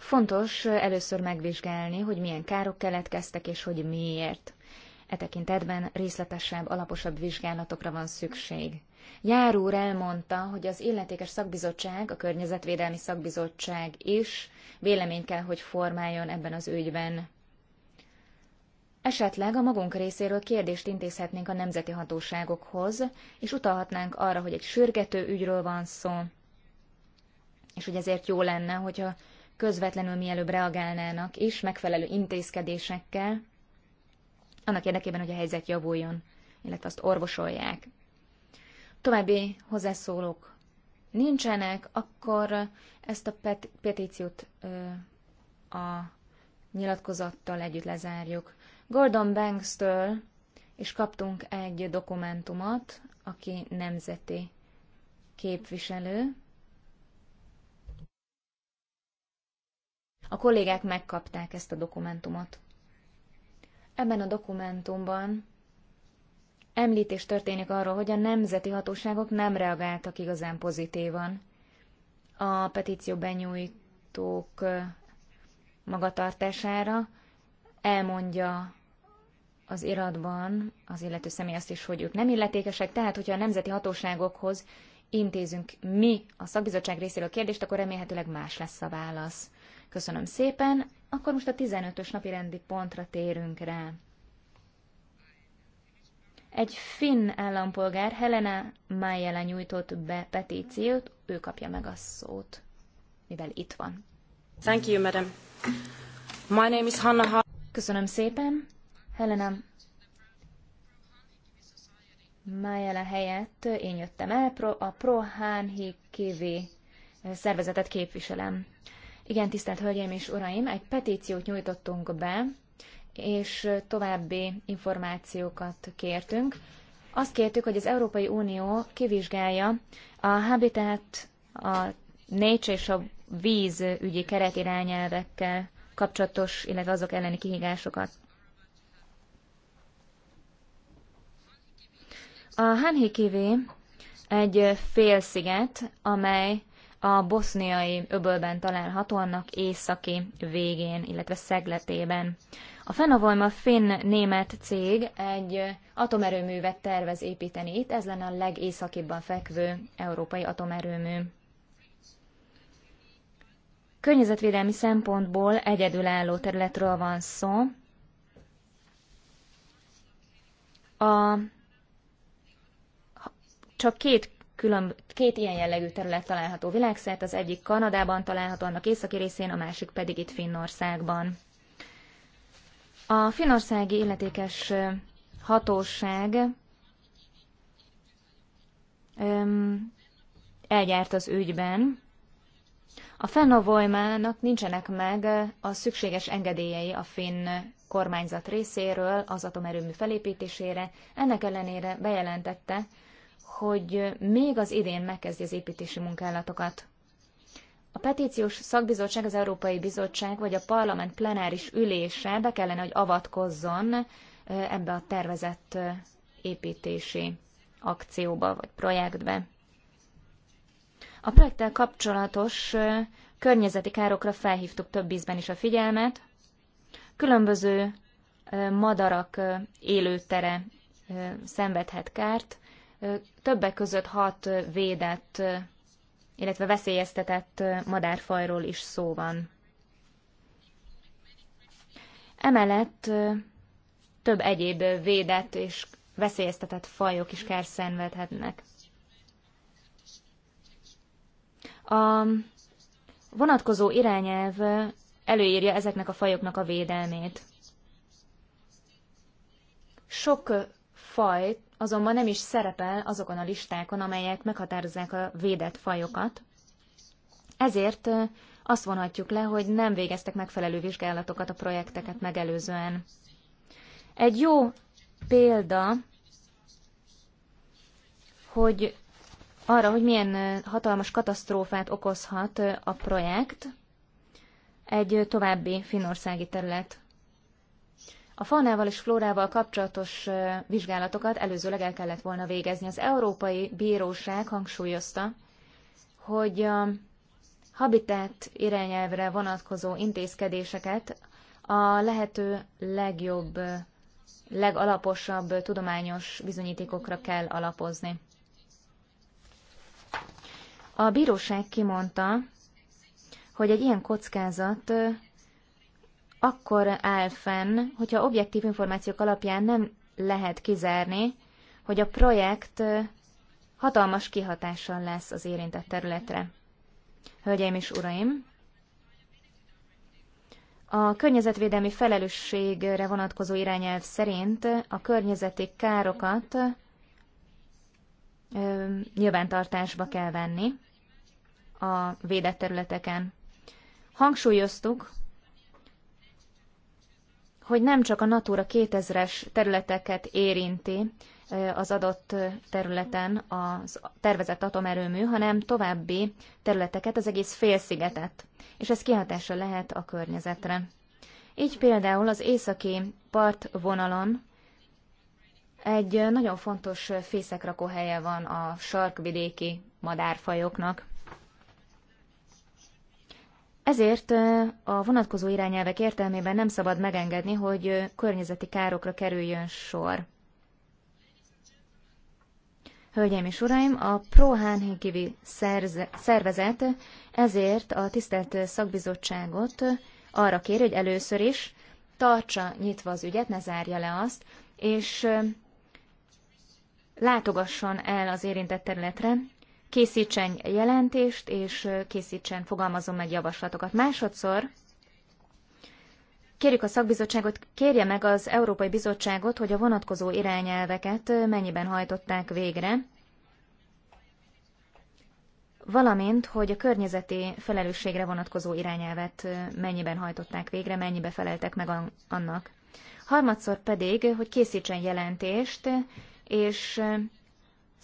[SPEAKER 4] Fontos először megvizsgálni, hogy milyen károk keletkeztek és hogy miért. E tekintetben részletesebb, alaposabb vizsgálatokra van szükség. Jár úr elmondta, hogy az illetékes szakbizottság, a környezetvédelmi szakbizottság is vélemény kell, hogy formáljon ebben az ügyben. Esetleg a magunk részéről kérdést intézhetnénk a nemzeti hatóságokhoz, és utalhatnánk arra, hogy egy sürgető ügyről van szó, és hogy ezért jó lenne, hogyha közvetlenül mielőbb reagálnának is megfelelő intézkedésekkel, annak érdekében, hogy a helyzet javuljon, illetve azt orvosolják. További hozzászólók nincsenek, akkor ezt a pet- petíciót ö, a nyilatkozattal együtt lezárjuk. Gordon Banks-től és kaptunk egy dokumentumot, aki nemzeti képviselő, A kollégák megkapták ezt a dokumentumot. Ebben a dokumentumban említés történik arról, hogy a nemzeti hatóságok nem reagáltak igazán pozitívan a petíció benyújtók magatartására. Elmondja az iratban az illető személy azt is, hogy ők nem illetékesek, tehát hogyha a nemzeti hatóságokhoz intézünk mi a szakbizottság részéről a kérdést, akkor remélhetőleg más lesz a válasz. Köszönöm szépen. Akkor most a 15-ös napi rendi pontra térünk rá. Egy finn állampolgár Helena Májele nyújtott be petíciót, ő kapja meg a szót, mivel itt van. Thank you, madam. My name is Hanna ha- Köszönöm szépen. Helena Májele helyett én jöttem el, a Prohánhi KV szervezetet képviselem. Igen, tisztelt Hölgyeim és Uraim, egy petíciót nyújtottunk be, és további információkat kértünk. Azt kértük, hogy az Európai Unió kivizsgálja a Habitat, a Nature és a víz ügyi keretirányelvekkel kapcsolatos, illetve azok elleni kihívásokat. A Hanhikivi egy félsziget, amely a boszniai öbölben található, annak északi végén, illetve szegletében. A Fenovolma finn-német cég egy atomerőművet tervez építeni itt, ez lenne a legészakibban fekvő európai atomerőmű. Környezetvédelmi szempontból egyedülálló területről van szó. A csak két külön, két ilyen jellegű terület található világszerte, az egyik Kanadában található, annak északi részén, a másik pedig itt Finnországban. A finnországi illetékes hatóság öm, eljárt az ügyben. A Fennovoimának nincsenek meg a szükséges engedélyei a finn kormányzat részéről az atomerőmű felépítésére, ennek ellenére bejelentette, hogy még az idén megkezdi az építési munkálatokat. A petíciós szakbizottság, az Európai Bizottság vagy a parlament plenáris ülése be kellene, hogy avatkozzon ebbe a tervezett építési akcióba vagy projektbe. A projekttel kapcsolatos környezeti károkra felhívtuk több ízben is a figyelmet. Különböző madarak élőtere szenvedhet kárt, többek között hat védett, illetve veszélyeztetett madárfajról is szó van. Emellett több egyéb védett és veszélyeztetett fajok is kár szenvedhetnek. A vonatkozó irányelv előírja ezeknek a fajoknak a védelmét. Sok fajt azonban nem is szerepel azokon a listákon, amelyek meghatározzák a védett fajokat. Ezért azt vonhatjuk le, hogy nem végeztek megfelelő vizsgálatokat a projekteket megelőzően. Egy jó példa, hogy arra, hogy milyen hatalmas katasztrófát okozhat a projekt, egy további finországi terület. A faunával és flórával kapcsolatos vizsgálatokat előzőleg el kellett volna végezni. Az Európai Bíróság hangsúlyozta, hogy a habitat irányelvre vonatkozó intézkedéseket a lehető legjobb, legalaposabb tudományos bizonyítékokra kell alapozni. A bíróság kimondta, hogy egy ilyen kockázat akkor áll fenn, hogyha objektív információk alapján nem lehet kizárni, hogy a projekt hatalmas kihatással lesz az érintett területre. Hölgyeim és uraim, a környezetvédelmi felelősségre vonatkozó irányelv szerint a környezeti károkat ö, nyilvántartásba kell venni a védett területeken. Hangsúlyoztuk, hogy nem csak a Natura 2000-es területeket érinti az adott területen a tervezett atomerőmű, hanem további területeket, az egész félszigetet, és ez kihatása lehet a környezetre. Így például az északi partvonalon egy nagyon fontos fészekrakóhelye van a sarkvidéki madárfajoknak. Ezért a vonatkozó irányelvek értelmében nem szabad megengedni, hogy környezeti károkra kerüljön sor. Hölgyeim és uraim, a Pro Hánhikivi szervezet ezért a tisztelt szakbizottságot arra kér, hogy először is tartsa nyitva az ügyet, ne zárja le azt, és látogasson el az érintett területre, készítsen jelentést, és készítsen, fogalmazom meg javaslatokat. Másodszor kérjük a szakbizottságot, kérje meg az Európai Bizottságot, hogy a vonatkozó irányelveket mennyiben hajtották végre, valamint, hogy a környezeti felelősségre vonatkozó irányelvet mennyiben hajtották végre, mennyibe feleltek meg annak. Harmadszor pedig, hogy készítsen jelentést, és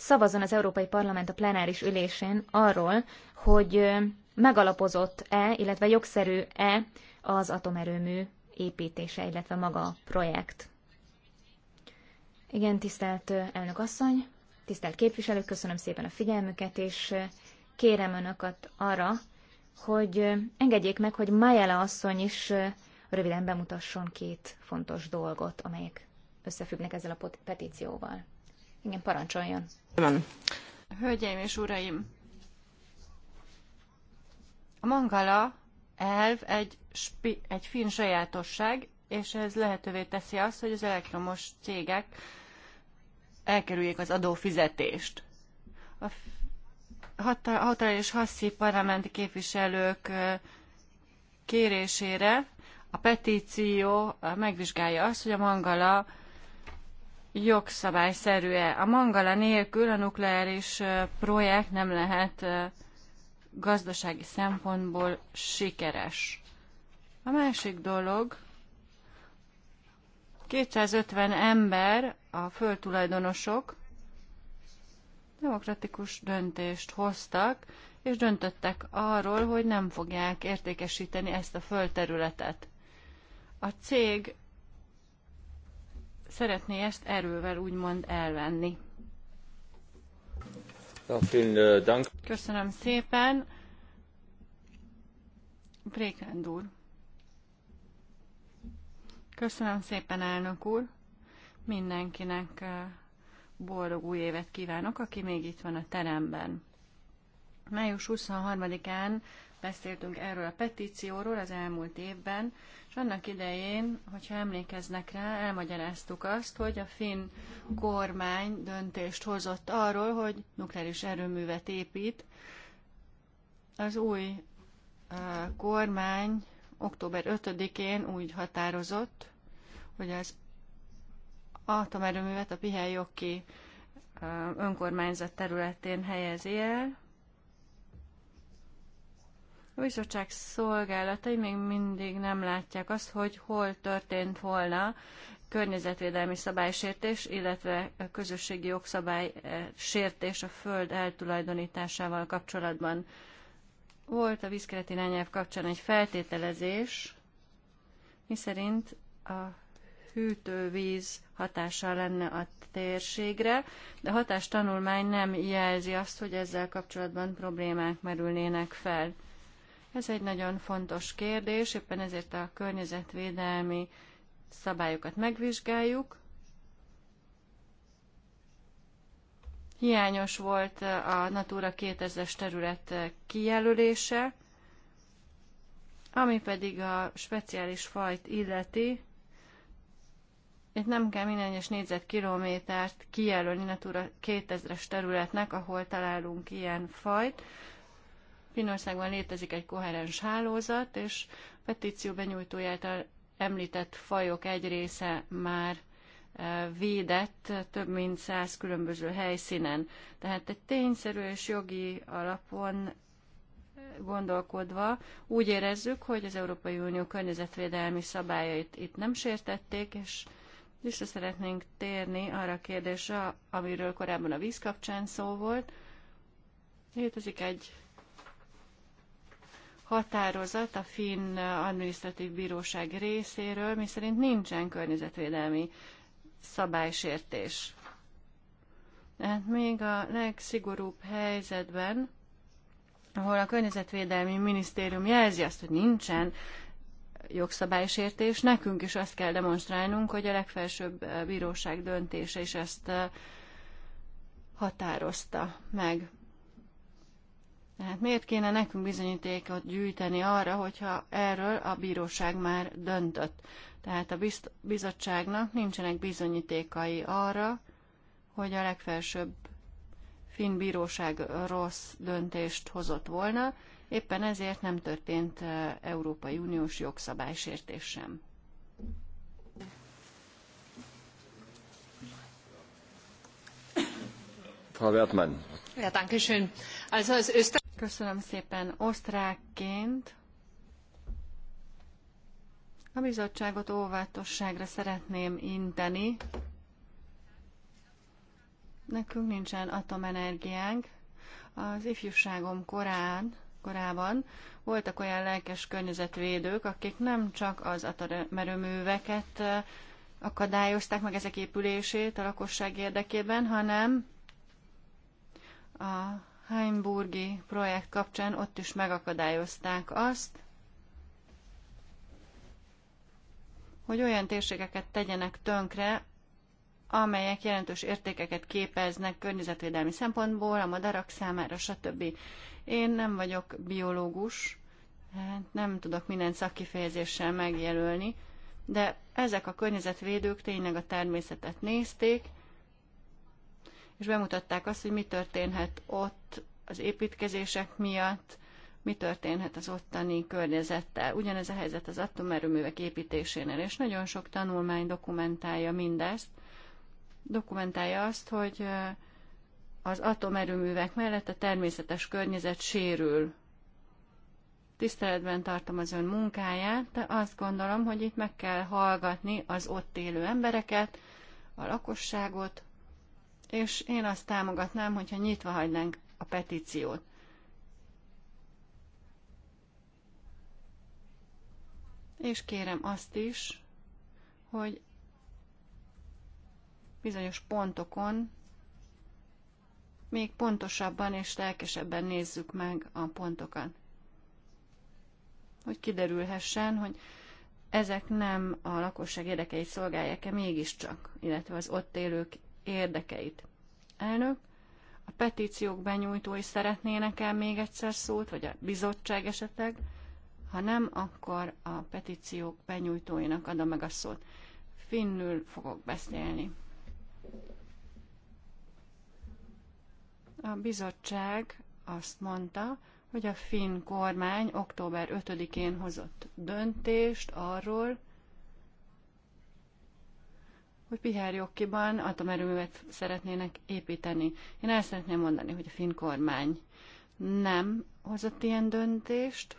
[SPEAKER 4] szavazzon az Európai Parlament a plenáris ülésén arról, hogy megalapozott-e, illetve jogszerű-e az atomerőmű építése, illetve maga a projekt. Igen, tisztelt elnök asszony, tisztelt képviselők, köszönöm szépen a figyelmüket, és kérem önöket arra, hogy engedjék meg, hogy Majela asszony is röviden bemutasson két fontos dolgot, amelyek összefüggnek ezzel a petícióval. Igen, parancsoljon. Hölgyeim és uraim! A mangala elv
[SPEAKER 2] egy, spi, egy fin sajátosság, és ez lehetővé teszi azt, hogy az elektromos cégek elkerüljék az adófizetést. A hatal és haszi parlamenti képviselők kérésére a petíció megvizsgálja azt, hogy a mangala jogszabályszerű-e. A mangala nélkül a nukleáris projekt nem lehet gazdasági szempontból sikeres. A másik dolog, 250 ember, a földtulajdonosok demokratikus döntést hoztak, és döntöttek arról, hogy nem fogják értékesíteni ezt a földterületet. A cég szeretné ezt erővel úgymond elvenni.
[SPEAKER 5] Äh,
[SPEAKER 2] Köszönöm szépen. Brékend úr. Köszönöm szépen, elnök úr. Mindenkinek boldog új évet kívánok, aki még itt van a teremben. Május 23-án beszéltünk erről a petícióról az elmúlt évben, és annak idején, hogyha emlékeznek rá, elmagyaráztuk azt, hogy a finn kormány döntést hozott arról, hogy nukleáris erőművet épít. Az új kormány október 5-én úgy határozott, hogy az atomerőművet a Pihelyoki önkormányzat területén helyezi el, a bizottság szolgálatai még mindig nem látják azt, hogy hol történt volna környezetvédelmi szabálysértés, illetve a közösségi jogszabály eh, sértés a föld eltulajdonításával kapcsolatban. Volt a vízkereti irányelv kapcsán egy feltételezés, miszerint a hűtővíz hatással lenne a térségre, de hatástanulmány nem jelzi azt, hogy ezzel kapcsolatban problémák merülnének fel. Ez egy nagyon fontos kérdés, éppen ezért a környezetvédelmi szabályokat megvizsgáljuk. Hiányos volt a Natura 2000-es terület kijelölése, ami pedig a speciális fajt illeti, itt nem kell minden egyes négyzetkilométert kijelölni Natura 2000-es területnek, ahol találunk ilyen fajt. Finnországban létezik egy koherens hálózat, és petíció benyújtóját említett fajok egy része már e, védett több mint száz különböző helyszínen. Tehát egy tényszerű és jogi alapon e, gondolkodva úgy érezzük, hogy az Európai Unió környezetvédelmi szabályait itt nem sértették, és vissza szeretnénk térni arra a kérdésre, amiről korábban a víz kapcsán szó volt. Létezik egy határozat a Finn Administratív Bíróság részéről, miszerint nincsen környezetvédelmi szabálysértés. Tehát még a legszigorúbb helyzetben, ahol a Környezetvédelmi Minisztérium jelzi azt, hogy nincsen jogszabálysértés, nekünk is azt kell demonstrálnunk, hogy a legfelsőbb eh, bíróság döntése is ezt eh, határozta meg. Tehát miért kéne nekünk bizonyítékot gyűjteni arra, hogyha erről a bíróság már döntött? Tehát a bizottságnak nincsenek bizonyítékai arra, hogy a legfelsőbb finn bíróság rossz döntést hozott volna, éppen ezért nem történt e, Európai Uniós jogszabálysértés sem.
[SPEAKER 5] Frau Wertmann.
[SPEAKER 2] Ja, danke schön. Also az öster Köszönöm szépen. Osztrákként a bizottságot óvatosságra szeretném inteni. Nekünk nincsen atomenergiánk. Az ifjúságom korán, korában voltak olyan lelkes környezetvédők, akik nem csak az atomerőműveket eh, akadályozták meg ezek épülését a lakosság érdekében, hanem a Heimburgi projekt kapcsán ott is megakadályozták azt, hogy olyan térségeket tegyenek tönkre, amelyek jelentős értékeket képeznek környezetvédelmi szempontból, a madarak számára, stb. Én nem vagyok biológus, hát nem tudok minden szakkifejezéssel megjelölni, de ezek a környezetvédők tényleg a természetet nézték, és bemutatták azt, hogy mi történhet ott az építkezések miatt, mi történhet az ottani környezettel. Ugyanez a helyzet az atomerőművek építésénél, és nagyon sok tanulmány dokumentálja mindezt. Dokumentálja azt, hogy az atomerőművek mellett a természetes környezet sérül. Tiszteletben tartom az ön munkáját, de azt gondolom, hogy itt meg kell hallgatni az ott élő embereket, a lakosságot, és én azt támogatnám, hogyha nyitva hagynánk a petíciót. És kérem azt is, hogy bizonyos pontokon még pontosabban és lelkesebben nézzük meg a pontokat. Hogy kiderülhessen, hogy ezek nem a lakosság érdekeit szolgálják-e mégiscsak, illetve az ott élők érdekeit. Elnök, a petíciók benyújtói szeretnének el még egyszer szót, vagy a bizottság esetleg? Ha nem, akkor a petíciók benyújtóinak adom meg a szót. Finnül fogok beszélni. A bizottság azt mondta, hogy a finn kormány október 5-én hozott döntést arról, hogy Jokkiban atomerőművet szeretnének építeni. Én el szeretném mondani, hogy a finn kormány nem hozott ilyen döntést.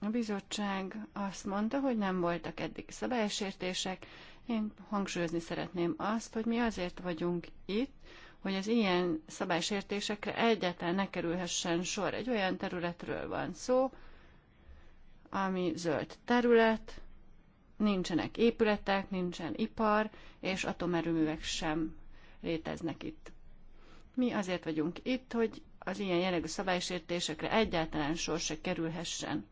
[SPEAKER 2] A bizottság azt mondta, hogy nem voltak eddig szabálysértések. Én hangsúlyozni szeretném azt, hogy mi azért vagyunk itt, hogy az ilyen szabálysértésekre egyáltalán ne kerülhessen sor. Egy olyan területről van szó, ami zöld terület, nincsenek épületek, nincsen ipar, és atomerőművek sem léteznek itt. Mi azért vagyunk itt, hogy az ilyen jellegű szabálysértésekre egyáltalán sor se kerülhessen.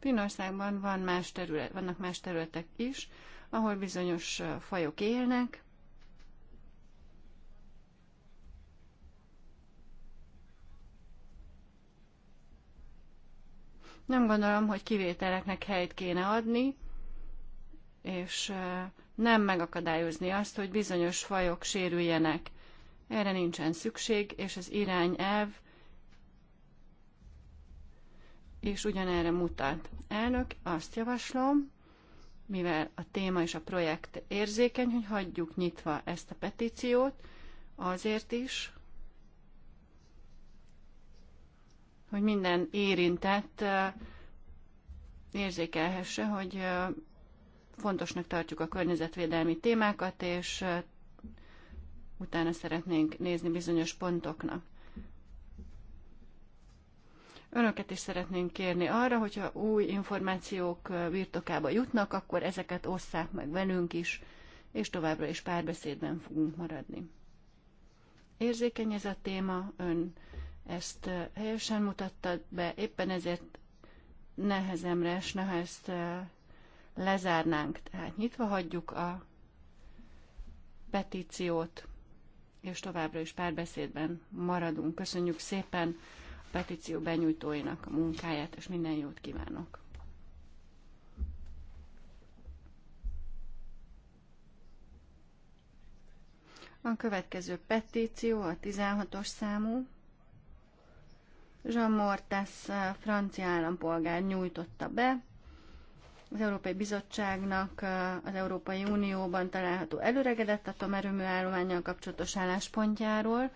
[SPEAKER 2] Finországban van más terület, vannak más területek is, ahol bizonyos fajok élnek, Nem gondolom, hogy kivételeknek helyt kéne adni, és nem megakadályozni azt, hogy bizonyos fajok sérüljenek. Erre nincsen szükség, és az irányelv és ugyanerre mutat. Elnök, azt javaslom, mivel a téma és a projekt érzékeny, hogy hagyjuk nyitva ezt a petíciót, azért is, hogy minden érintett érzékelhesse, hogy fontosnak tartjuk a környezetvédelmi témákat, és utána szeretnénk nézni bizonyos pontoknak. Önöket is szeretnénk kérni arra, hogyha új információk birtokába jutnak, akkor ezeket osszák meg velünk is, és továbbra is párbeszédben fogunk maradni. Érzékeny ez a téma, ön ezt helyesen mutattad be, éppen ezért nehezemre esne, ha ezt lezárnánk. Tehát nyitva hagyjuk a petíciót, és továbbra is párbeszédben maradunk. Köszönjük szépen a petíció benyújtóinak a munkáját, és minden jót kívánok! A következő petíció a 16-os számú. Jean Mortes eh, francia állampolgár nyújtotta be az Európai Bizottságnak eh, az Európai Unióban található előregedett atomerőmű állományjal kapcsolatos álláspontjáról.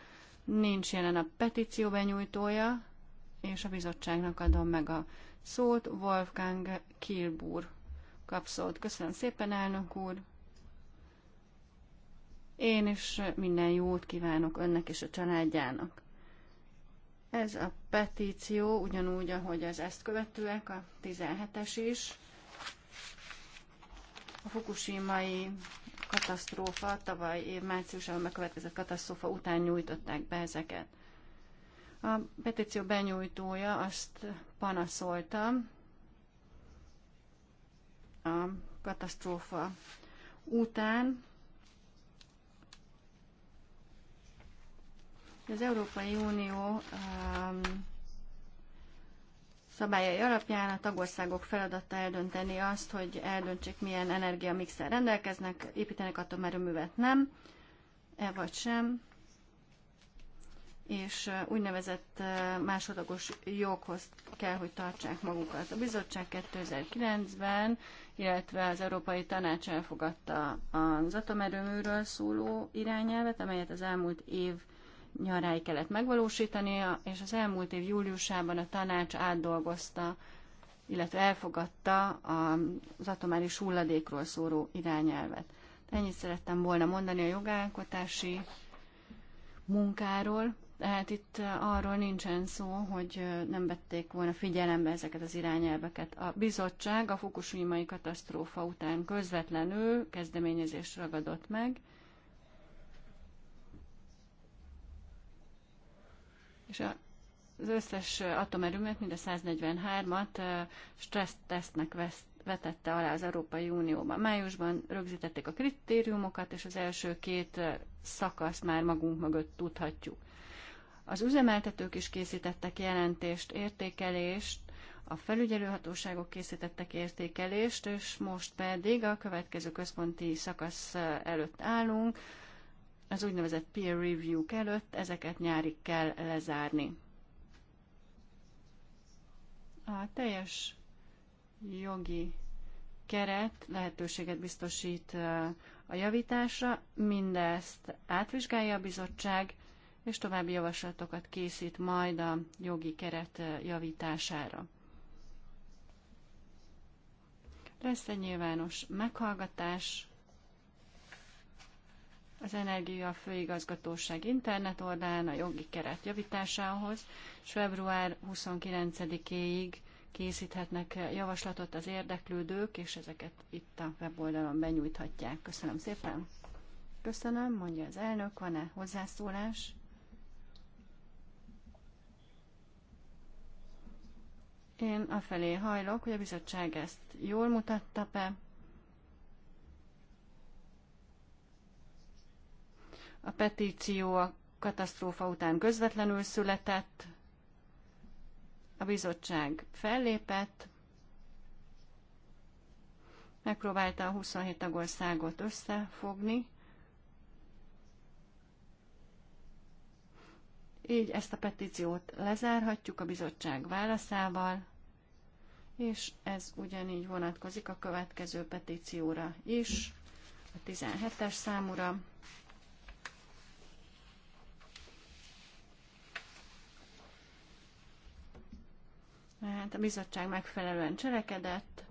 [SPEAKER 2] Nincs jelen a petíció benyújtója, és a bizottságnak adom meg a szót. Wolfgang Kilbúr kap szót. Köszönöm szépen, elnök úr! Én is minden jót kívánok önnek és a családjának. Ez a petíció ugyanúgy, ahogy az ezt követőek, a 17-es is. A fukushimai katasztrófa, tavaly év márciusában bekövetkezett katasztrófa után nyújtották be ezeket. A petíció benyújtója azt panaszolta a katasztrófa után, Az Európai Unió um, szabályai alapján a tagországok feladata eldönteni azt, hogy eldöntsék, milyen energiamixel rendelkeznek, építenek atomerőművet nem, e vagy sem, és uh, úgynevezett uh, másodlagos joghoz kell, hogy tartsák magukat. A bizottság 2009-ben, illetve az Európai Tanács elfogadta az atomerőműről szóló irányelvet, amelyet az elmúlt év nyaráig kellett megvalósítania, és az elmúlt év júliusában a tanács átdolgozta, illetve elfogadta az atomáris hulladékról szóró irányelvet. Ennyit szerettem volna mondani a jogalkotási munkáról. Tehát itt arról nincsen szó, hogy nem vették volna figyelembe ezeket az irányelveket. A bizottság a fukushima katasztrófa után közvetlenül kezdeményezést ragadott meg, és az összes atomerőmet, mind a 143-at stressz vesz, vetette alá az Európai Unióban. Májusban rögzítették a kritériumokat, és az első két szakaszt már magunk mögött tudhatjuk. Az üzemeltetők is készítettek jelentést, értékelést, a felügyelőhatóságok készítettek értékelést, és most pedig a következő központi szakasz előtt állunk az úgynevezett peer review előtt ezeket nyárig kell lezárni. A teljes jogi keret lehetőséget biztosít a javításra, mindezt átvizsgálja a bizottság, és további javaslatokat készít majd a jogi keret javítására. Lesz egy nyilvános meghallgatás, az Energia Főigazgatóság internet oldalán a jogi keret javításához, és február 29-éig készíthetnek javaslatot az érdeklődők, és ezeket itt a weboldalon benyújthatják. Köszönöm szépen! Köszönöm, mondja az elnök, van-e hozzászólás? Én afelé hajlok, hogy a bizottság ezt jól mutatta be. A petíció a katasztrófa után közvetlenül született, a bizottság fellépett, megpróbálta a 27 tagországot összefogni, Így ezt a petíciót lezárhatjuk a bizottság válaszával, és ez ugyanígy vonatkozik a következő petícióra is, a 17-es számúra. Hát a bizottság megfelelően cselekedett,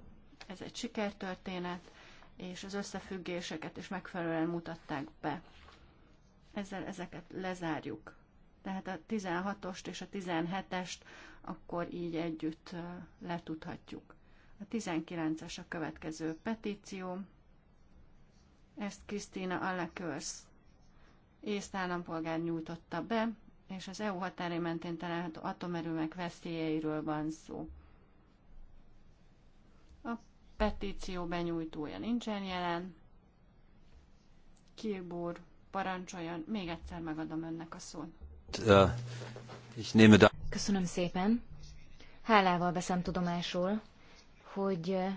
[SPEAKER 2] ez egy sikertörténet, és az összefüggéseket is megfelelően mutatták be. Ezzel ezeket lezárjuk. Tehát a 16-ost és a 17-est akkor így együtt letudhatjuk. A 19-es a következő petíció. Ezt Krisztina Allekörsz észt állampolgár nyújtotta be és az EU határai mentén található atomerőmek veszélyeiről van szó. A petíció benyújtója nincsen jelen. Kilbúr, parancsoljon, még egyszer megadom önnek a szót.
[SPEAKER 1] Uh,
[SPEAKER 4] Köszönöm szépen. Hálával veszem tudomásul, hogy uh,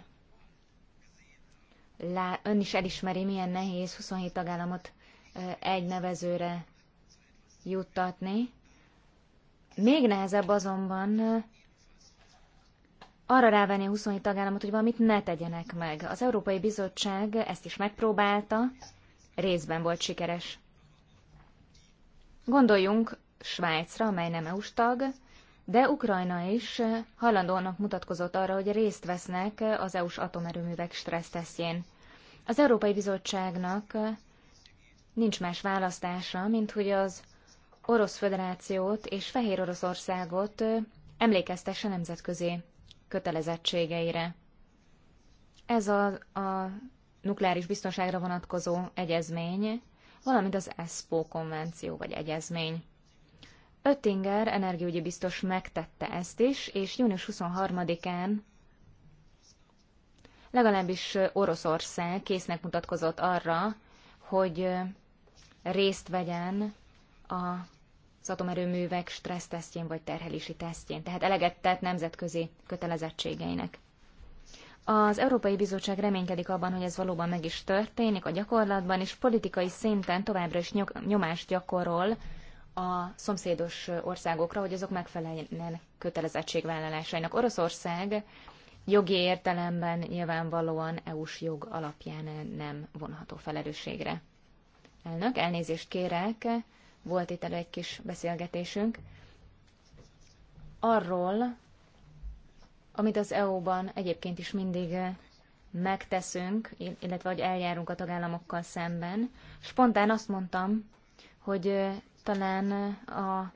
[SPEAKER 4] ön is elismeri, milyen nehéz 27 tagállamot uh, egy nevezőre juttatni. Még nehezebb azonban arra rávenni a 27 tagállamot, hogy valamit ne tegyenek meg. Az Európai Bizottság ezt is megpróbálta, részben volt sikeres. Gondoljunk Svájcra, amely nem EU-s tag, de Ukrajna is hajlandónak mutatkozott arra, hogy részt vesznek az EU-s atomerőművek stressztesztjén. Az Európai Bizottságnak nincs más választása, mint hogy az Orosz Föderációt és Fehér Oroszországot emlékeztesse nemzetközi kötelezettségeire. Ez a, a nukleáris biztonságra vonatkozó egyezmény, valamint az ESPO konvenció vagy egyezmény. Öttinger energiaügyi biztos megtette ezt is, és június 23-án legalábbis Oroszország késznek mutatkozott arra, hogy részt vegyen a az atomerőművek stressztesztjén vagy terhelési tesztjén, tehát eleget tett nemzetközi kötelezettségeinek. Az Európai Bizottság reménykedik abban, hogy ez valóban meg is történik a gyakorlatban, és politikai szinten továbbra is nyomást gyakorol a szomszédos országokra, hogy azok megfeleljenek kötelezettségvállalásainak. Oroszország jogi értelemben nyilvánvalóan EU-s jog alapján nem vonható felelősségre. Elnök, elnézést kérek, volt itt elő egy kis beszélgetésünk, arról, amit az EU-ban egyébként is mindig eh, megteszünk, illetve hogy eljárunk a tagállamokkal szemben. Spontán azt mondtam, hogy eh, talán a eh,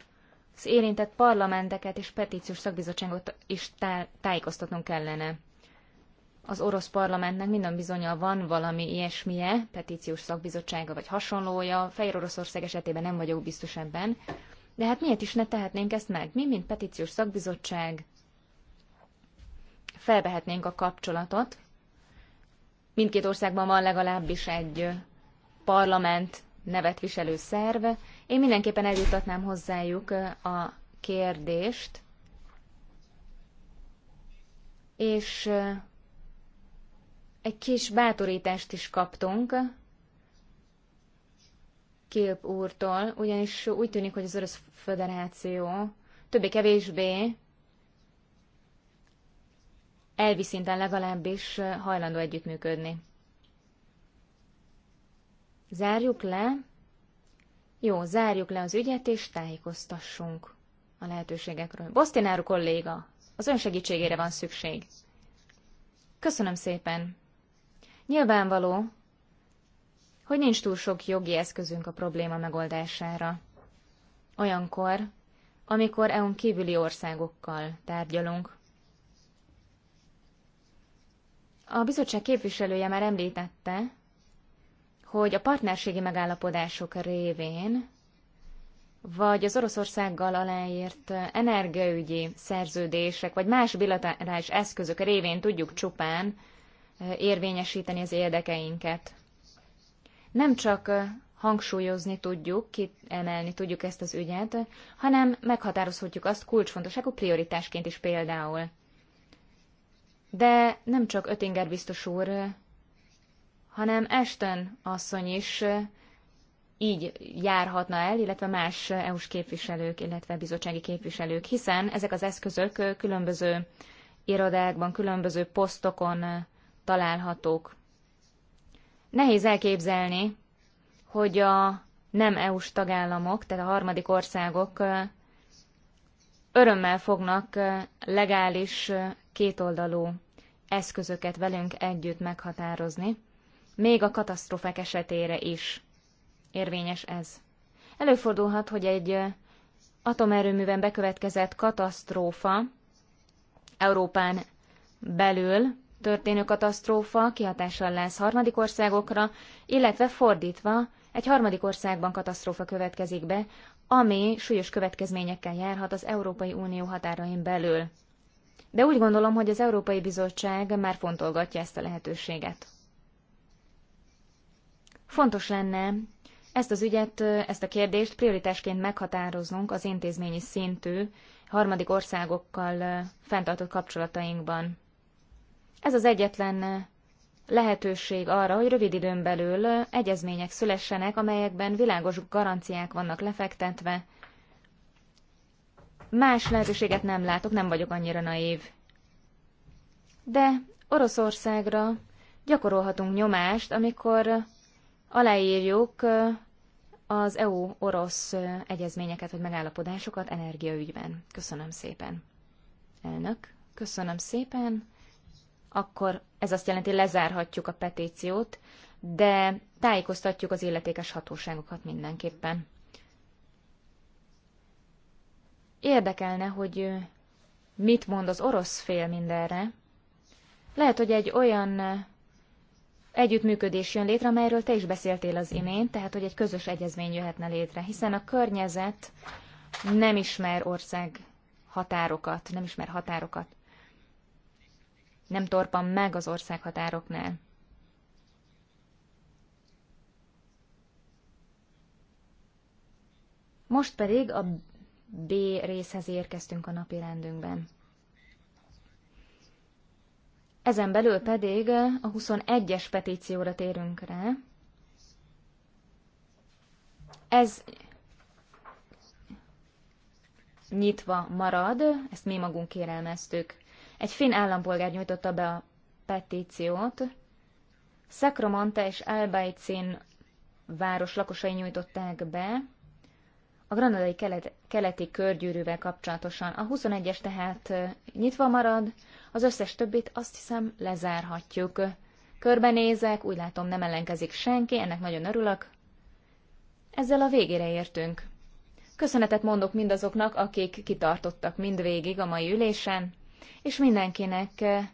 [SPEAKER 4] az érintett parlamenteket és petíciós szakbizottságot is tájékoztatnunk kellene az orosz parlamentnek minden bizonyal van valami ilyesmije, petíciós szakbizottsága vagy hasonlója, Fehér Oroszország esetében nem vagyok biztos ebben, de hát miért is ne tehetnénk ezt meg? Mi, mint petíciós szakbizottság, felvehetnénk a kapcsolatot. Mindkét országban van legalábbis egy parlament nevet viselő szerve. Én mindenképpen eljutatnám hozzájuk eh, a kérdést, és eh, egy kis bátorítást is kaptunk Kilp úrtól, ugyanis úgy tűnik, hogy az Orosz Föderáció többé-kevésbé elvi szinten legalábbis hajlandó együttműködni. Zárjuk le. Jó, zárjuk le az ügyet, és tájékoztassunk a lehetőségekről. Bosztináru kolléga, az ön segítségére van szükség. Köszönöm szépen! Nyilvánvaló, hogy nincs túl sok jogi eszközünk a probléma megoldására. Olyankor, amikor EU-n kívüli országokkal tárgyalunk. A bizottság képviselője már említette, hogy a partnerségi megállapodások révén, vagy az Oroszországgal aláírt energiaügyi szerződések, vagy más bilaterális eszközök révén tudjuk csupán érvényesíteni az érdekeinket. Nem csak hangsúlyozni tudjuk, kiemelni tudjuk ezt az ügyet, hanem meghatározhatjuk azt kulcsfontosságú prioritásként is például. De nem csak Ötinger biztos úr, hanem Esten asszony is így járhatna el, illetve más EU-s képviselők, illetve bizottsági képviselők, hiszen ezek az eszközök különböző irodákban, különböző posztokon találhatók. Nehéz elképzelni, hogy a nem EU-s tagállamok, tehát a harmadik országok örömmel fognak legális kétoldalú eszközöket velünk együtt meghatározni, még a katasztrófák esetére is érvényes ez. Előfordulhat, hogy egy atomerőműben bekövetkezett katasztrófa Európán belül történő katasztrófa kihatással lesz harmadik országokra, illetve fordítva, egy harmadik országban katasztrófa következik be, ami súlyos következményekkel járhat az Európai Unió határain belül. De úgy gondolom, hogy az Európai Bizottság már fontolgatja ezt a lehetőséget. Fontos lenne ezt az ügyet, ezt a kérdést prioritásként meghatároznunk az intézményi szintű harmadik országokkal fenntartott kapcsolatainkban. Ez az egyetlen lehetőség arra, hogy rövid időn belül egyezmények szülessenek, amelyekben világos garanciák vannak lefektetve. Más lehetőséget nem látok, nem vagyok annyira naív. De Oroszországra gyakorolhatunk nyomást, amikor aláírjuk az EU-orosz egyezményeket vagy megállapodásokat energiaügyben. Köszönöm szépen. Elnök, köszönöm szépen akkor ez azt jelenti, lezárhatjuk a petíciót, de tájékoztatjuk az illetékes hatóságokat mindenképpen. Érdekelne, hogy mit mond az orosz fél mindenre. Lehet, hogy egy olyan együttműködés jön létre, amelyről te is beszéltél az imént, tehát hogy egy közös egyezmény jöhetne létre, hiszen a környezet nem ismer ország határokat, nem ismer határokat nem torpan meg az országhatároknál. Most pedig a B részhez érkeztünk a napi rendünkben. Ezen belül pedig a 21-es petícióra térünk rá. Ez nyitva marad, ezt mi magunk kérelmeztük. Egy finn állampolgár nyújtotta be a petíciót. Sacramento és Albaicin város lakosai nyújtották be a granadai kelet, keleti körgyűrűvel kapcsolatosan. A 21-es tehát nyitva marad, az összes többit azt hiszem lezárhatjuk. Körbenézek, úgy látom nem ellenkezik senki, ennek nagyon örülök. Ezzel a végére értünk. Köszönetet mondok mindazoknak, akik kitartottak mindvégig a mai ülésen és mindenkinek eh,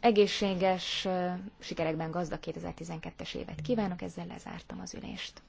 [SPEAKER 4] egészséges, eh, sikerekben gazdag 2012-es évet kívánok, ezzel lezártam az ülést.